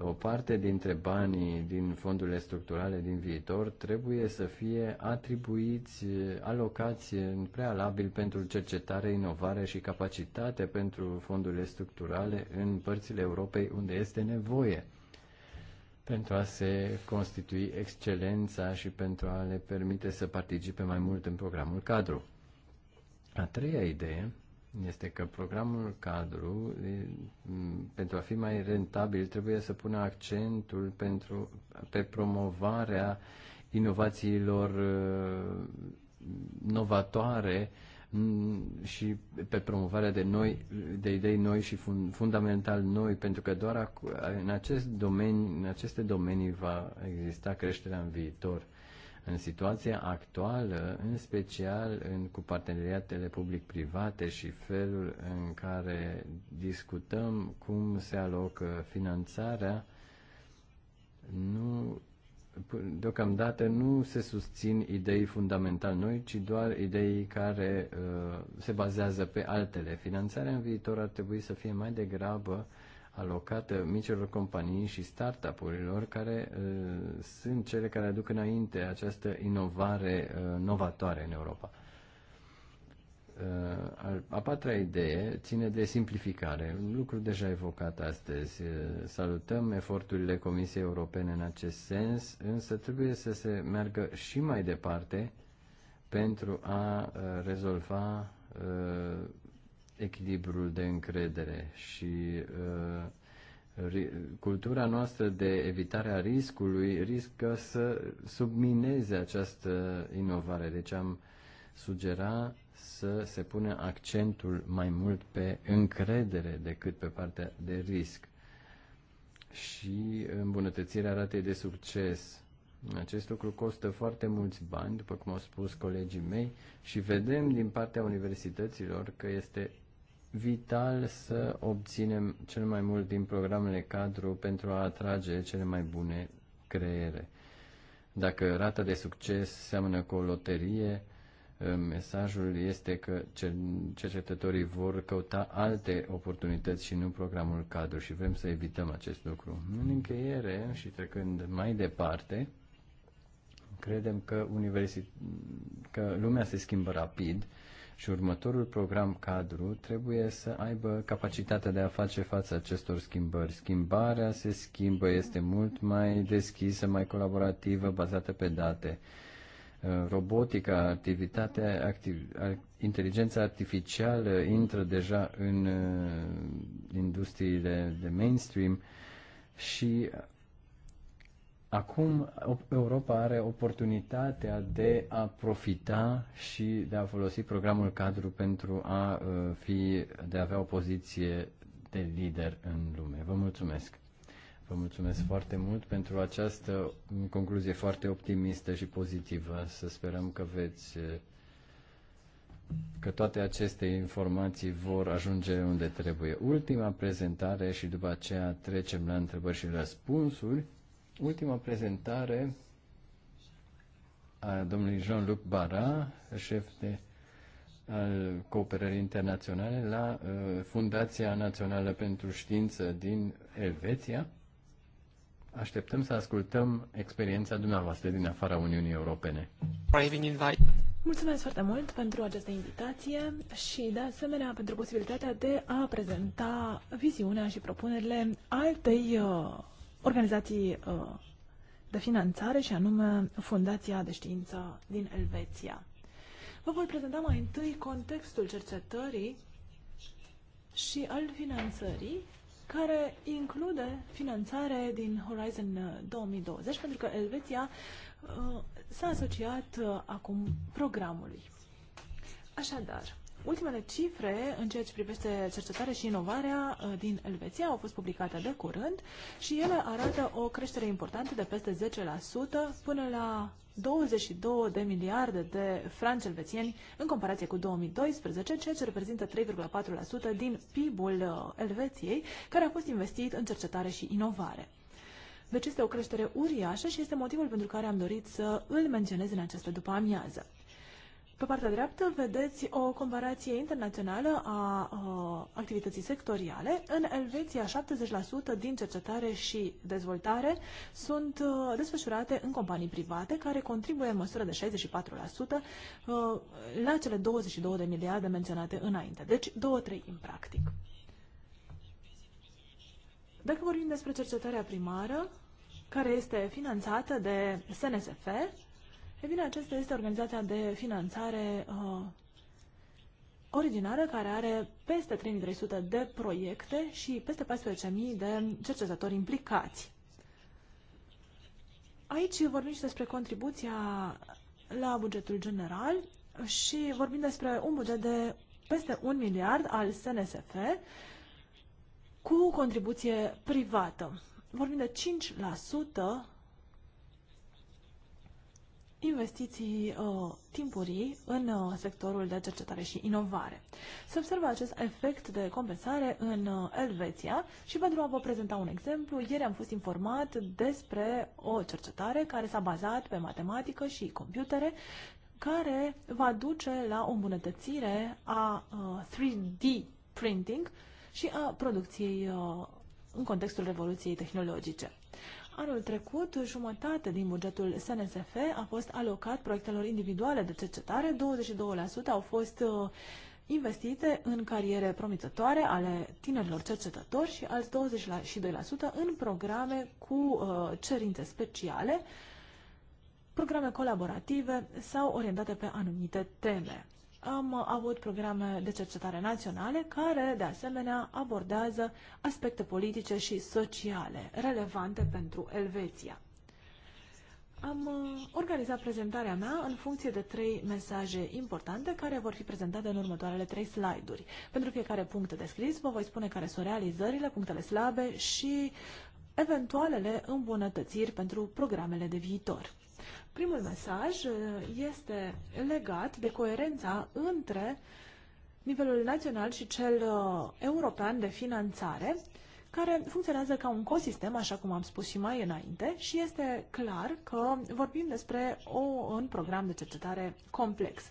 o parte dintre banii din fondurile structurale din viitor trebuie să fie atribuiți, alocați în prealabil pentru cercetare, inovare și capacitate pentru fondurile structurale în părțile Europei unde este nevoie pentru a se constitui excelența și pentru a le permite să participe mai mult în programul cadru. A treia idee este că programul cadru, pentru a fi mai rentabil, trebuie să pună accentul pentru, pe promovarea inovațiilor novatoare și pe promovarea de, noi, de idei noi și fundamental noi, pentru că doar în, acest domeni, în aceste domenii va exista creșterea în viitor. În situația actuală, în special în, cu parteneriatele public-private și felul în care discutăm cum se alocă finanțarea, nu, deocamdată nu se susțin idei fundamental noi, ci doar idei care uh, se bazează pe altele. Finanțarea în viitor ar trebui să fie mai degrabă alocată micilor companii și startup-urilor care uh, sunt cele care aduc înainte această inovare uh, novatoare în Europa. Uh, a patra idee ține de simplificare, un lucru deja evocat astăzi. Uh, salutăm eforturile Comisiei Europene în acest sens, însă trebuie să se meargă și mai departe pentru a uh, rezolva uh, echilibrul de încredere și uh, cultura noastră de evitare a riscului riscă să submineze această inovare. Deci am sugera să se pune accentul mai mult pe încredere decât pe partea de risc și îmbunătățirea ratei de succes. Acest lucru costă foarte mulți bani, după cum au spus colegii mei, și vedem din partea universităților că este vital să obținem cel mai mult din programele cadru pentru a atrage cele mai bune creiere. Dacă rata de succes seamănă cu o loterie, ă, mesajul este că cercetătorii vor căuta alte oportunități și nu programul cadru și vrem să evităm acest lucru. În încheiere și trecând mai departe, credem că, că lumea se schimbă rapid și următorul program cadru trebuie să aibă capacitatea de a face față acestor schimbări. Schimbarea se schimbă, este mult mai deschisă, mai colaborativă, bazată pe date. Uh, robotica, activitatea, activ, inteligența artificială intră deja în uh, industriile de mainstream și Acum Europa are oportunitatea de a profita și de a folosi programul cadru pentru a uh, fi, de a avea o poziție de lider în lume. Vă mulțumesc! Vă mulțumesc foarte mult pentru această concluzie foarte optimistă și pozitivă. Să sperăm că veți uh, că toate aceste informații vor ajunge unde trebuie. Ultima prezentare și după aceea trecem la întrebări și răspunsuri ultima prezentare a domnului Jean-Luc Bara, șef de al cooperării internaționale la uh, Fundația Națională pentru Știință din Elveția. Așteptăm să ascultăm experiența dumneavoastră din afara Uniunii Europene. Mulțumesc foarte mult pentru această invitație și, de asemenea, pentru posibilitatea de a prezenta viziunea și propunerile altei uh, organizații uh, de finanțare și anume Fundația de Știință din Elveția. Vă voi prezenta mai întâi contextul cercetării și al finanțării, care include finanțare din Horizon 2020, uh, pentru că Elveția uh, s-a asociat acum programului. Așadar, Ultimele cifre în ceea ce privește cercetare și inovarea uh, din Elveția au fost publicate de curând și ele arată o creștere importantă de peste 10% până la 22 de miliarde de franci elvețieni în comparație cu 2012, ceea ce reprezintă 3,4% din PIB-ul uh, Elveției, care a fost investit în cercetare și inovare. Deci este o creștere uriașă și este motivul pentru care am dorit să îl menționez în această după amiază. Pe partea dreaptă vedeți o comparație internațională a, a activității sectoriale. În Elveția, 70% din cercetare și dezvoltare sunt a, uh, desfășurate în companii private, care contribuie în măsură de 64% a, uh, la cele 22 de miliarde menționate înainte. Deci, două trei în practic. Dacă vorbim despre cercetarea primară, care este finanțată de SNSF, E bine, aceasta este organizația de finanțare uh, originară care are peste 3300 de proiecte și peste 14.000 de cercetători implicați. Aici vorbim și despre contribuția la bugetul general și vorbim despre un buget de peste un miliard al SNSF cu contribuție privată. Vorbim de 5% investiții uh, timpurii în uh, sectorul de cercetare și inovare. Se observă acest efect de compensare în uh, Elveția și pentru a vă prezenta un exemplu, ieri am fost informat despre o cercetare care s-a bazat pe matematică și computere care va duce la o îmbunătățire a uh, 3D printing și a producției uh, în contextul revoluției tehnologice. Anul trecut, jumătate din bugetul SNSF a fost alocat proiectelor individuale de cercetare, 22% au fost uh, investite în cariere promițătoare ale tinerilor cercetători și alți 22% în programe cu uh, cerințe speciale, programe colaborative sau orientate pe anumite teme am avut programe de cercetare naționale care, de asemenea, abordează aspecte politice și sociale relevante pentru Elveția. Am uh, organizat prezentarea mea în funcție de trei mesaje importante care vor fi prezentate în următoarele trei slide-uri. Pentru fiecare punct descris vă voi spune care sunt realizările, punctele slabe și eventualele îmbunătățiri pentru programele de viitor. Primul mesaj uh, este legat de coerența între nivelul național și cel uh, european de finanțare care funcționează ca un cosistem, așa cum am spus și mai înainte, și este clar că vorbim despre o, un program de cercetare complex.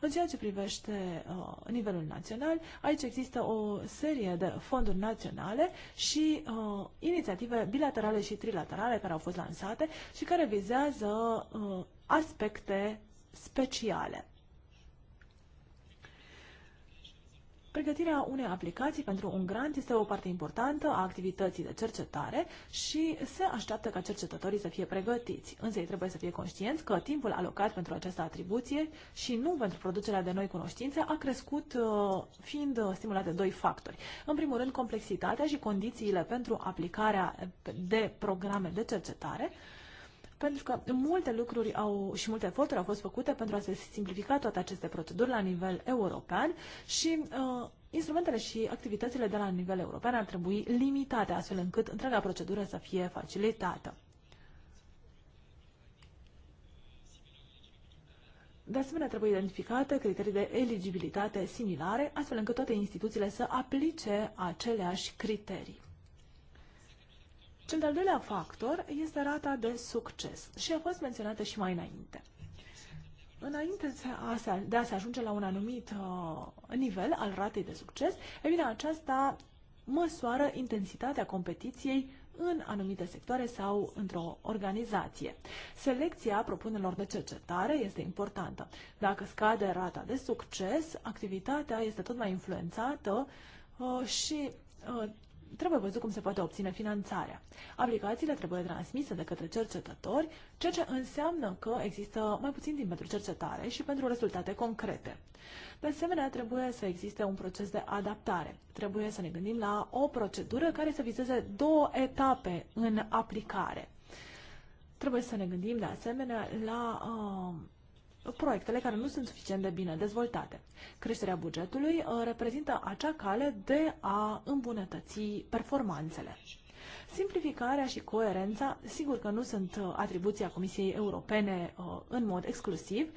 În ceea ce privește uh, nivelul național, aici există o serie de fonduri naționale și uh, inițiative bilaterale și trilaterale care au fost lansate și care vizează uh, aspecte speciale. Pregătirea unei aplicații pentru un grant este o parte importantă a activității de cercetare și se așteaptă ca cercetătorii să fie pregătiți. Însă ei trebuie să fie conștienți că timpul alocat pentru această atribuție și nu pentru producerea de noi cunoștințe a crescut uh, fiind stimulate doi factori. În primul rând, complexitatea și condițiile pentru aplicarea de programe de cercetare, pentru că multe lucruri au și multe eforturi au fost făcute pentru a se simplifica toate aceste proceduri la nivel european și uh, instrumentele și activitățile de la nivel european ar trebui limitate astfel încât întreaga procedură să fie facilitată. De asemenea, trebuie identificate criterii de eligibilitate similare, astfel încât toate instituțiile să aplice aceleași criterii. Cel de-al doilea factor este rata de succes și a fost menționată și mai înainte. Înainte de a se ajunge la un anumit uh, nivel al ratei de succes, e bine, aceasta măsoară intensitatea competiției în anumite sectoare sau într-o organizație. Selecția propunerilor de cercetare este importantă. Dacă scade rata de succes, activitatea este tot mai influențată uh, și uh, trebuie văzut cum se poate obține finanțarea. Aplicațiile trebuie transmise de către cercetători, ceea ce înseamnă că există mai puțin timp pentru cercetare și pentru rezultate concrete. De asemenea, trebuie să existe un proces de adaptare. Trebuie să ne gândim la o procedură care să vizeze două etape în aplicare. Trebuie să ne gândim, de asemenea, la uh, proiectele care nu sunt suficient de bine dezvoltate. Creșterea bugetului uh, reprezintă acea cale de a îmbunătăți performanțele. Simplificarea și coerența, sigur că nu sunt uh, atribuția Comisiei Europene uh, în mod exclusiv,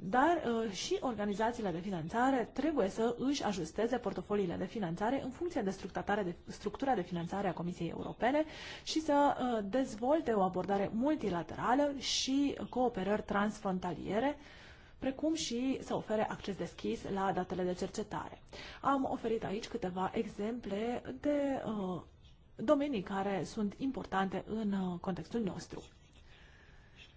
dar uh, și organizațiile de finanțare trebuie să își ajusteze portofoliile de finanțare în funcție de, structura de finanțare a Comisiei Europene și să uh, dezvolte o abordare multilaterală și cooperări transfrontaliere precum și să ofere acces deschis la datele de cercetare. Am oferit aici câteva exemple de uh, domenii care sunt importante în uh, contextul nostru.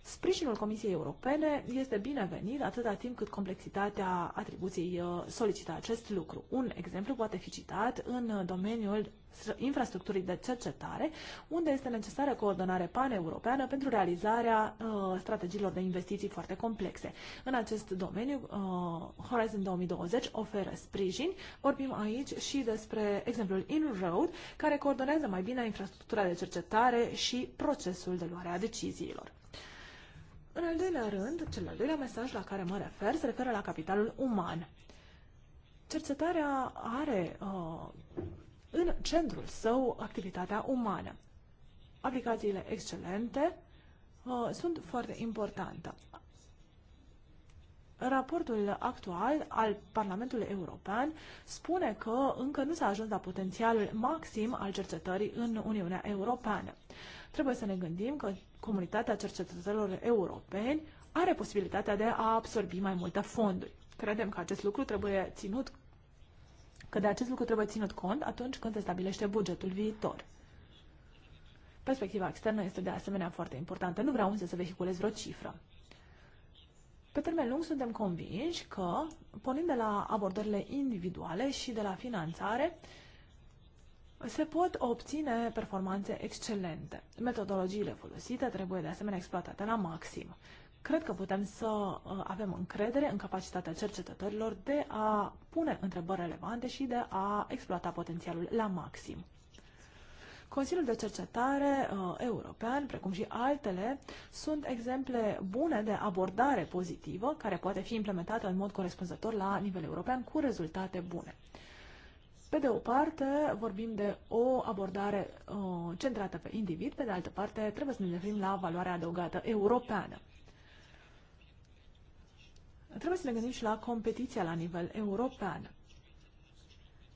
Sprijinul Comisiei Europene este binevenit atâta timp cât complexitatea atribuției uh, solicită acest lucru. Un exemplu poate fi citat în uh, domeniul infrastructurii de cercetare, unde este necesară coordonare paneuropeană pentru realizarea uh, strategiilor de investiții foarte complexe. În acest domeniu, uh, Horizon 2020 oferă sprijin. Vorbim aici și despre exemplul InRoad, care coordonează mai bine infrastructura de cercetare și procesul de luare a deciziilor. În al doilea rând, cel al doilea mesaj la care mă refer se referă la capitalul uman. Cercetarea are uh, în centrul său activitatea umană. Aplicațiile excelente uh, sunt foarte importante. Raportul actual al Parlamentului European spune că încă nu s-a ajuns la potențialul maxim al cercetării în Uniunea Europeană. Trebuie să ne gândim că comunitatea cercetătorilor europeni are posibilitatea de a absorbi mai multe fonduri. Credem că acest lucru trebuie ținut că de acest lucru trebuie ținut cont atunci când se stabilește bugetul viitor. Perspectiva externă este de asemenea foarte importantă. Nu vreau însă să vehiculez vreo cifră. Pe termen lung suntem convinși că, pornind de la abordările individuale și de la finanțare, uh, se pot obține performanțe excelente. Metodologiile folosite trebuie de asemenea exploatate la maxim. Cred că putem să uh, avem încredere în capacitatea cercetătorilor de a pune întrebări relevante și de a exploata potențialul la maxim. Consiliul de Cercetare uh, European, precum și altele, sunt exemple bune de abordare pozitivă care poate fi implementată în mod corespunzător la nivel european cu rezultate bune. Pe de o parte, vorbim de o abordare uh, centrată pe individ, pe de altă parte, trebuie să ne referim la valoarea adăugată europeană. Trebuie să ne gândim și la competiția la nivel european.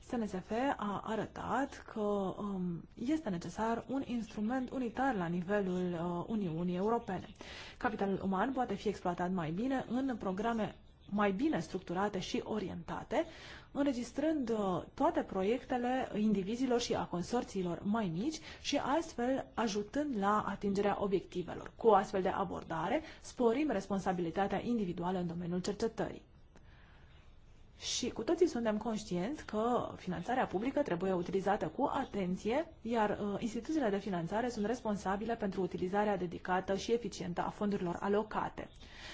SNSF a arătat că um, este necesar un instrument unitar la nivelul uh, Uniunii Europene. Capitalul uman poate fi exploatat mai bine în programe mai bine structurate și orientate, înregistrând uh, toate proiectele indivizilor și a consorțiilor mai mici și astfel ajutând la atingerea obiectivelor. Cu o astfel de abordare sporim responsabilitatea individuală în domeniul cercetării. Și cu toții suntem conștienți că finanțarea publică trebuie utilizată cu atenție, iar uh, instituțiile de finanțare sunt responsabile pentru utilizarea dedicată și eficientă a fondurilor alocate.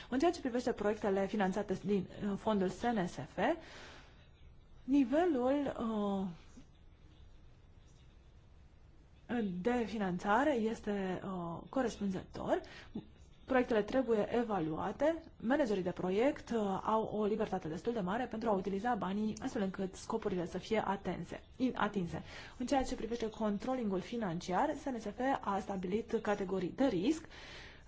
În ceea ce privește proiectele finanțate din uh, fondul SNSF, Nivelul uh, de finanțare este uh, corespunzător. Proiectele trebuie evaluate. Managerii de proiect uh, au o libertate destul de mare pentru a utiliza banii astfel încât scopurile să fie atense, atinse. În ceea ce privește controlingul financiar, SNSF a stabilit categorii de risc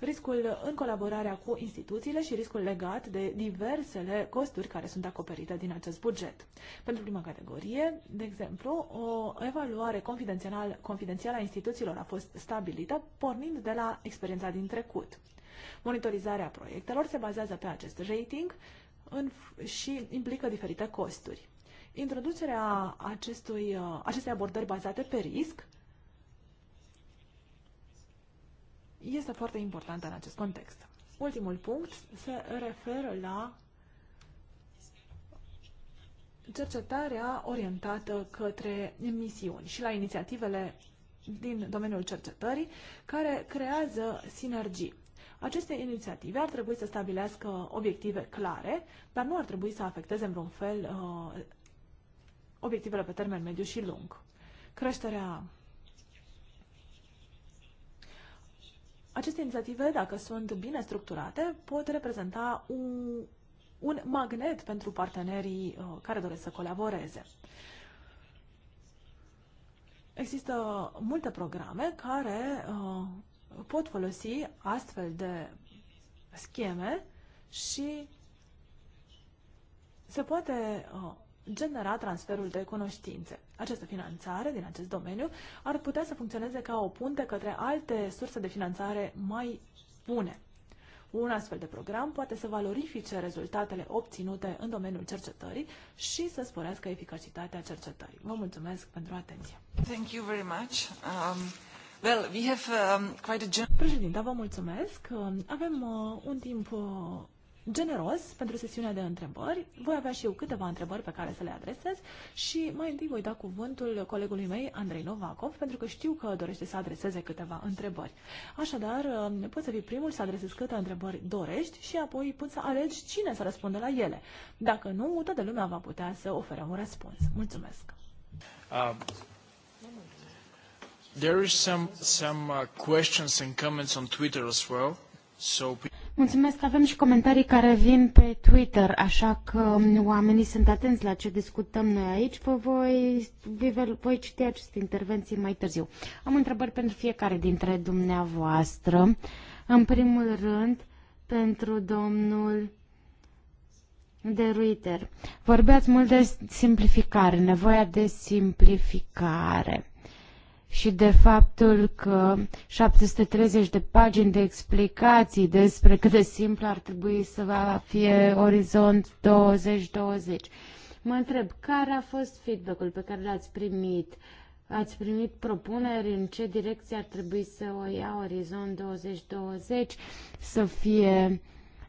riscul în colaborarea cu instituțiile și riscul legat de diversele costuri care sunt acoperite din acest buget. Pentru prima categorie, de exemplu, o evaluare confidențială, confidențială a instituțiilor a fost stabilită pornind de la experiența din trecut. Monitorizarea proiectelor se bazează pe acest rating în, și implică diferite costuri. Introducerea acestui, uh, acestei abordări bazate pe risc este foarte importantă în acest context. Ultimul punct se referă la cercetarea orientată către misiuni și la inițiativele din domeniul cercetării care creează sinergii. Aceste inițiative ar trebui să stabilească obiective clare, dar nu ar trebui să afecteze în vreun fel uh, obiectivele pe termen mediu și lung. Creșterea Aceste inițiative, dacă sunt bine structurate, pot reprezenta un, un magnet pentru partenerii uh, care doresc să colaboreze. Există multe programe care uh, pot folosi astfel de scheme și se poate uh, genera transferul de cunoștințe. Această finanțare din acest domeniu ar putea să funcționeze ca o punte către alte surse de finanțare mai bune. Un astfel de program poate să valorifice rezultatele obținute în domeniul cercetării și să sporească eficacitatea cercetării. Vă mulțumesc pentru atenție. Thank you very much. Um... Well, we have, um, quite a... Președinte, vă mulțumesc. Um, avem uh, un timp uh, generos pentru sesiunea de întrebări. Voi avea și eu câteva întrebări pe care să le adresez și mai întâi voi da cuvântul colegului meu, Andrei Novakov, pentru că știu că dorește să adreseze câteva întrebări. Așadar, um, poți să fii primul să adresezi câte întrebări dorești și apoi poți să alegi cine să răspundă la ele. Dacă nu, toată lumea va putea să ofere un răspuns. Mulțumesc! Um. there is some some uh, questions and comments on Twitter as well. So Mulțumesc, avem și comentarii care vin pe Twitter, așa că oamenii sunt atenți la ce discutăm noi aici. Vă voi, voi citi aceste intervenții mai târziu. Am întrebări pentru fiecare dintre dumneavoastră. În primul rând, pentru domnul de Ruiter. Vorbeați mult de simplificare, nevoia de simplificare și de faptul că 730 de pagini de explicații despre cât de simplu ar trebui să va fie Orizont 2020. Mă întreb, care a fost feedback-ul pe care l-ați primit? Ați primit propuneri în ce direcție ar trebui să o ia Orizont 2020, să fie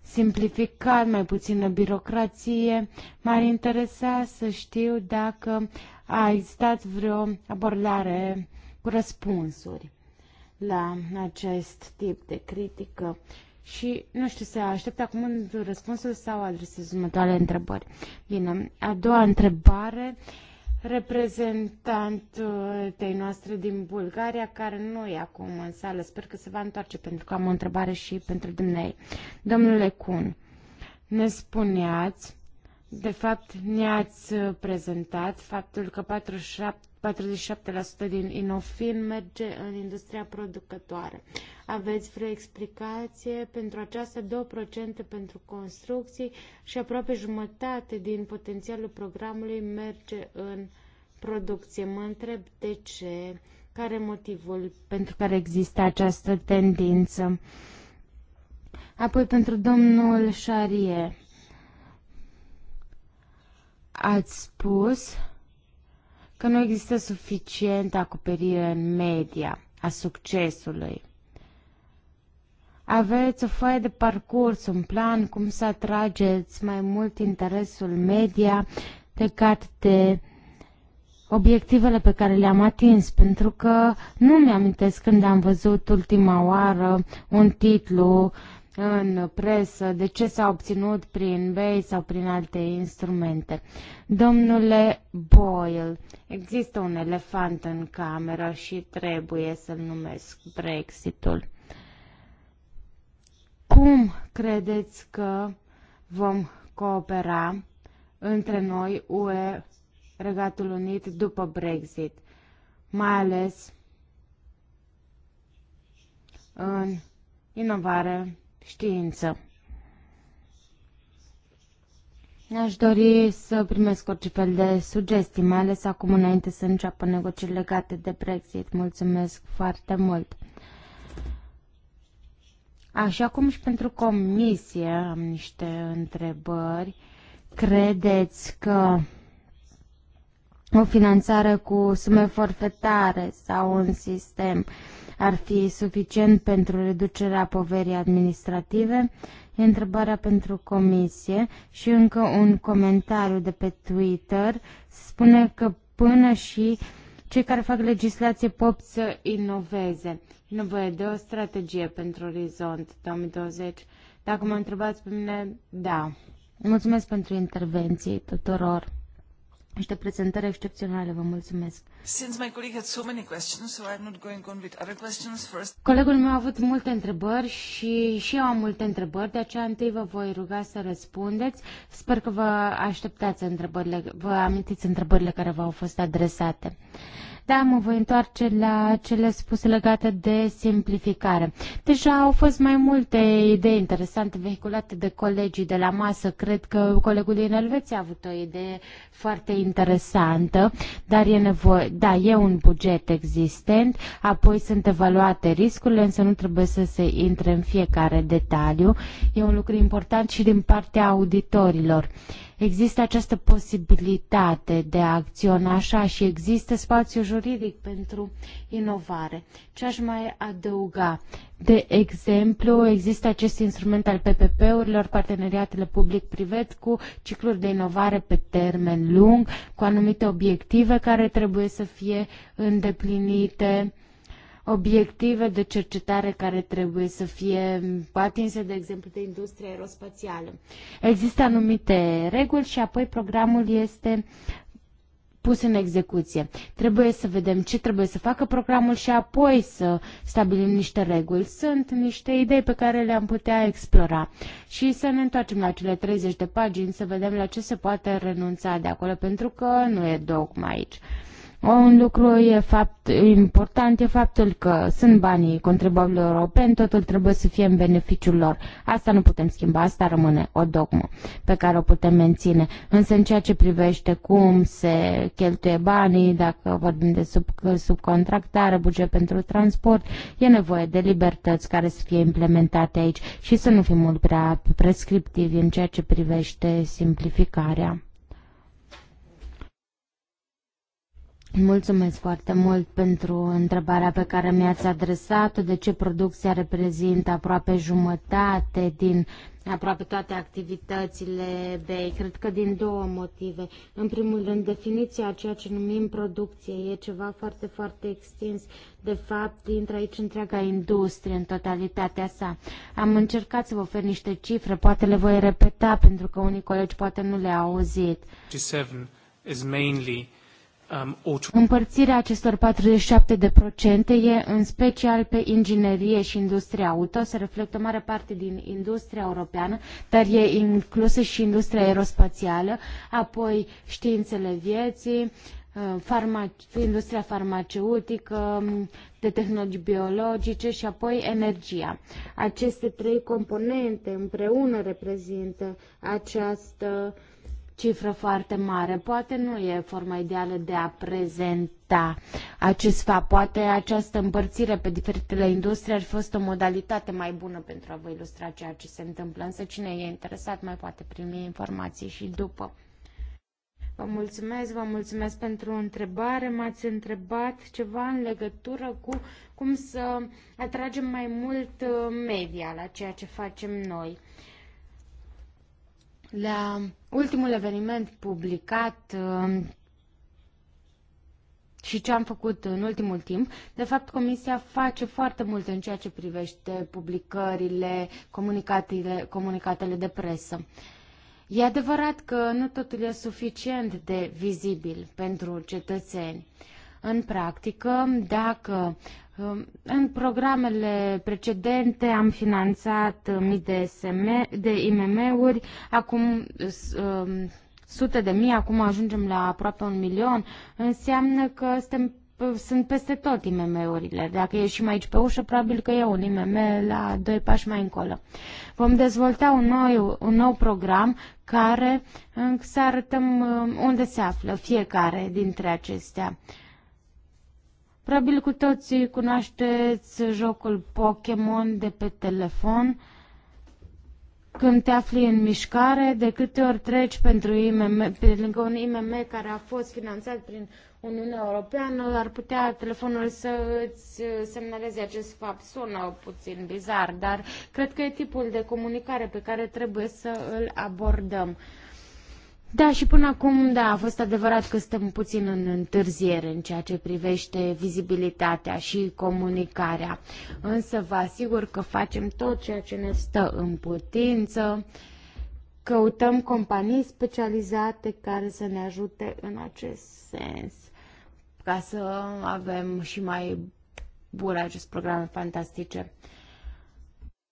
simplificat, mai puțină birocrație. M-ar interesa să știu dacă a existat vreo abordare răspunsuri la acest tip de critică și, nu știu, se aștept acum răspunsul sau adresez următoarele întrebări. Bine, a doua întrebare, reprezentantei noastre din Bulgaria, care nu e acum în sală, sper că se va întoarce pentru că am o întrebare și pentru dumnei. Domnule Cun, ne spuneați de fapt, ne-ați prezentat faptul că 47 47% din Inofin merge în industria producătoare. Aveți vreo explicație pentru aceste 2% pentru construcții și aproape jumătate din potențialul programului merge în producție. Mă întreb de ce, care motivul pentru care există această tendință. Apoi pentru domnul Șarie, ați spus că nu există suficientă acoperire în media a succesului. Aveți o foaie de parcurs, un plan, cum să atrageți mai mult interesul media decât de obiectivele pe care le-am atins, pentru că nu mi-amintesc când am văzut ultima oară un titlu în presă de ce s-a obținut prin BEI sau prin alte instrumente. Domnule Boyle, există un elefant în cameră și trebuie să-l numesc Brexitul. Cum credeți că vom coopera între noi, UE, Regatul Unit, după Brexit, mai ales în inovare, știință. Aș dori să primesc orice fel de sugestii, mai ales acum înainte să înceapă negocieri legate de Brexit. Mulțumesc foarte mult! Așa cum și pentru comisie am niște întrebări. Credeți că o finanțare cu sume forfetare sau un sistem uh, ar fi suficient pentru reducerea poverii administrative? E întrebarea pentru comisie și încă un comentariu de pe Twitter spune că până și cei care fac legislație pot să inoveze. E nevoie de o strategie pentru Orizont 2020. Dacă mă întrebați pe mine, da. Mulțumesc pentru intervenții tuturor niște prezentări excepționale. Vă mulțumesc. Colegul meu a avut multe întrebări și și eu am multe întrebări, de aceea întâi vă voi ruga să răspundeți. Sper că vă așteptați întrebările, vă amintiți întrebările care v-au fost adresate. Uh, da, mă voi întoarce la cele spuse legate de simplificare. Deja au fost mai multe idei interesante vehiculate de colegii de la masă. Cred că colegul din Elveția a avut o idee foarte interesantă, dar e nevoie, da, e un buget existent, apoi sunt evaluate riscurile, însă nu trebuie să se intre în fiecare detaliu. E un lucru important și din partea auditorilor. Există această posibilitate de a acționa așa și există spațiu juridic pentru inovare. Ce aș mai adăuga? De exemplu, există acest instrument al PPP-urilor, parteneriatele public-privat cu cicluri de inovare pe termen lung, cu anumite obiective care trebuie să fie îndeplinite obiective de cercetare care trebuie să fie atinse, de exemplu, de industria aerospațială. Există anumite reguli și apoi programul este pus în execuție. Trebuie să vedem ce trebuie să facă programul și apoi să stabilim niște reguli. Sunt niște idei pe care le-am putea explora și să ne întoarcem la cele 30 de pagini, să vedem la ce se poate renunța de acolo, pentru că nu e dogma aici. Uh, un lucru e fapt, important e faptul că sunt banii contribuabililor europeni, totul trebuie să fie în beneficiul lor. Asta nu putem schimba, asta rămâne o dogmă pe care o putem menține. Însă în ceea ce privește cum se cheltuie banii, dacă vorbim de sub, subcontractare, buget pentru transport, e nevoie de libertăți care să fie implementate aici și să nu fim mult prea prescriptivi în ceea ce privește simplificarea. Mulțumesc foarte mult pentru întrebarea pe care mi-ați adresat-o, de ce producția reprezintă aproape jumătate din aproape toate activitățile BEI. Cred că din două motive. În primul rând, definiția a ceea ce numim producție e ceva foarte, foarte extins. De fapt, intră aici întreaga industrie în totalitatea sa. Am încercat să vă ofer niște cifre, poate le voi repeta pentru că unii colegi poate nu le-au auzit. is mainly Um, Împărțirea acestor 47 de procente e în special pe inginerie și industria auto, se reflectă o mare parte din industria europeană, dar e inclusă și industria aerospațială, apoi științele vieții, uh, farmace- industria farmaceutică, um, de tehnologii biologice și apoi energia. Aceste trei componente împreună reprezintă această cifră foarte mare. Poate nu e forma ideală de a prezenta acest fapt. Poate această împărțire pe diferitele industrie ar fi fost o modalitate mai bună pentru a vă ilustra ceea ce se întâmplă. Însă cine e interesat mai poate primi informații și după. Vă mulțumesc, vă mulțumesc pentru întrebare. M-ați întrebat ceva în legătură cu cum să atragem mai mult uh, media la ceea ce facem noi. Uh, la ultimul eveniment publicat uh, și ce am făcut în ultimul timp, de fapt Comisia face foarte mult în ceea ce privește publicările, comunicatele, comunicatele de presă. E adevărat că nu totul e suficient de vizibil pentru cetățeni. În practică, dacă Um, în programele precedente am finanțat uh, mii de, SM, de IMM-uri, acum um, sute de mii, acum ajungem la aproape un milion, înseamnă că suntem, uh, sunt peste tot IMM-urile. Dacă ieșim aici pe ușă, probabil că e un IMM la doi pași mai încolo. Vom dezvolta un nou, un nou program care uh, să arătăm unde se află fiecare dintre acestea. Probabil cu toții cunoașteți jocul Pokémon de pe telefon. Când te afli în mișcare, de câte ori treci pentru IMM, pe lângă un IMM care a fost finanțat prin Uniunea Europeană, ar putea telefonul să îți semnaleze acest fapt. Sună puțin bizar, dar cred că e tipul de comunicare pe care trebuie să îl abordăm. Uh, da, și până acum, da, a fost adevărat că suntem puțin în întârziere în ceea ce privește vizibilitatea și comunicarea. Însă vă asigur că facem tot ceea ce ne stă în putință. Căutăm companii specializate care să ne ajute în acest sens, ca să avem și mai bune aceste programe fantastice.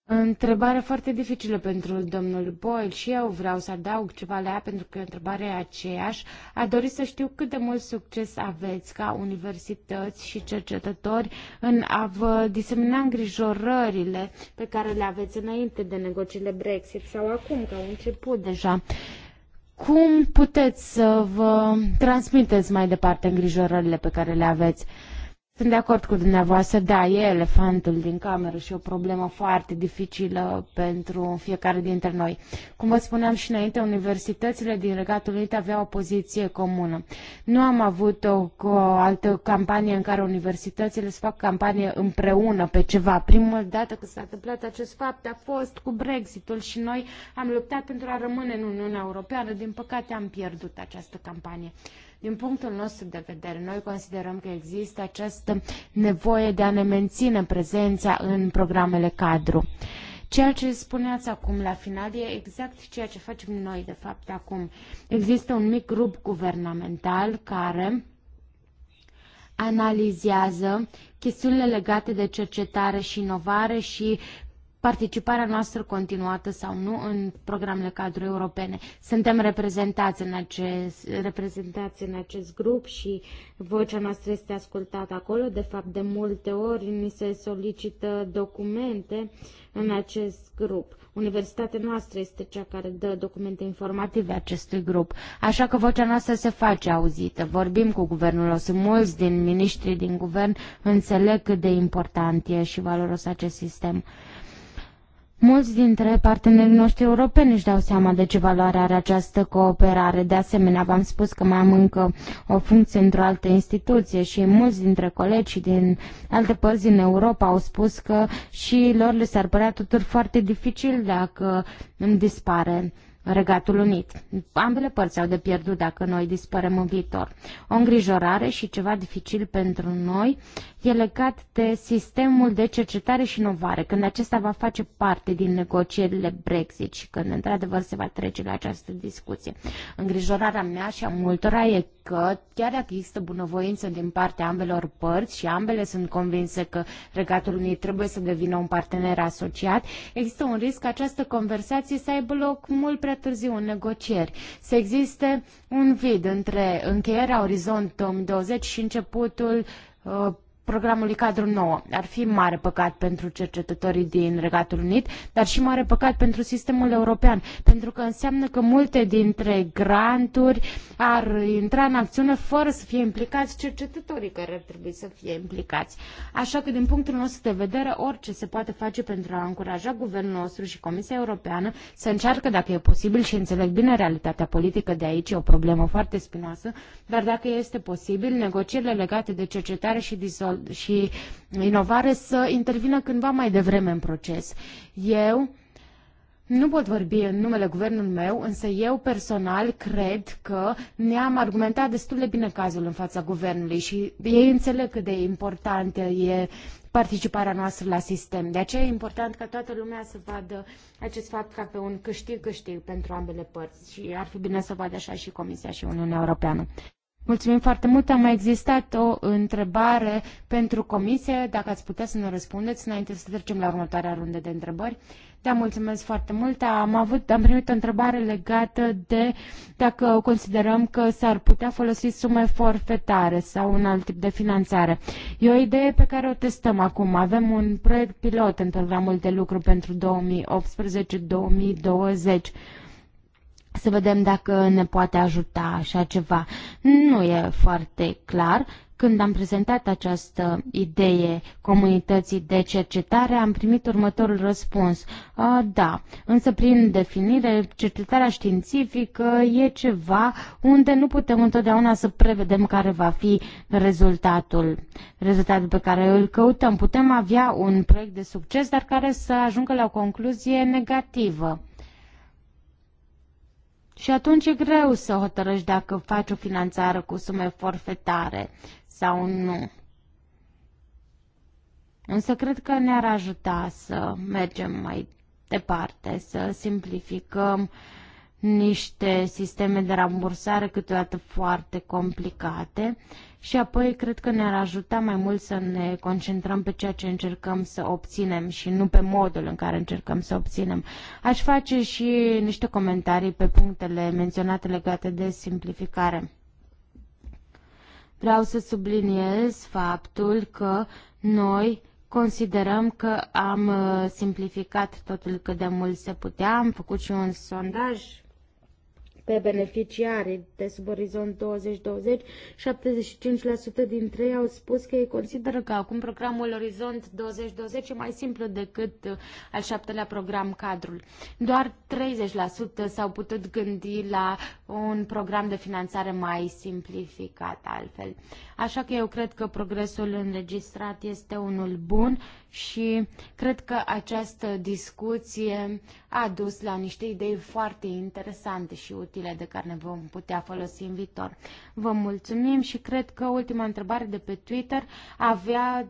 Întrebare foarte dificilă pentru domnul Boyle și eu vreau să adaug ceva la ea pentru că întrebarea e aceeași. A dori să știu cât de mult succes aveți ca universități și cercetători în a vă disemina îngrijorările pe care le aveți înainte de negocierile Brexit sau acum, că au început deja. Cum puteți să vă transmiteți mai departe îngrijorările pe care le aveți? Sunt de acord cu dumneavoastră, da, e elefantul din cameră și o problemă foarte dificilă pentru fiecare dintre noi. Cum vă spuneam și înainte, universitățile din Regatul Unit aveau o poziție comună. Nu am avut o, o altă campanie în care universitățile să fac campanie împreună pe ceva. Prima dată când s-a întâmplat acest fapt a fost cu Brexitul și noi am luptat pentru a rămâne în Uniunea Europeană. Din păcate am pierdut această campanie. Din punctul nostru de vedere, noi considerăm că există această nevoie de a ne menține prezența în programele cadru. Ceea ce spuneați acum la final e exact ceea ce facem noi, de fapt, acum. Există un mic grup guvernamental care analizează chestiunile legate de cercetare și inovare și participarea noastră continuată sau nu în programele cadru europene. Suntem reprezentați în, acest, reprezentați în acest grup și vocea noastră este ascultată acolo. De fapt, de multe ori ni se solicită documente în acest grup. Universitatea noastră este cea care dă documente informative acestui grup, așa că vocea noastră se face auzită. Vorbim cu guvernul o Sunt mulți din miniștrii din guvern înțeleg cât de important e și valoros acest sistem. Mulți dintre partenerii noștri europeni își dau seama de ce valoare are această cooperare. De asemenea, v-am spus că mai am încă o funcție într-o altă instituție și mulți dintre colegii din alte părți din Europa au spus că și lor le s-ar părea tuturor foarte dificil dacă îmi dispare Regatul Unit. Ambele părți au de pierdut dacă noi dispărăm în viitor. O îngrijorare și ceva dificil pentru noi e legat de sistemul de cercetare și inovare, când acesta va face parte din negocierile Brexit și când într-adevăr se va trece la această discuție. Îngrijorarea mea și a multora e că chiar dacă există bunăvoință din partea ambelor părți și ambele sunt convinse că Regatul Unit trebuie să devină un partener asociat, există un risc că această conversație să aibă loc mult prea prea târziu în negocieri, să existe un vid între încheierea Orizont 2020 și începutul uh, programului cadru nou Ar fi mare păcat pentru cercetătorii din Regatul Unit, dar și mare păcat pentru sistemul european, pentru că înseamnă că multe dintre granturi ar intra în acțiune fără să fie implicați cercetătorii care ar trebui să fie implicați. Așa că, din punctul nostru de vedere, orice se poate face pentru a încuraja guvernul nostru și Comisia Europeană să încearcă, dacă e posibil și înțeleg bine realitatea politică de aici, e o problemă foarte spinoasă, dar dacă este posibil, negocierile legate de cercetare și dizolvare și inovare să intervină cândva mai devreme în proces. Eu nu pot vorbi în numele guvernului meu, însă eu personal cred că ne-am argumentat destul de bine cazul în fața guvernului și ei înțeleg cât de importantă e participarea noastră la sistem. De aceea e important ca toată lumea să vadă acest fapt ca pe un câștig-câștig pentru ambele părți și ar fi bine să vadă așa și Comisia și Uniunea Europeană. Mulțumim foarte mult. A mai existat o întrebare pentru comisie, dacă ați putea să ne răspundeți înainte să trecem la următoarea rundă de întrebări. Da, mulțumesc foarte mult. Am, avut, am primit o întrebare legată de dacă considerăm că s-ar putea folosi sume forfetare sau un alt tip de finanțare. E o idee pe care o testăm acum. Avem un proiect pilot în programul de lucru pentru 2018-2020 să vedem dacă ne poate ajuta așa ceva. Nu e foarte clar. Când am prezentat această idee comunității de cercetare, am primit următorul răspuns. A, da, însă prin definire, cercetarea științifică e ceva unde nu putem întotdeauna să prevedem care va fi rezultatul. Rezultatul pe care îl căutăm. Putem avea un proiect de succes, dar care să ajungă la o concluzie negativă. Și atunci e greu să hotărăști dacă faci o finanțare cu sume forfetare sau nu. Însă cred că ne-ar ajuta să mergem mai departe, să simplificăm niște sisteme de rambursare câteodată foarte complicate și apoi cred că ne-ar ajuta mai mult să ne concentrăm pe ceea ce încercăm să obținem și nu pe modul în care încercăm să obținem. Aș face și niște comentarii pe punctele menționate legate de simplificare. Vreau să subliniez faptul că noi considerăm că am uh, simplificat totul cât de mult se putea. Am făcut și un sondaj pe beneficiari de sub orizont 2020, 75% dintre ei au spus că ei consideră că acum programul Orizont 2020 e mai simplu decât uh, al șaptelea program cadrul. Doar 30% s-au putut gândi la un program de finanțare mai simplificat altfel. Așa că eu cred că progresul înregistrat este unul bun și cred că această discuție a dus la niște idei foarte interesante și utile de care ne vom putea folosi în viitor. Vă mulțumim și cred că ultima întrebare de pe Twitter avea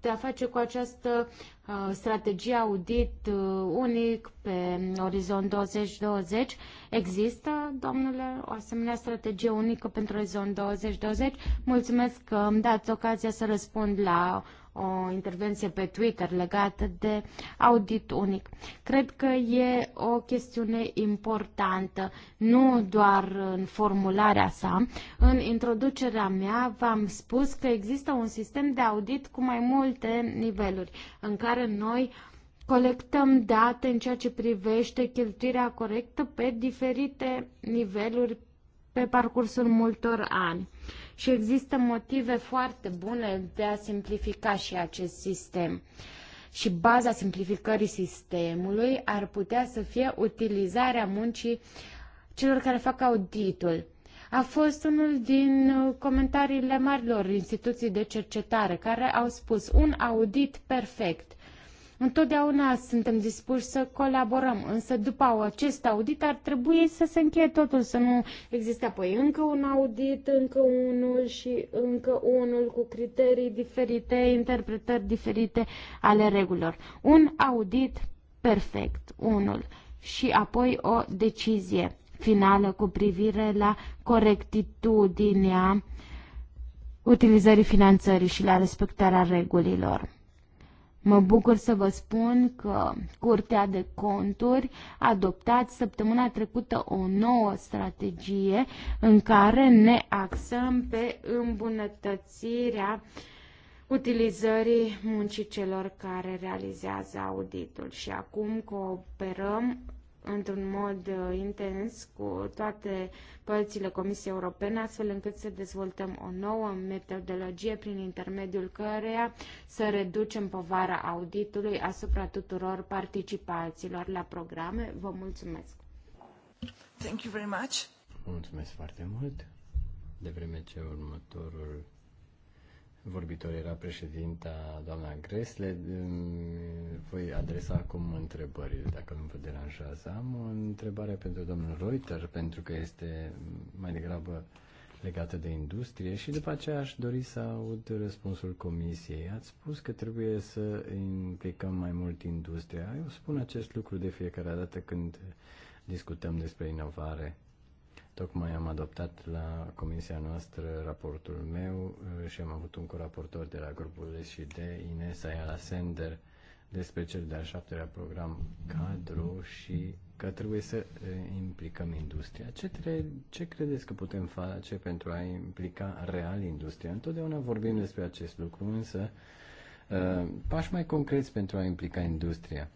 de a face cu această uh, strategie audit uh, unic pe Orizont 2020? Există, domnule, o asemenea strategie unică pentru Orizont 2020? Mulțumesc că îmi dați ocazia să răspund la o intervenție pe Twitter legată de audit unic. Cred că e o chestiune importantă, nu doar în formularea sa. În introducerea mea v-am spus că există un sistem de audit cu mai multe niveluri, în care noi colectăm date în ceea ce privește cheltuirea corectă pe diferite niveluri pe parcursul multor ani. Și există motive foarte bune de a simplifica și acest sistem și baza simplificării sistemului ar putea să fie utilizarea muncii celor care fac auditul. A fost unul din comentariile marilor instituții de cercetare care au spus un audit perfect Întotdeauna suntem dispuși să colaborăm, însă după acest audit ar trebui să se încheie totul, să nu existe apoi încă un audit, încă unul și încă unul cu criterii diferite, interpretări diferite ale regulilor. Un audit perfect, unul, și apoi o decizie finală cu privire la corectitudinea utilizării finanțării și la respectarea regulilor. Mă bucur să vă spun că Curtea de Conturi a adoptat săptămâna trecută o nouă strategie în care ne axăm pe îmbunătățirea utilizării muncii celor care realizează auditul și acum cooperăm într-un mod uh, intens cu toate părțile Comisiei Europene, astfel încât să dezvoltăm o nouă metodologie prin intermediul căreia să reducem povara auditului asupra tuturor participaților la programe. Vă mulțumesc! Thank you very much. Mulțumesc foarte mult. De vreme ce următorul vorbitor era președinta doamna Gresle. Voi adresa acum întrebările, dacă nu vă deranjează. Am o întrebare pentru domnul Reuter, pentru că este mai degrabă legată de industrie și după aceea aș dori să aud răspunsul comisiei. Ați spus că trebuie să implicăm mai mult industria. Eu spun acest lucru de fiecare dată când discutăm despre inovare Tocmai am adoptat la comisia noastră raportul meu uh, și am avut un coraportor de la grupul SD, Ines Ayala Sender, despre cel de-al șaptelea program cadru și că trebuie să uh, implicăm industria. Ce, tre- ce credeți că putem face pentru a implica real industria? Întotdeauna vorbim despre acest lucru, însă uh, pași mai concreți pentru a implica industria.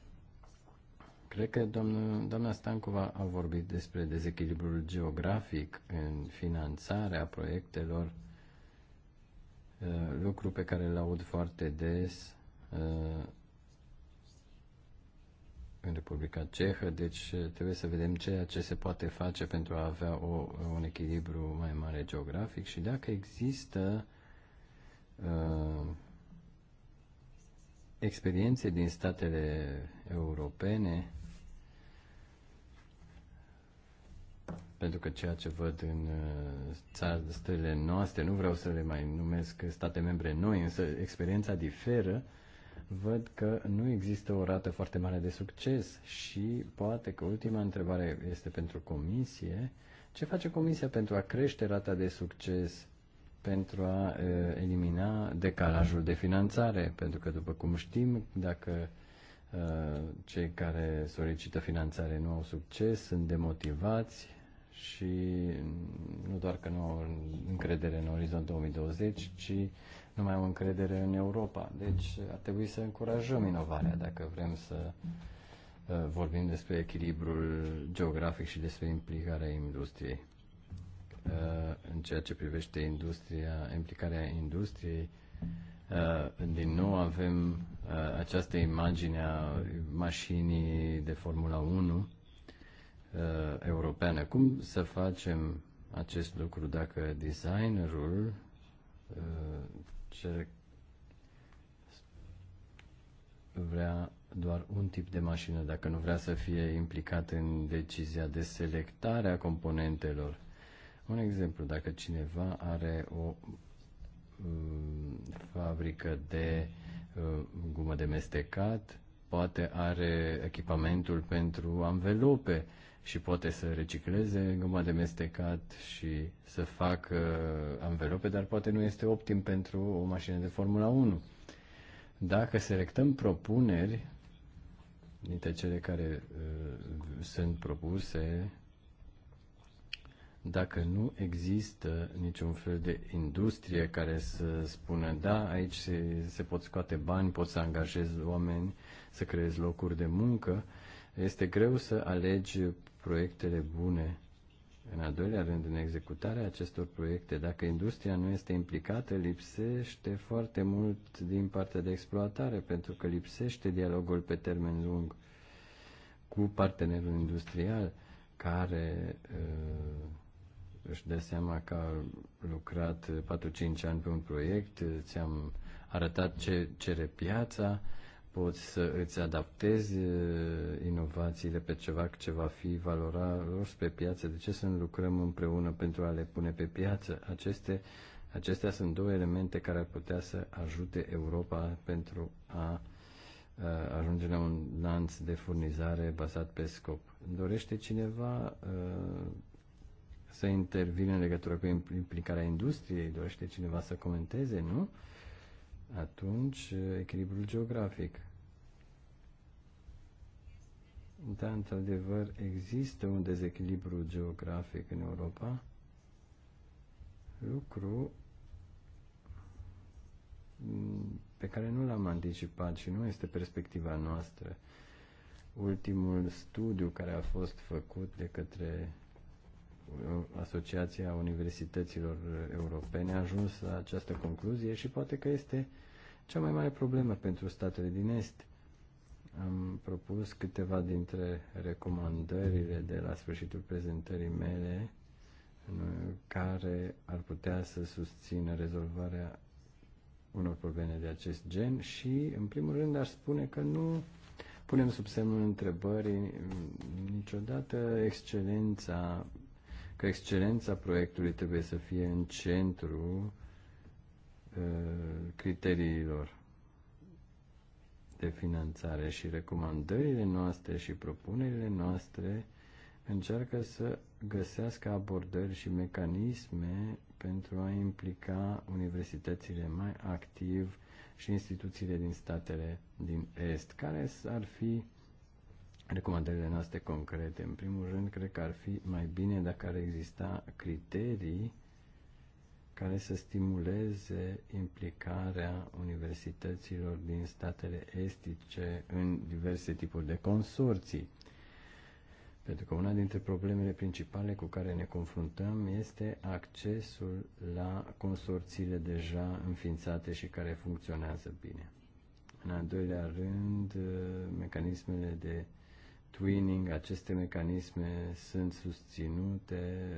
Cred că domnul, doamna Stancova a vorbit despre dezechilibrul geografic în finanțarea proiectelor, uh, lucru pe care îl aud foarte des uh, în Republica Cehă, deci uh, trebuie să vedem ceea ce se poate face pentru a avea o, un echilibru mai mare geografic și dacă există uh, experiențe din statele europene pentru că ceea ce văd în uh, țările noastre, nu vreau să le mai numesc state membre noi, însă experiența diferă, văd că nu există o rată foarte mare de succes și poate că ultima întrebare este pentru comisie. Ce face comisia pentru a crește rata de succes pentru a uh, elimina decalajul de finanțare? Pentru că, după cum știm, dacă uh, cei care solicită finanțare nu au succes, sunt demotivați, și nu doar că nu au încredere în Orizont 2020, ci nu mai au încredere în Europa. Deci ar trebui să încurajăm inovarea dacă vrem să uh, vorbim despre echilibrul geografic și despre implicarea industriei. Uh, în ceea ce privește industria, implicarea industriei, uh, din nou avem această imagine a mașinii de Formula 1 Uh, europeană. Cum să facem acest lucru dacă designerul uh, cere vrea doar un tip de mașină, dacă nu vrea să fie implicat în decizia de selectare a componentelor. Un exemplu, dacă cineva are o uh, fabrică de gumă de mestecat, poate are echipamentul pentru anvelope, și poate să recicleze guma de mestecat și să facă uh, anvelope, dar poate nu este optim pentru o mașină de Formula 1. Dacă selectăm propuneri dintre cele care uh, sunt propuse, dacă nu există niciun fel de industrie care să spună da, aici se, se pot scoate bani, pot să angajezi oameni, să creezi locuri de muncă, este greu să alegi proiectele bune. În al doilea rând, în executarea acestor proiecte, dacă industria nu este implicată, lipsește foarte mult din partea de exploatare, pentru că lipsește dialogul pe termen lung cu partenerul industrial care uh, își dă seama că a lucrat 4-5 uh, ani pe un proiect, uh, ți-am arătat ce cere piața, uh, poți să îți adaptezi uh, inovațiile pe ceva ce va fi valoros pe piață, de ce să nu lucrăm împreună pentru a le pune pe piață? Aceste, acestea sunt două elemente care ar putea să ajute Europa pentru a uh, ajunge la un lanț de furnizare bazat pe scop. Dorește cineva uh, să intervină în legătură cu implicarea industriei? Dorește cineva să comenteze, nu? atunci echilibrul geografic. Da, într-adevăr, există un dezechilibru geografic în Europa, lucru pe care nu l-am anticipat și nu este perspectiva noastră. Ultimul studiu care a fost făcut de către Asociația Universităților Europene a ajuns la această concluzie și poate că este cea mai mare problemă pentru statele din Est. Am propus câteva dintre recomandările de la sfârșitul prezentării mele care ar putea să susțină rezolvarea unor probleme de acest gen și, în primul rând, aș spune că nu punem sub semnul întrebării niciodată excelența că excelența proiectului trebuie să fie în centru uh, criteriilor de finanțare și recomandările noastre și propunerile noastre încearcă să găsească abordări și mecanisme pentru a implica universitățile mai activ și instituțiile din statele din Est. Care ar fi recomandările noastre concrete. În primul rând, cred că ar fi mai bine dacă ar exista criterii care să stimuleze implicarea universităților din statele estice în diverse tipuri de consorții. Pentru că una dintre problemele principale cu care ne confruntăm este accesul la consorțiile deja înființate și care funcționează bine. În al doilea rând, mecanismele de twinning, aceste mecanisme sunt susținute,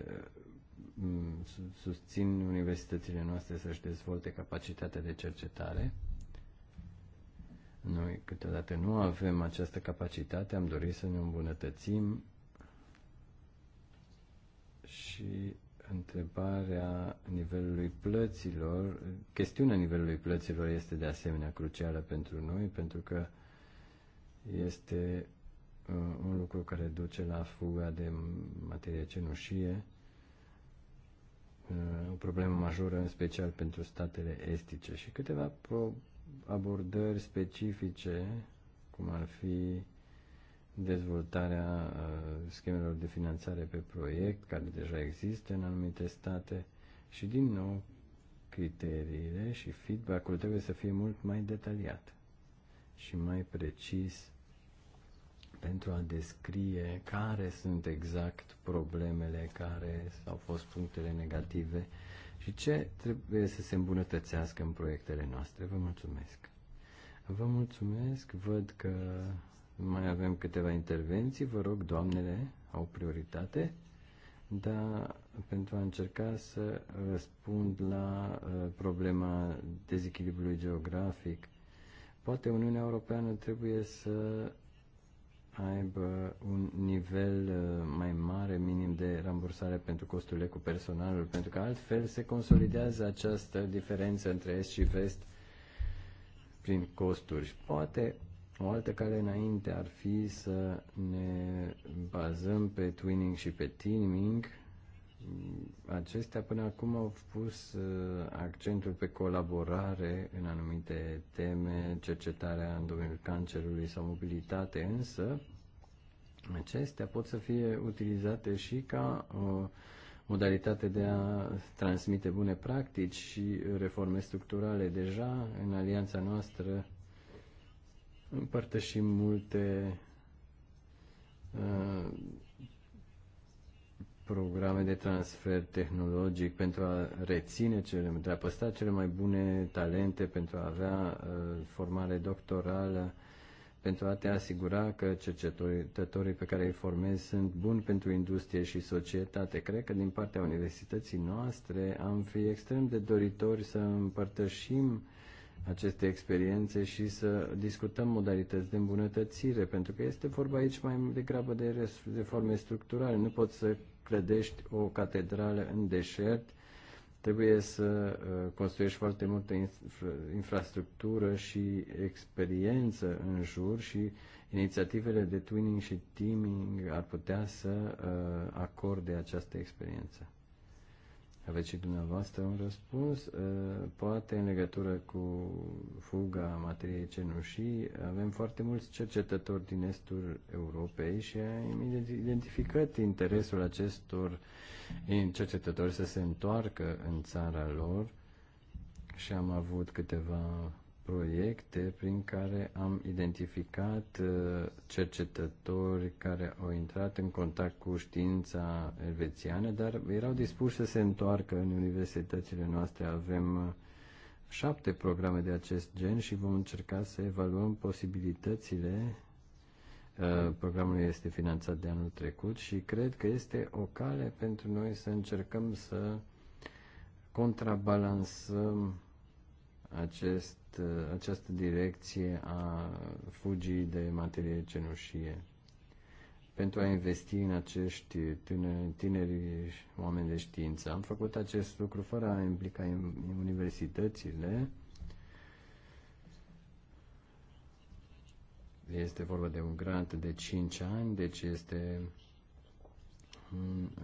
mm, susțin universitățile noastre să-și dezvolte capacitatea de cercetare. Noi câteodată nu avem această capacitate, am dorit să ne îmbunătățim și întrebarea nivelului plăților, chestiunea nivelului plăților este de asemenea crucială pentru noi, pentru că este un lucru care duce la fuga de materie cenușie, uh, o problemă majoră în special pentru statele estice și câteva abordări specifice, cum ar fi dezvoltarea uh, schemelor de finanțare pe proiect, care deja există în anumite state, și din nou criteriile și feedback-ul trebuie să fie mult mai detaliat și mai precis pentru a descrie care sunt exact problemele care au fost punctele negative și ce trebuie să se îmbunătățească în proiectele noastre. Vă mulțumesc! Vă mulțumesc, văd că mai avem câteva intervenții, vă rog, doamnele au prioritate, dar pentru a încerca să răspund la uh, problema dezechilibrului geografic, poate Uniunea Europeană trebuie să aibă un nivel uh, mai mare minim de rambursare pentru costurile cu personalul, pentru că altfel se consolidează această diferență între est și vest prin costuri. poate o altă cale înainte ar fi să ne bazăm pe twinning și pe teaming, acestea până acum au pus uh, accentul pe colaborare în anumite teme, cercetarea în domeniul cancerului sau mobilitate, însă acestea pot să fie utilizate și ca o uh, modalitate de a transmite bune practici și reforme structurale. Deja în alianța noastră împărtășim multe uh, programe de transfer tehnologic pentru a reține cele, pentru a păstra cele mai bune talente, pentru a avea uh, formare doctorală, pentru a te asigura că cercetătorii pe care îi formezi sunt buni pentru industrie și societate. Cred că din partea universității noastre am fi extrem de doritori să împărtășim aceste experiențe și să discutăm modalități de îmbunătățire, pentru că este vorba aici mai degrabă de reforme structurale. Nu pot să clădești o catedrală în deșert, trebuie să uh, construiești foarte multă infrastructură și experiență în jur și inițiativele de twinning și teaming ar putea să uh, acorde această experiență aveți și dumneavoastră un răspuns. Uh, poate în legătură cu fuga materiei cenușii, avem foarte mulți cercetători din estul Europei și am identificat interesul acestor cercetători să se întoarcă în țara lor și am avut câteva proiecte prin care am identificat uh, cercetători care au intrat în contact cu știința elvețiană, dar erau dispuși să se întoarcă în universitățile noastre. Avem uh, șapte programe de acest gen și vom încerca să evaluăm posibilitățile. Uh, programul este finanțat de anul trecut și cred că este o cale pentru noi să încercăm să contrabalansăm acest, această direcție a fugii de materie cenușie. Pentru a investi în acești tineri, tineri oameni de știință, am făcut acest lucru fără a implica universitățile. Este vorba de un grant de 5 ani, deci este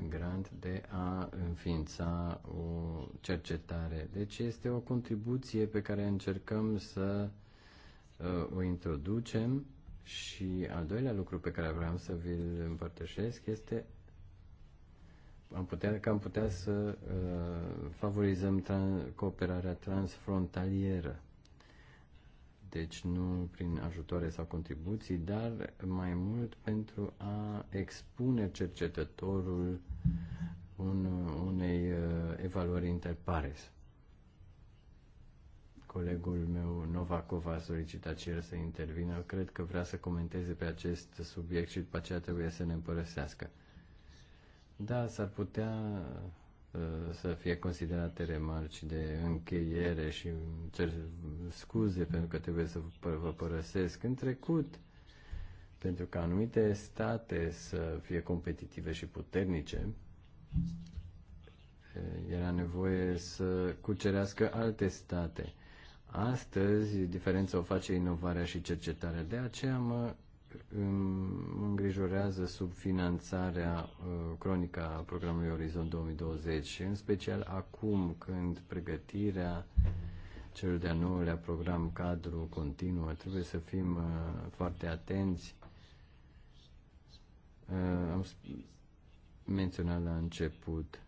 grant de a înființa o cercetare. Deci este o contribuție pe care încercăm să uh, o introducem și al doilea lucru pe care vreau să vi-l împărtășesc este am putea, că am putea să uh, favorizăm tran- cooperarea transfrontalieră deci nu prin ajutoare sau contribuții, dar mai mult pentru a expune cercetătorul un, unei uh, evaluări interpares. Colegul meu Novakov a solicitat și el să intervină. Cred că vrea să comenteze pe acest subiect și după aceea trebuie să ne împărăsească. Da, s-ar putea Uh, să fie considerate remarci de încheiere și cer scuze pentru că trebuie să vă părăsesc în trecut pentru că anumite state să fie competitive și puternice, uh, era nevoie să cucerească alte state. Astăzi, diferența o face inovarea și cercetarea. De aceea mă îmi îngrijorează subfinanțarea uh, cronică a programului Orizont 2020 și în special acum când pregătirea celor de-a nouălea program cadru continuă, trebuie să fim uh, foarte atenți. Uh, am menționat la început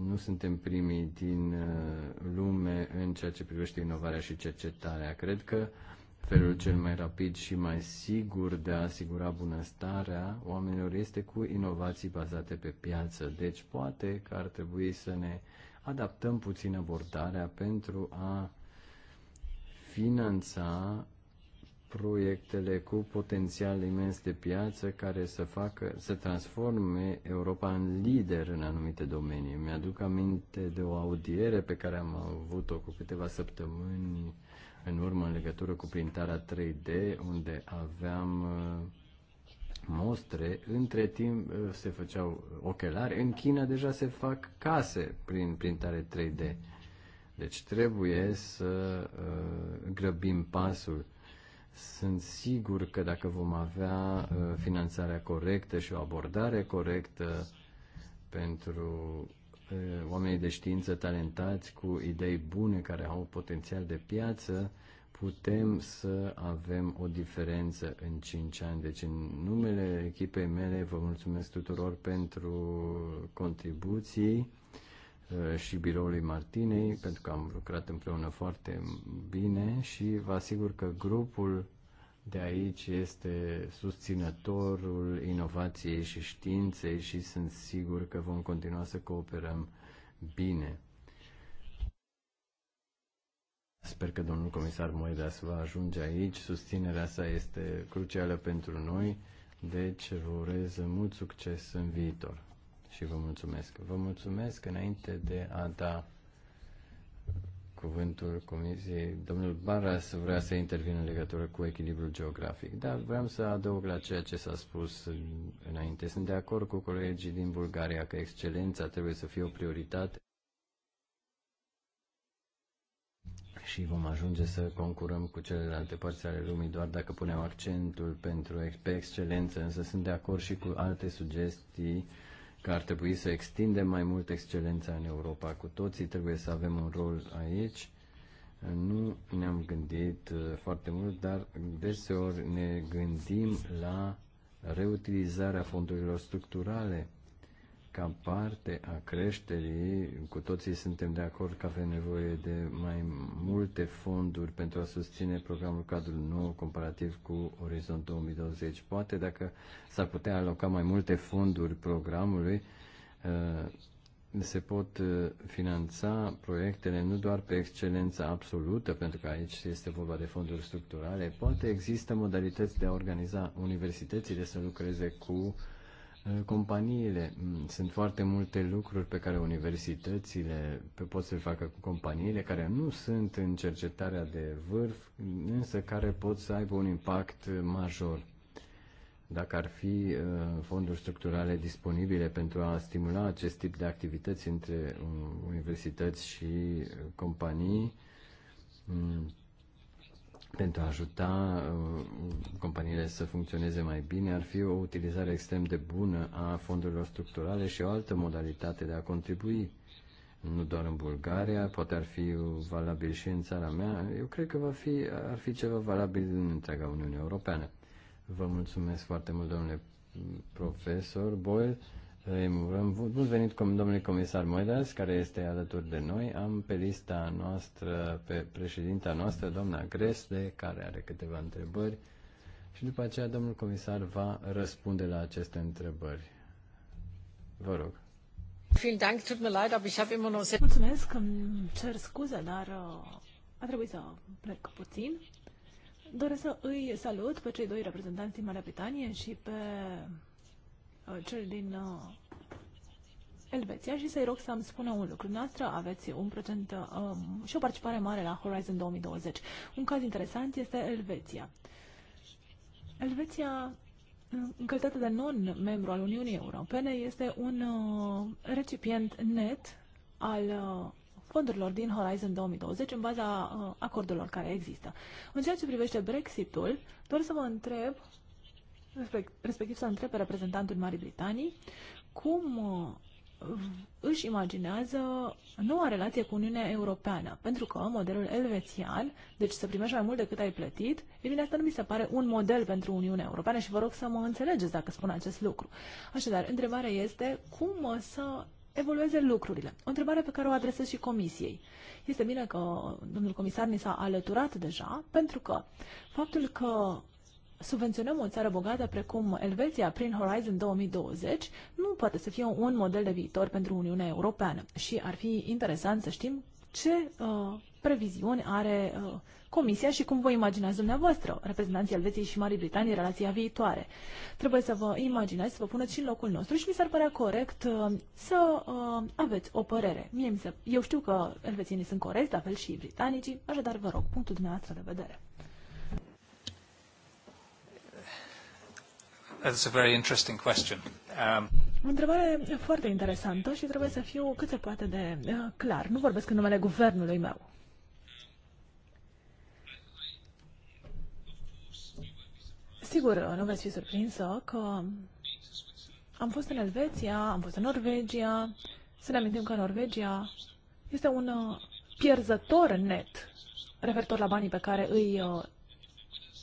nu suntem primii din uh, lume în ceea ce privește inovarea și cercetarea. Cred că felul cel mai rapid și mai sigur de a asigura bunăstarea oamenilor este cu inovații bazate pe piață. Deci poate că ar trebui să ne adaptăm puțin abordarea pentru a finanța proiectele cu potențial imens de piață care să facă, să transforme Europa în lider în anumite domenii. Mi-aduc aminte de o audiere pe care am avut-o cu câteva săptămâni în urmă în legătură cu printarea 3D, unde aveam uh, mostre, între timp uh, se făceau ochelari, în China deja se fac case prin printare 3D. Deci trebuie să uh, grăbim pasul sunt sigur că dacă vom avea uh, finanțarea corectă și o abordare corectă pentru uh, oamenii de știință talentați cu idei bune care au potențial de piață, putem să avem o diferență în 5 ani. Deci, în numele echipei mele, vă mulțumesc tuturor pentru contribuții Uh, și biroului Martinei, pentru că am lucrat împreună foarte bine și vă asigur că grupul de aici este susținătorul inovației și științei și sunt sigur că vom continua să cooperăm bine. Sper că domnul comisar Moedas va ajunge aici. Susținerea sa este crucială pentru noi, deci vă urez mult succes în viitor și vă mulțumesc. Vă mulțumesc înainte de a da cuvântul comisiei. Domnul Baras vrea să intervină în legătură cu echilibrul geografic, dar vreau să adaug la ceea ce s-a spus înainte. Sunt de acord cu colegii din Bulgaria că excelența trebuie să fie o prioritate și vom ajunge să concurăm cu celelalte părți ale lumii doar dacă punem accentul pentru, pe excelență, însă sunt de acord și cu alte sugestii că ar trebui să extindem mai mult excelența în Europa. Cu toții trebuie să avem un rol aici. Nu ne-am gândit uh, foarte mult, dar deseori ne gândim la reutilizarea fondurilor structurale ca parte a creșterii, cu toții suntem de acord că avem nevoie de mai multe fonduri pentru a susține programul cadrul nou comparativ cu Orizont 2020. Poate dacă s-ar putea aloca mai multe fonduri programului, eh, se pot eh, finanța proiectele nu doar pe excelența absolută, pentru că aici este vorba de fonduri structurale, poate există modalități de a organiza universitățile să lucreze cu Eh, companiile. Mm, sunt foarte multe lucruri pe care universitățile pe pot să le facă cu companiile care nu sunt în cercetarea de vârf, însă care pot să aibă un impact major. Dacă ar fi eh, fonduri structurale disponibile pentru a stimula acest tip de activități între uh, universități și eh, companii, mm, pentru a ajuta uh, companiile să funcționeze mai bine ar fi o utilizare extrem de bună a fondurilor structurale și o altă modalitate de a contribui, nu doar în Bulgaria, poate ar fi valabil și în țara mea. Eu cred că va fi, ar fi ceva valabil în întreaga Uniune Europeană. Vă mulțumesc foarte mult, domnule profesor Boyle. Am bun venit domnului comisar Moedas, care este alături de noi. Am pe lista noastră, pe președinta noastră, doamna Gresle, care are câteva întrebări. Și după aceea domnul comisar va răspunde la aceste întrebări. Vă rog. Mulțumesc, îmi cer scuze, dar uh, a trebuit să plec puțin. Doresc să îi salut pe cei doi reprezentanți din Marea Britanie și pe Uh, cel din uh, Elveția și să-i rog să-mi spună un lucru. Noastră aveți un procent um, și o participare mare la Horizon 2020. Un caz interesant este Elveția. Elveția, în calitate de non-membru al Uniunii Europene, este un uh, recipient net al uh, fondurilor din Horizon 2020 în baza uh, acordurilor care există. În ceea ce privește Brexitul, doar să vă întreb respectiv să întrebe reprezentantul Marii Britanii cum uh, își imaginează noua relație cu Uniunea Europeană, pentru că modelul elvețian, deci să primești mai mult decât ai plătit, e bine, asta nu mi se pare un model pentru Uniunea Europeană și vă rog să mă înțelegeți dacă spun acest lucru. Așadar, întrebarea este cum uh, să evolueze lucrurile. O întrebare pe care o adresez și Comisiei. Este bine că domnul comisar ni s-a alăturat deja, pentru că faptul că subvenționăm o țară bogată precum Elveția prin Horizon 2020 nu poate să fie un model de viitor pentru Uniunea Europeană și ar fi interesant să știm ce uh, previziuni are uh, Comisia și cum vă imaginați dumneavoastră, reprezentanții Elveției și Marii Britanii, relația viitoare. Trebuie să vă imaginați, să vă puneți și în locul nostru și mi s-ar părea corect uh, să uh, aveți o părere. Mie mi se... Eu știu că elvețienii sunt corecți, la fel și britanicii, așadar vă rog, punctul dumneavoastră de vedere. that's a very interesting question. Um... O întrebare foarte interesantă și trebuie să fiu cât se poate de uh, clar. Nu vorbesc în numele guvernului meu. Sigur, uh, nu veți fi surprinsă că am fost în Elveția, am fost în Norvegia. Să ne amintim că Norvegia este un uh, pierzător net referitor la banii pe care îi uh,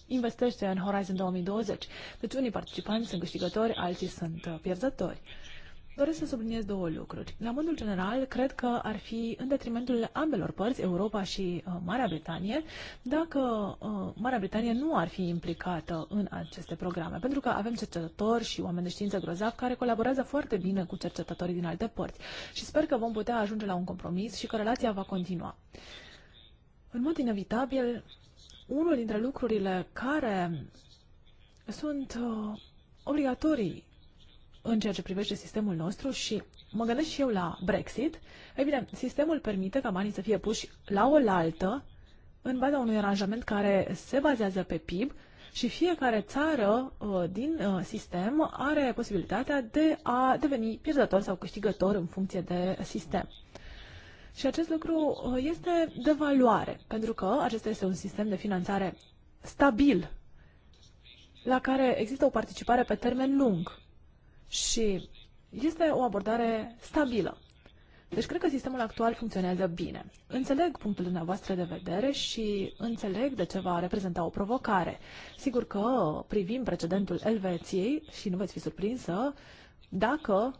investește în Horizon 2020. Deci unii participanți sunt câștigători, alții sunt uh, pierzători. Doresc să subliniez două lucruri. La modul general, cred că ar fi în detrimentul ambelor părți, Europa și uh, Marea Britanie, dacă uh, Marea Britanie nu ar fi implicată în aceste programe, pentru că avem cercetători și oameni de știință grozav care colaborează foarte bine cu cercetătorii din alte părți și sper că vom putea ajunge la un compromis și că relația va continua. În mod inevitabil, unul dintre lucrurile care sunt uh, obligatorii în ceea ce privește sistemul nostru și mă gândesc și eu la Brexit, e bine, sistemul permite ca banii să fie puși la oaltă în baza unui aranjament care se bazează pe PIB și fiecare țară uh, din uh, sistem are posibilitatea de a deveni pierzător sau câștigător în funcție de sistem. Și acest lucru uh, este de valoare, pentru că acesta este un sistem de finanțare stabil, la care există o participare pe termen lung și este o abordare stabilă. Deci cred că sistemul actual funcționează bine. Înțeleg punctul dumneavoastră de vedere și înțeleg de ce va reprezenta o provocare. Sigur că privim precedentul Elveției și nu veți fi surprinsă dacă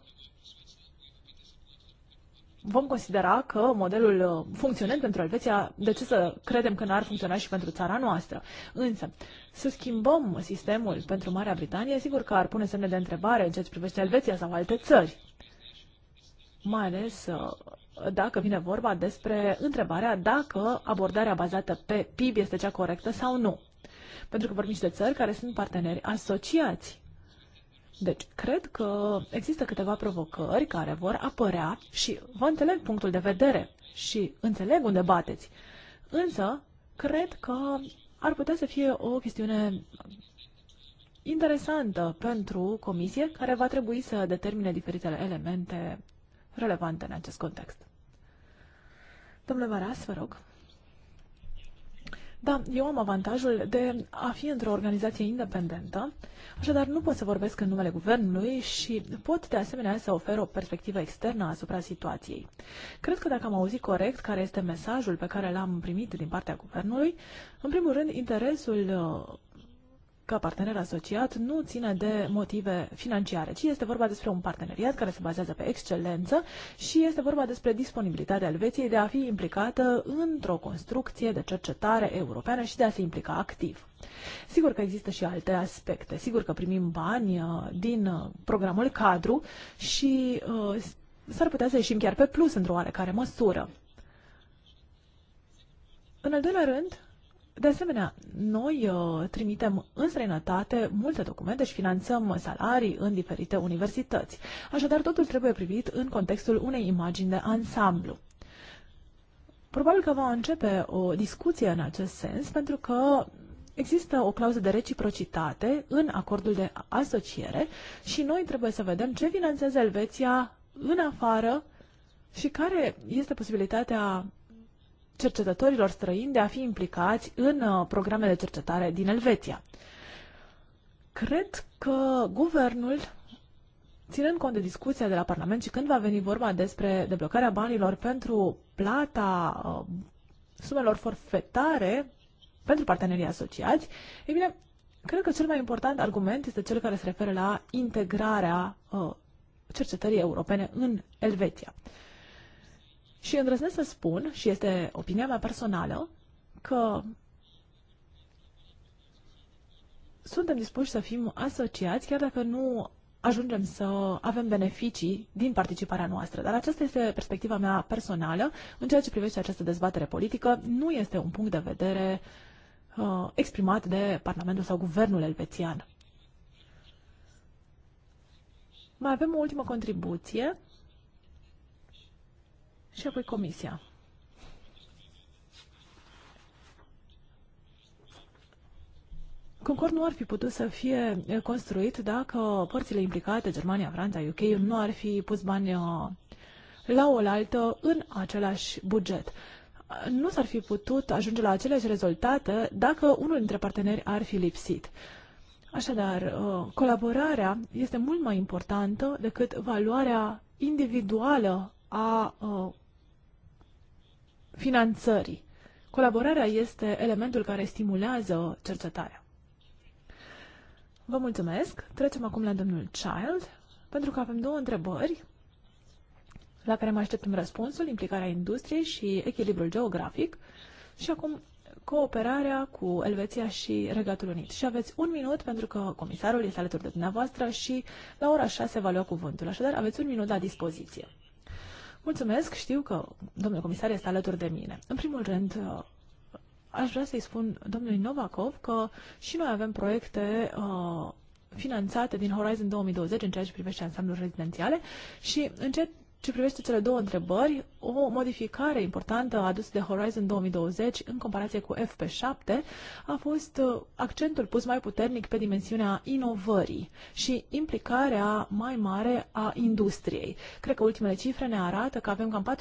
vom considera că modelul uh, funcționent pentru Elveția, de ce să credem că n-ar funcționa și pentru țara noastră? Însă, să schimbăm sistemul pentru Marea Britanie, sigur că ar pune semne de întrebare în ceea ce privește Elveția sau alte țări. Mai ales uh, dacă vine vorba despre întrebarea dacă abordarea bazată pe PIB este cea corectă sau nu. Pentru că vorbim și de țări care sunt parteneri asociați. Deci, cred că există câteva provocări care vor apărea și vă înțeleg punctul de vedere și înțeleg unde bateți. Însă, cred că ar putea să fie o chestiune interesantă pentru comisie, care va trebui să determine diferitele elemente relevante în acest context. Domnule Varas, vă rog. Da, eu am avantajul de a fi într-o organizație independentă, așadar nu pot să vorbesc în numele guvernului și pot de asemenea să ofer o perspectivă externă asupra situației. Cred că dacă am auzit corect care este mesajul pe care l-am primit din partea guvernului, în primul rând interesul uh, ca partener asociat nu ține de motive financiare, ci este vorba despre un parteneriat care se bazează pe excelență și este vorba despre disponibilitatea Elveției de a fi implicată într-o construcție de cercetare europeană și de a se implica activ. Sigur că există și alte aspecte. Sigur că primim bani uh, din uh, programul cadru și uh, s-ar putea să ieșim chiar pe plus într-o oarecare măsură. În al doilea rând, de asemenea, noi uh, trimitem în străinătate multe documente și finanțăm salarii în diferite universități. Așadar, totul trebuie privit în contextul unei imagini de ansamblu. Probabil că va începe o discuție în acest sens, pentru că există o clauză de reciprocitate în acordul de asociere și noi trebuie să vedem ce finanțează Elveția în afară și care este posibilitatea cercetătorilor străini de a fi implicați în uh, programe de cercetare din Elveția. Cred că guvernul, ținând cont de discuția de la Parlament și când va veni vorba despre deblocarea banilor pentru plata uh, sumelor forfetare pentru partenerii asociați, e bine, cred că cel mai important argument este cel care se referă la integrarea uh, cercetării europene în Elveția. Și îndrăznesc să spun, și este opinia mea personală, că suntem dispuși să fim asociați, chiar dacă nu ajungem să avem beneficii din participarea noastră. Dar aceasta este perspectiva mea personală în ceea ce privește această dezbatere politică. Nu este un punct de vedere uh, exprimat de Parlamentul sau Guvernul elvețian. Mai avem o ultimă contribuție și apoi Comisia. Concord nu ar fi putut să fie construit dacă părțile implicate, Germania, Franța, UK, nu ar fi pus bani uh, la oaltă în același buget. Nu s-ar fi putut ajunge la aceleași rezultate dacă unul dintre parteneri ar fi lipsit. Așadar, uh, colaborarea este mult mai importantă decât valoarea individuală a uh, finanțării. Colaborarea este elementul care stimulează cercetarea. Vă mulțumesc. Trecem acum la domnul Child, pentru că avem două întrebări la care mai așteptăm răspunsul, implicarea industriei și echilibrul geografic și acum cooperarea cu Elveția și Regatul Unit. Și aveți un minut pentru că comisarul este alături de dumneavoastră și la ora 6 va lua cuvântul. Așadar, aveți un minut la dispoziție. Mulțumesc, știu că domnul comisar este alături de mine. În primul rând, uh, aș vrea să-i spun domnului Novakov că și noi avem proiecte uh, finanțate din Horizon 2020 în ceea ce privește ansambluri rezidențiale și în ceea ce privește cele două întrebări, o modificare importantă adusă de Horizon 2020 în comparație cu FP7 a fost uh, accentul pus mai puternic pe dimensiunea inovării și implicarea mai mare a industriei. Cred că ultimele cifre ne arată că avem cam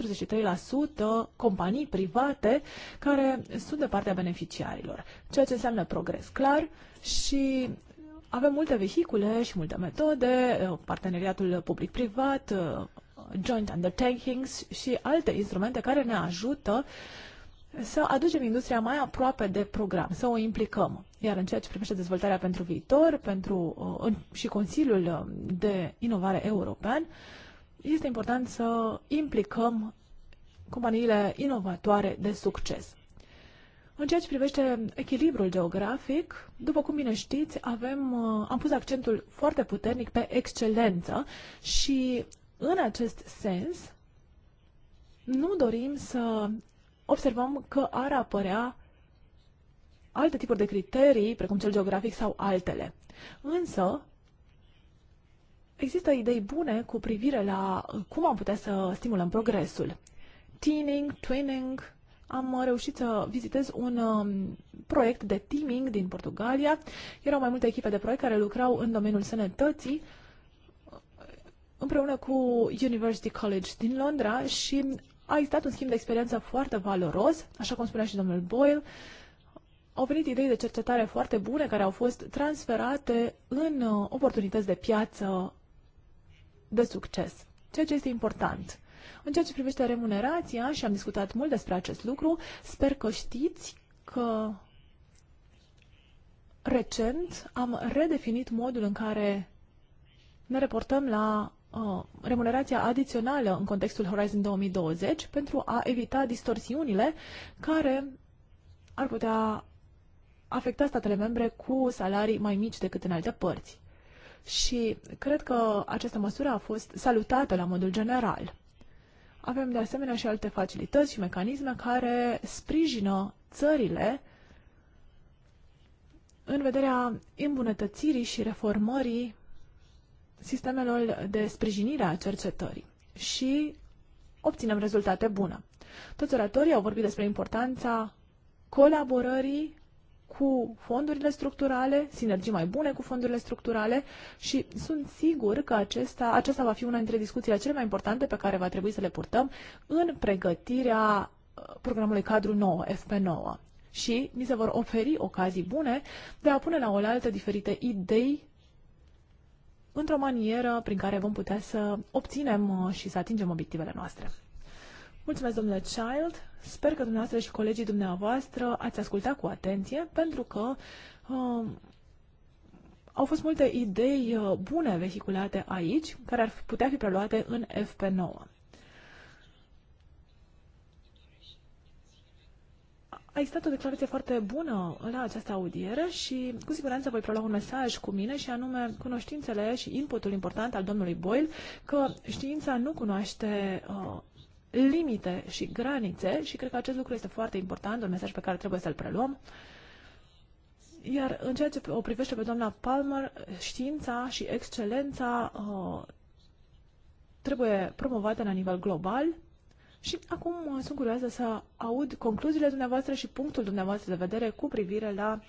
43% companii private care sunt de partea beneficiarilor, ceea ce înseamnă progres clar și avem multe vehicule și multe metode, uh, parteneriatul public-privat, uh, joint undertakings și alte instrumente care ne ajută să aducem industria mai aproape de program, să o implicăm. Iar în ceea ce privește dezvoltarea pentru viitor, pentru uh, și Consiliul uh, de Inovare European, este important să implicăm companiile inovatoare de succes. În ceea ce privește echilibrul geografic, după cum bine știți, avem, uh, am pus accentul foarte puternic pe excelență și în acest sens, nu dorim să observăm că ar apărea alte tipuri de criterii, precum cel geografic sau altele. Însă, există idei bune cu privire la cum am putea să stimulăm progresul. Teening, twinning, am reușit să vizitez un um, proiect de teaming din Portugalia. Erau mai multe echipe de proiect care lucrau în domeniul sănătății împreună cu University College din Londra și a existat un schimb de experiență foarte valoros, așa cum spunea și domnul Boyle. Au venit idei de cercetare foarte bune care au fost transferate în uh, oportunități de piață de succes, ceea ce este important. În ceea ce privește remunerația, și am discutat mult despre acest lucru, sper că știți că recent am redefinit modul în care ne reportăm la Uh, remunerația adițională în contextul Horizon 2020 pentru a evita distorsiunile care ar putea afecta statele membre cu salarii mai mici decât în alte părți. Și cred că această măsură a fost salutată la modul general. Avem de asemenea și alte facilități și mecanisme care sprijină țările în vederea îmbunătățirii și reformării sistemelor de sprijinire a cercetării și obținem rezultate bune. Toți oratorii au vorbit despre importanța colaborării cu fondurile structurale, sinergii mai bune cu fondurile structurale și sunt sigur că acesta, acesta va fi una dintre discuțiile cele mai importante pe care va trebui să le purtăm în pregătirea uh, programului cadru 9, FP9. Și ni se vor oferi ocazii bune de a pune la oaltă diferite idei într-o manieră prin care vom putea să obținem uh, și să atingem obiectivele noastre. Mulțumesc, domnule Child. Sper că dumneavoastră și colegii dumneavoastră ați ascultat cu atenție, pentru că uh, au fost multe idei uh, bune vehiculate aici, care ar putea fi preluate în FP9. A existat o declarație foarte bună la această audiere și cu siguranță voi prelua un mesaj cu mine și anume cunoștințele și inputul important al domnului Boyle că știința nu cunoaște uh, limite și granițe și cred că acest lucru este foarte important, un mesaj pe care trebuie să-l preluăm. Iar în ceea ce o privește pe doamna Palmer, știința și excelența uh, trebuie promovată la nivel global și acum uh, sunt curioasă să aud concluziile dumneavoastră și punctul dumneavoastră de vedere cu privire la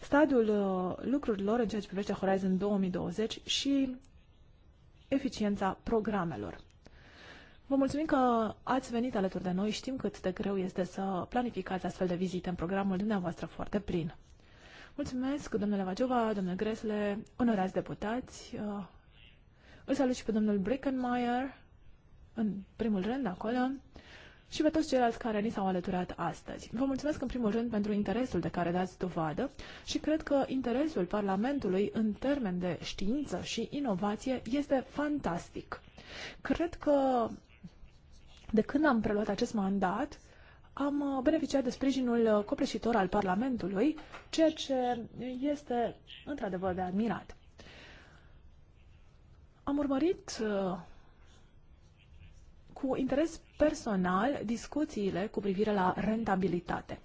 stadiul uh, lucrurilor în ceea ce privește Horizon 2020 și eficiența programelor. Vă mulțumim că ați venit alături de noi. Știm cât de greu este să planificați astfel de vizite în programul dumneavoastră foarte plin. Mulțumesc, domnule Vagiova, domnule Gresle, onorați deputați. Uh, îl salut și pe domnul Brickenmeier, în primul rând acolo și pe toți ceilalți care ni s-au alăturat astăzi. Vă mulțumesc în primul rând pentru interesul de care dați dovadă și cred că interesul Parlamentului în termen de știință și inovație este fantastic. Cred că de când am preluat acest mandat, am beneficiat de sprijinul copleșitor al Parlamentului, ceea ce este într-adevăr de admirat. Am urmărit uh, cu interes personal discuțiile cu privire la rentabilitate.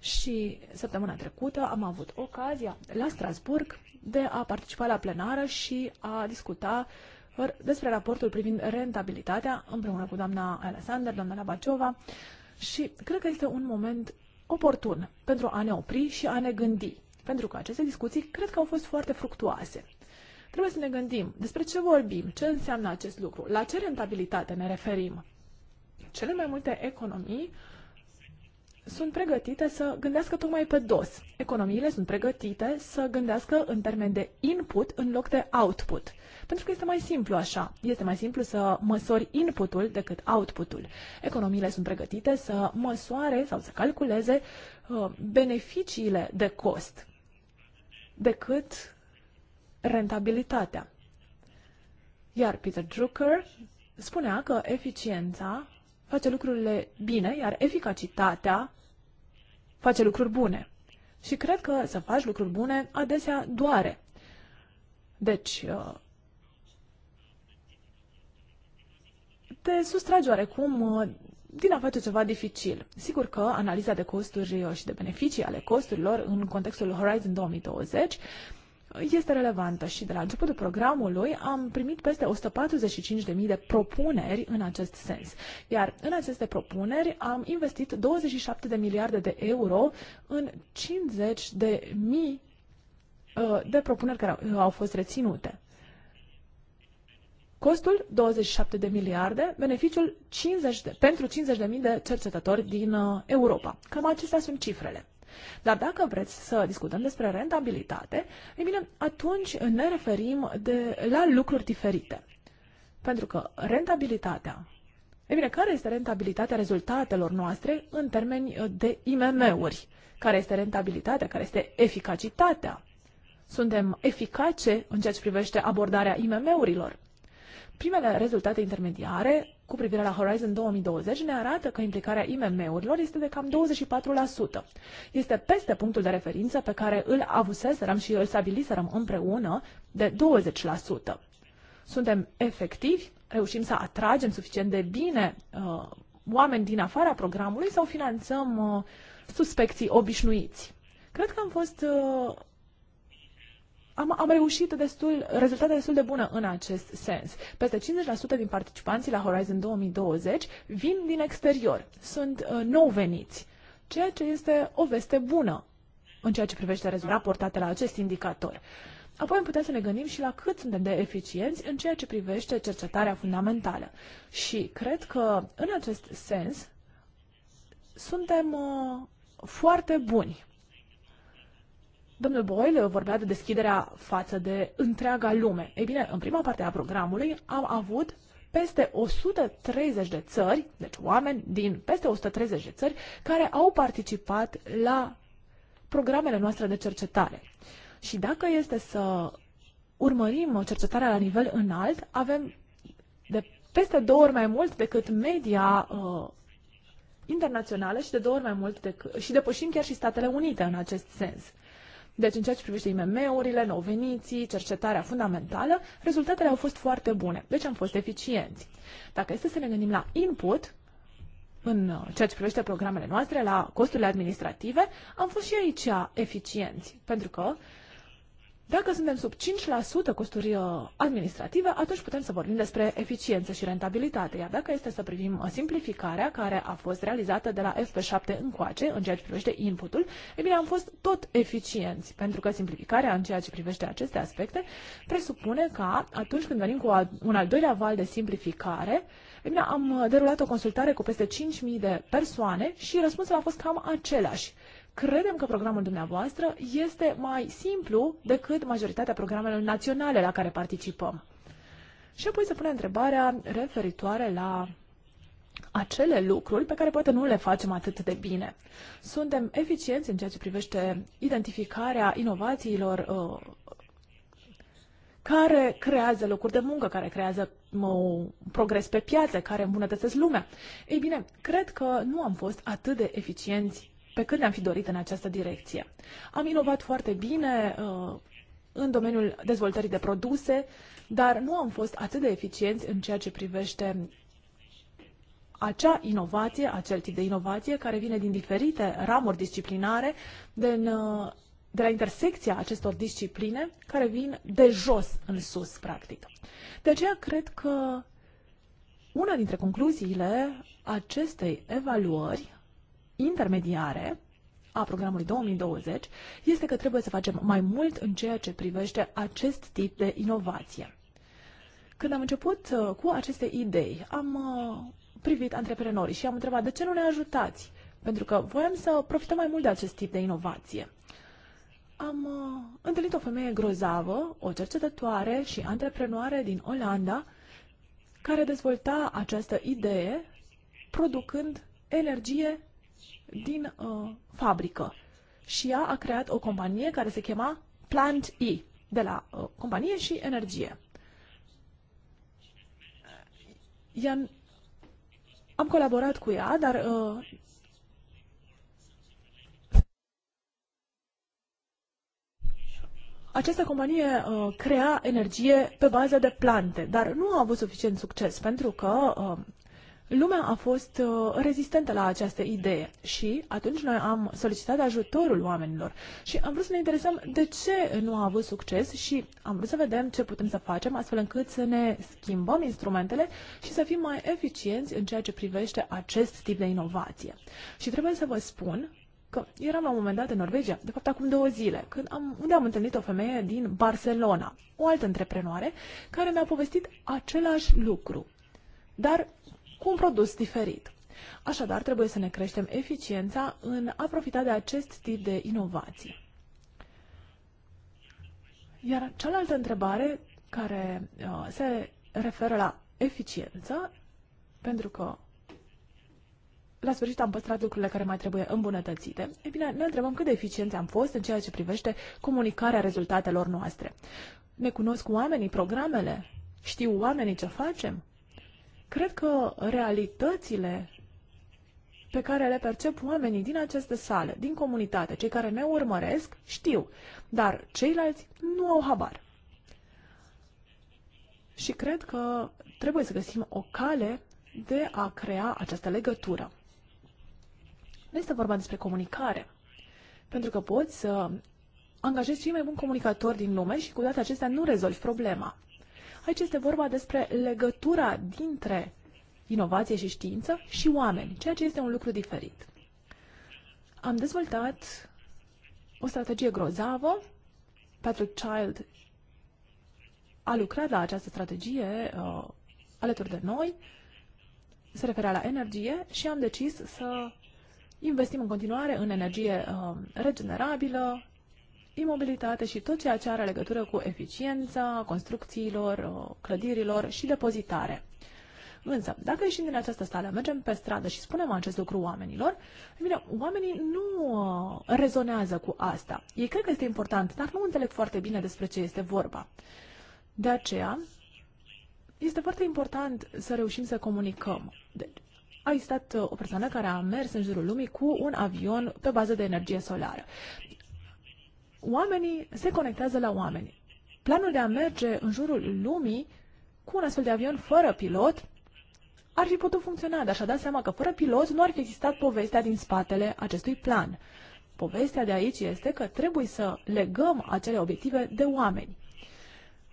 Și săptămâna trecută am avut ocazia la Strasburg de a participa la plenară și a discuta uh, despre raportul privind rentabilitatea împreună cu doamna Alexander, doamna Labaciova și cred că este un moment oportun pentru a ne opri și a ne gândi, pentru că aceste discuții cred că au fost foarte fructuoase. Trebuie să ne gândim despre ce vorbim, ce înseamnă acest lucru, la ce rentabilitate ne referim. Cele mai multe economii sunt pregătite să gândească tocmai pe dos. Economiile sunt pregătite să gândească în termen de input în loc de output. Pentru că este mai simplu așa. Este mai simplu să măsori inputul decât outputul. Economiile sunt pregătite să măsoare sau să calculeze uh, beneficiile de cost decât rentabilitatea. Iar Peter Drucker spunea că eficiența face lucrurile bine, iar eficacitatea face lucruri bune. Și cred că să faci lucruri bune adesea doare. Deci, te sustragi oarecum uh, din a face ceva dificil. Sigur că analiza de costuri și de beneficii ale costurilor în contextul Horizon 2020 este relevantă și de la începutul programului am primit peste 145.000 de propuneri în acest sens. Iar în aceste propuneri am investit 27 de miliarde de euro în 50 de mii uh, de propuneri care au fost reținute. Costul 27 de miliarde, beneficiul 50 de, pentru 50.000 de cercetători din uh, Europa. Cam acestea sunt cifrele. Dar dacă vreți să discutăm despre rentabilitate, e bine, atunci ne referim de, la lucruri diferite. Pentru că rentabilitatea, e bine, care este rentabilitatea rezultatelor noastre în termeni uh, de IMM-uri? Care este rentabilitatea? Care este eficacitatea? Suntem eficace în ceea ce privește abordarea IMM-urilor? Primele rezultate intermediare cu privire la Horizon 2020 ne arată că implicarea IMM-urilor este de cam 24%. Este peste punctul de referință pe care îl avuseserăm și îl stabiliserăm împreună de 20%. Suntem efectivi, reușim să atragem suficient de bine uh, oameni din afara programului sau finanțăm uh, suspecții obișnuiți. Cred că am fost uh, am, am reușit destul, rezultate destul de bune în acest sens. Peste 50% din participanții la Horizon 2020 vin din exterior, sunt uh, nou veniți, ceea ce este o veste bună în ceea ce privește rezultatele raportate la acest indicator. Apoi putem să ne gândim și la cât suntem de eficienți în ceea ce privește cercetarea fundamentală. Și cred că, în acest sens, suntem uh, foarte buni Domnul Boyle vorbea de deschiderea față de întreaga lume. Ei bine, în prima parte a programului am avut peste 130 de țări, deci oameni din peste 130 de țări, care au participat la programele noastre de cercetare. Și dacă este să urmărim cercetarea la nivel înalt, avem de peste două ori mai mult decât media uh, internațională și de două ori mai mult decât, și depășim chiar și Statele Unite în acest sens. Deci, în ceea ce privește IMM-urile, noveniții, cercetarea fundamentală, rezultatele au fost foarte bune. Deci am fost eficienți. Dacă este să ne gândim la input, în ceea ce privește programele noastre, la costurile administrative, am fost și aici eficienți, pentru că dacă suntem sub 5% costuri uh, administrative, atunci putem să vorbim despre eficiență și rentabilitate. Iar dacă este să privim uh, simplificarea care a fost realizată de la FP7 încoace, în ceea ce privește inputul, e bine, am fost tot eficienți, pentru că simplificarea în ceea ce privește aceste aspecte presupune că atunci când venim cu un al doilea val de simplificare, e bine, am uh, derulat o consultare cu peste 5.000 de persoane și răspunsul a fost cam același. Credem că programul dumneavoastră este mai simplu decât majoritatea programelor naționale la care participăm. Și apoi se pune întrebarea referitoare la acele lucruri pe care poate nu le facem atât de bine. Suntem eficienți în ceea ce privește identificarea inovațiilor uh, care creează locuri de muncă, care creează progres pe piață, care îmbunătățesc lumea. Ei bine, cred că nu am fost atât de eficienți pe cât ne am fi dorit în această direcție. Am inovat foarte bine uh, în domeniul dezvoltării de produse, dar nu am fost atât de eficienți în ceea ce privește acea inovație, acel tip de inovație care vine din diferite ramuri disciplinare, din, uh, de la intersecția acestor discipline, care vin de jos în sus, practic. De aceea cred că una dintre concluziile acestei evaluări intermediare a programului 2020 este că trebuie să facem mai mult în ceea ce privește acest tip de inovație. Când am început uh, cu aceste idei, am uh, privit antreprenorii și am întrebat de ce nu ne ajutați? Pentru că voiam să profităm mai mult de acest tip de inovație. Am uh, întâlnit o femeie grozavă, o cercetătoare și antreprenoare din Olanda, care dezvolta această idee producând energie din uh, fabrică. Și ea a creat o companie care se chema Plant E, de la uh, companie și energie. Ea, am colaborat cu ea, dar uh, Această companie uh, crea energie pe bază de plante, dar nu a avut suficient succes pentru că uh, Lumea a fost uh, rezistentă la această idee și atunci noi am solicitat ajutorul oamenilor și am vrut să ne interesăm de ce nu a avut succes și am vrut să vedem ce putem să facem astfel încât să ne schimbăm instrumentele și să fim mai eficienți în ceea ce privește acest tip de inovație. Și trebuie să vă spun că eram la un moment dat în Norvegia, de fapt acum două zile, când am, unde am întâlnit o femeie din Barcelona, o altă antreprenoare, care mi-a povestit același lucru. Dar cu un produs diferit. Așadar, trebuie să ne creștem eficiența în a profita de acest tip de inovații. Iar cealaltă întrebare care uh, se referă la eficiență, pentru că la sfârșit am păstrat lucrurile care mai trebuie îmbunătățite, e bine, ne întrebăm cât de eficienți am fost în ceea ce privește comunicarea rezultatelor noastre. Ne cunosc oamenii programele? Știu oamenii ce facem? Cred că realitățile pe care le percep oamenii din aceste sale, din comunitate, cei care ne urmăresc, știu, dar ceilalți nu au habar. Și cred că trebuie să găsim o cale de a crea această legătură. Nu este vorba despre comunicare, pentru că poți să angajezi cei mai buni comunicatori din lume și cu toate acestea nu rezolvi problema. Aici este vorba despre legătura dintre inovație și știință și oameni, ceea ce este un lucru diferit. Am dezvoltat o strategie grozavă. Patrick Child a lucrat la această strategie uh, alături de noi, se referea la energie și am decis să investim în continuare în energie uh, regenerabilă, imobilitate și tot ceea ce are legătură cu eficiența construcțiilor, uh, clădirilor și depozitare. Însă, dacă ieșim din această stare, mergem pe stradă și spunem acest lucru oamenilor, bine, oamenii nu uh, rezonează cu asta. Ei cred că este important, dar nu înțeleg foarte bine despre ce este vorba. De aceea, este foarte important să reușim să comunicăm. Deci, a existat uh, o persoană care a mers în jurul lumii cu un avion pe bază de energie solară oamenii se conectează la oameni. Planul de a merge în jurul lumii cu un astfel de avion fără pilot ar fi putut funcționa, dar și-a dat seama că fără pilot nu ar fi existat povestea din spatele acestui plan. Povestea de aici este că trebuie să legăm acele obiective de oameni.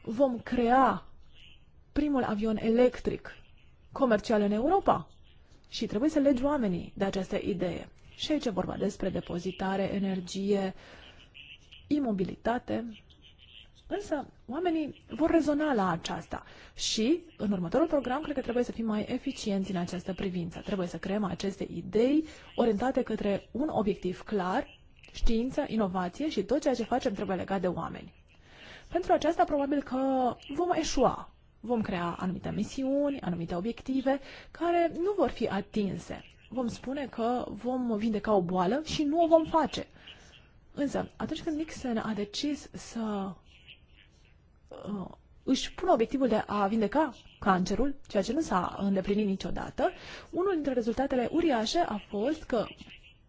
Vom crea primul avion electric comercial în Europa și trebuie să legi oamenii de această idee. Și aici e vorba despre depozitare, energie, imobilitate, însă oamenii vor rezona la aceasta și în următorul program cred că trebuie să fim mai eficienți în această privință. Trebuie să creăm aceste idei orientate către un obiectiv clar, știință, inovație și tot ceea ce facem trebuie legat de oameni. Pentru aceasta probabil că vom eșua. Vom crea anumite misiuni, anumite obiective care nu vor fi atinse vom spune că vom vindeca o boală și nu o vom face. Însă, atunci când Nixon a decis să uh, își pună obiectivul de a vindeca cancerul, ceea ce nu s-a îndeplinit niciodată, unul dintre rezultatele uriașe a fost că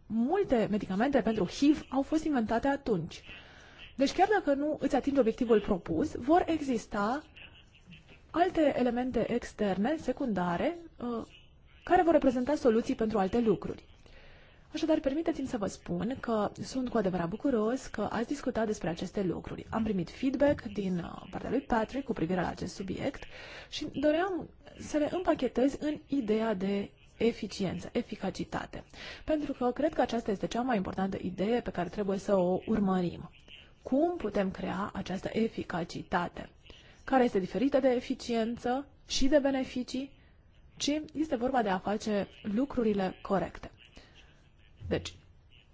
multe medicamente pentru HIV au fost inventate atunci. Deci chiar dacă nu îți atingi obiectivul propus, vor exista alte elemente externe, secundare, uh, care vor reprezenta soluții pentru alte lucruri. Așadar, permiteți-mi să vă spun că sunt cu adevărat bucuros că ați discutat despre aceste lucruri. Am primit feedback din uh, partea lui Patrick cu privire la acest subiect și doream să le împachetez în ideea de eficiență, eficacitate. Pentru că cred că aceasta este cea mai importantă idee pe care trebuie să o urmărim. Cum putem crea această eficacitate? Care este diferită de eficiență și de beneficii, ci este vorba de a face lucrurile corecte. Deci,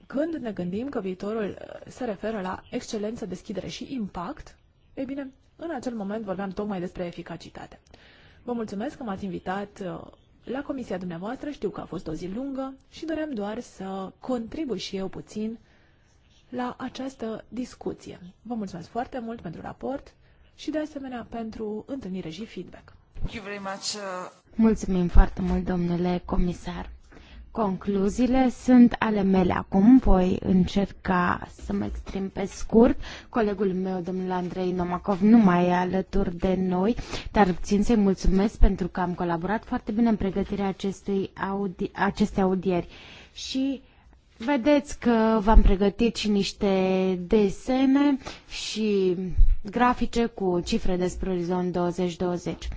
când ne gândim că viitorul uh, se referă la excelență, deschidere și impact, e bine, în acel moment vorbeam tocmai despre eficacitate. Vă mulțumesc că m-ați invitat uh, la comisia dumneavoastră, știu că a fost o zi lungă și doream doar să contribui și eu puțin la această discuție. Vă mulțumesc foarte mult pentru raport și de asemenea pentru întâlnire și feedback. Uh. Mulțumim foarte mult, domnule comisar. Concluziile sunt ale mele acum, voi încerca să mă exprim pe scurt. Colegul meu, domnul Andrei Nomakov, nu mai e alături de noi, dar țin să-i mulțumesc pentru că am colaborat foarte bine în pregătirea acestui audi- acestei audieri. Și vedeți că v-am pregătit și niște desene și grafice cu cifre despre orizont 2020.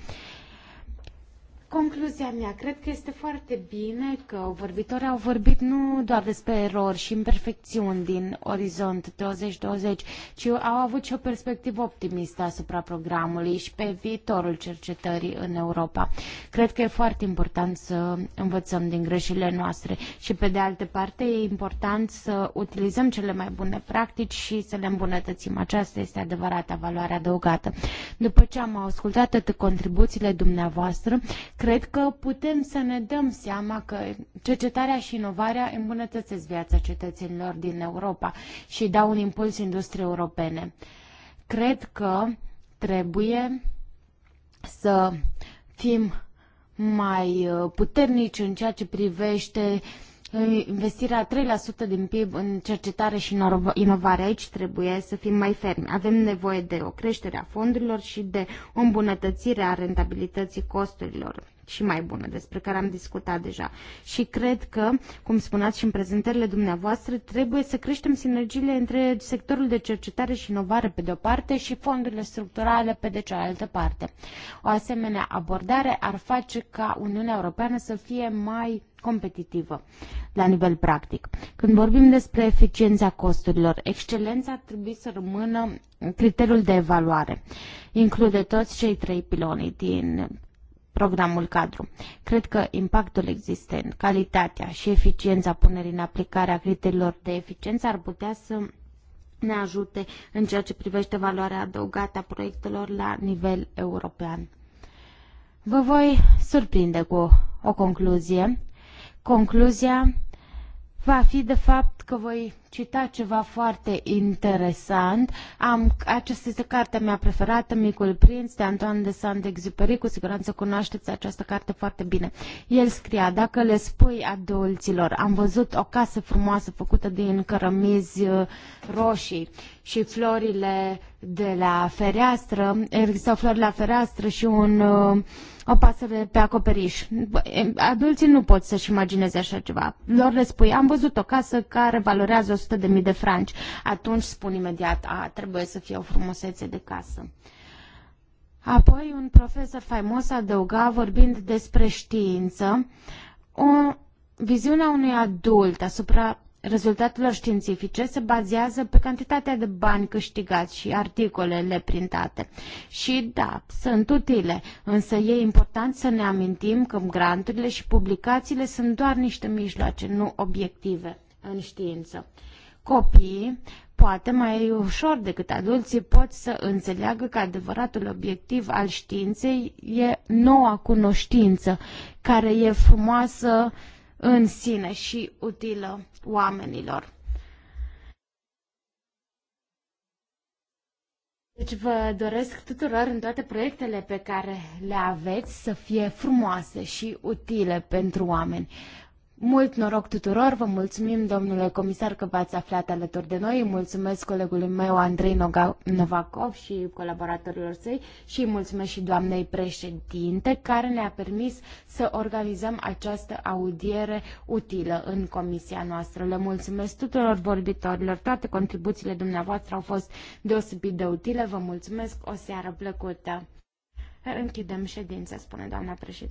Concluzia mea, cred că este foarte bine că vorbitorii au vorbit nu doar despre erori și imperfecțiuni din Orizont 2020, ci au avut și o perspectivă optimistă asupra programului și pe viitorul cercetării în Europa. Cred că e foarte important să învățăm din greșelile noastre și pe de altă parte e important să utilizăm cele mai bune practici și să le îmbunătățim. Aceasta este adevărata valoare adăugată. După ce am ascultat toate contribuțiile dumneavoastră, Cred că putem să ne dăm seama că cercetarea și inovarea îmbunătățesc viața cetățenilor din Europa și dau un impuls industriei europene. Cred că trebuie să fim mai uh, puternici în ceea ce privește uh, investirea 3% din PIB în cercetare și inovare. Aici trebuie să fim mai fermi. Avem nevoie de o creștere a fondurilor și de o îmbunătățire a rentabilității costurilor și mai bună, despre care am discutat deja. Și cred că, cum spuneați și în prezentările dumneavoastră, trebuie să creștem sinergiile între sectorul de cercetare și inovare pe de-o parte și fondurile structurale pe de cealaltă parte. O asemenea abordare ar face ca Uniunea Europeană să fie mai competitivă la nivel practic. Când vorbim despre eficiența costurilor, excelența ar trebui să rămână criteriul de evaluare. Include toți cei trei piloni din programul cadru. Cred că impactul existent, calitatea și eficiența punerii în aplicare a criteriilor de eficiență ar putea să ne ajute în ceea ce privește valoarea adăugată a proiectelor la nivel european. Vă voi surprinde cu o concluzie. Concluzia va fi de fapt că voi citat ceva foarte interesant. Am, aceasta este cartea mea preferată, Micul Prinț, de Antoine de Saint-Exupéry. Cu siguranță cunoașteți această carte foarte bine. El scria, dacă le spui adulților, am văzut o casă frumoasă făcută din cărămizi uh, roșii și florile de la fereastră, existau flori la fereastră și un, uh, o pasăre pe acoperiș. Adulții nu pot să-și imagineze așa ceva. Lor le spui, am văzut o casă care valorează 100.000 de, mii de franci. Atunci spun imediat, a, trebuie să fie o frumusețe de casă. Apoi un profesor faimos adăuga, vorbind despre știință, o viziune a unui adult asupra rezultatelor științifice se bazează pe cantitatea de bani câștigați și articolele printate. Și da, sunt utile, însă e important să ne amintim că granturile și publicațiile sunt doar niște mijloace, nu obiective în știință. Copiii, poate mai ușor decât adulții, pot să înțeleagă că adevăratul obiectiv al științei e noua cunoștință, care e frumoasă în sine și utilă oamenilor. Deci vă doresc tuturor în toate proiectele pe care le aveți să fie frumoase și utile pentru oameni. Mult noroc tuturor, vă mulțumim, domnule comisar, că v-ați aflat alături de noi. Mulțumesc colegului meu, Andrei Novakov și colaboratorilor săi și mulțumesc și doamnei președinte, care ne-a permis să organizăm această audiere utilă în comisia noastră. Le mulțumesc tuturor vorbitorilor, toate contribuțiile dumneavoastră au fost deosebit de utile. Vă mulțumesc, o seară plăcută. Închidem ședința, spune doamna președinte.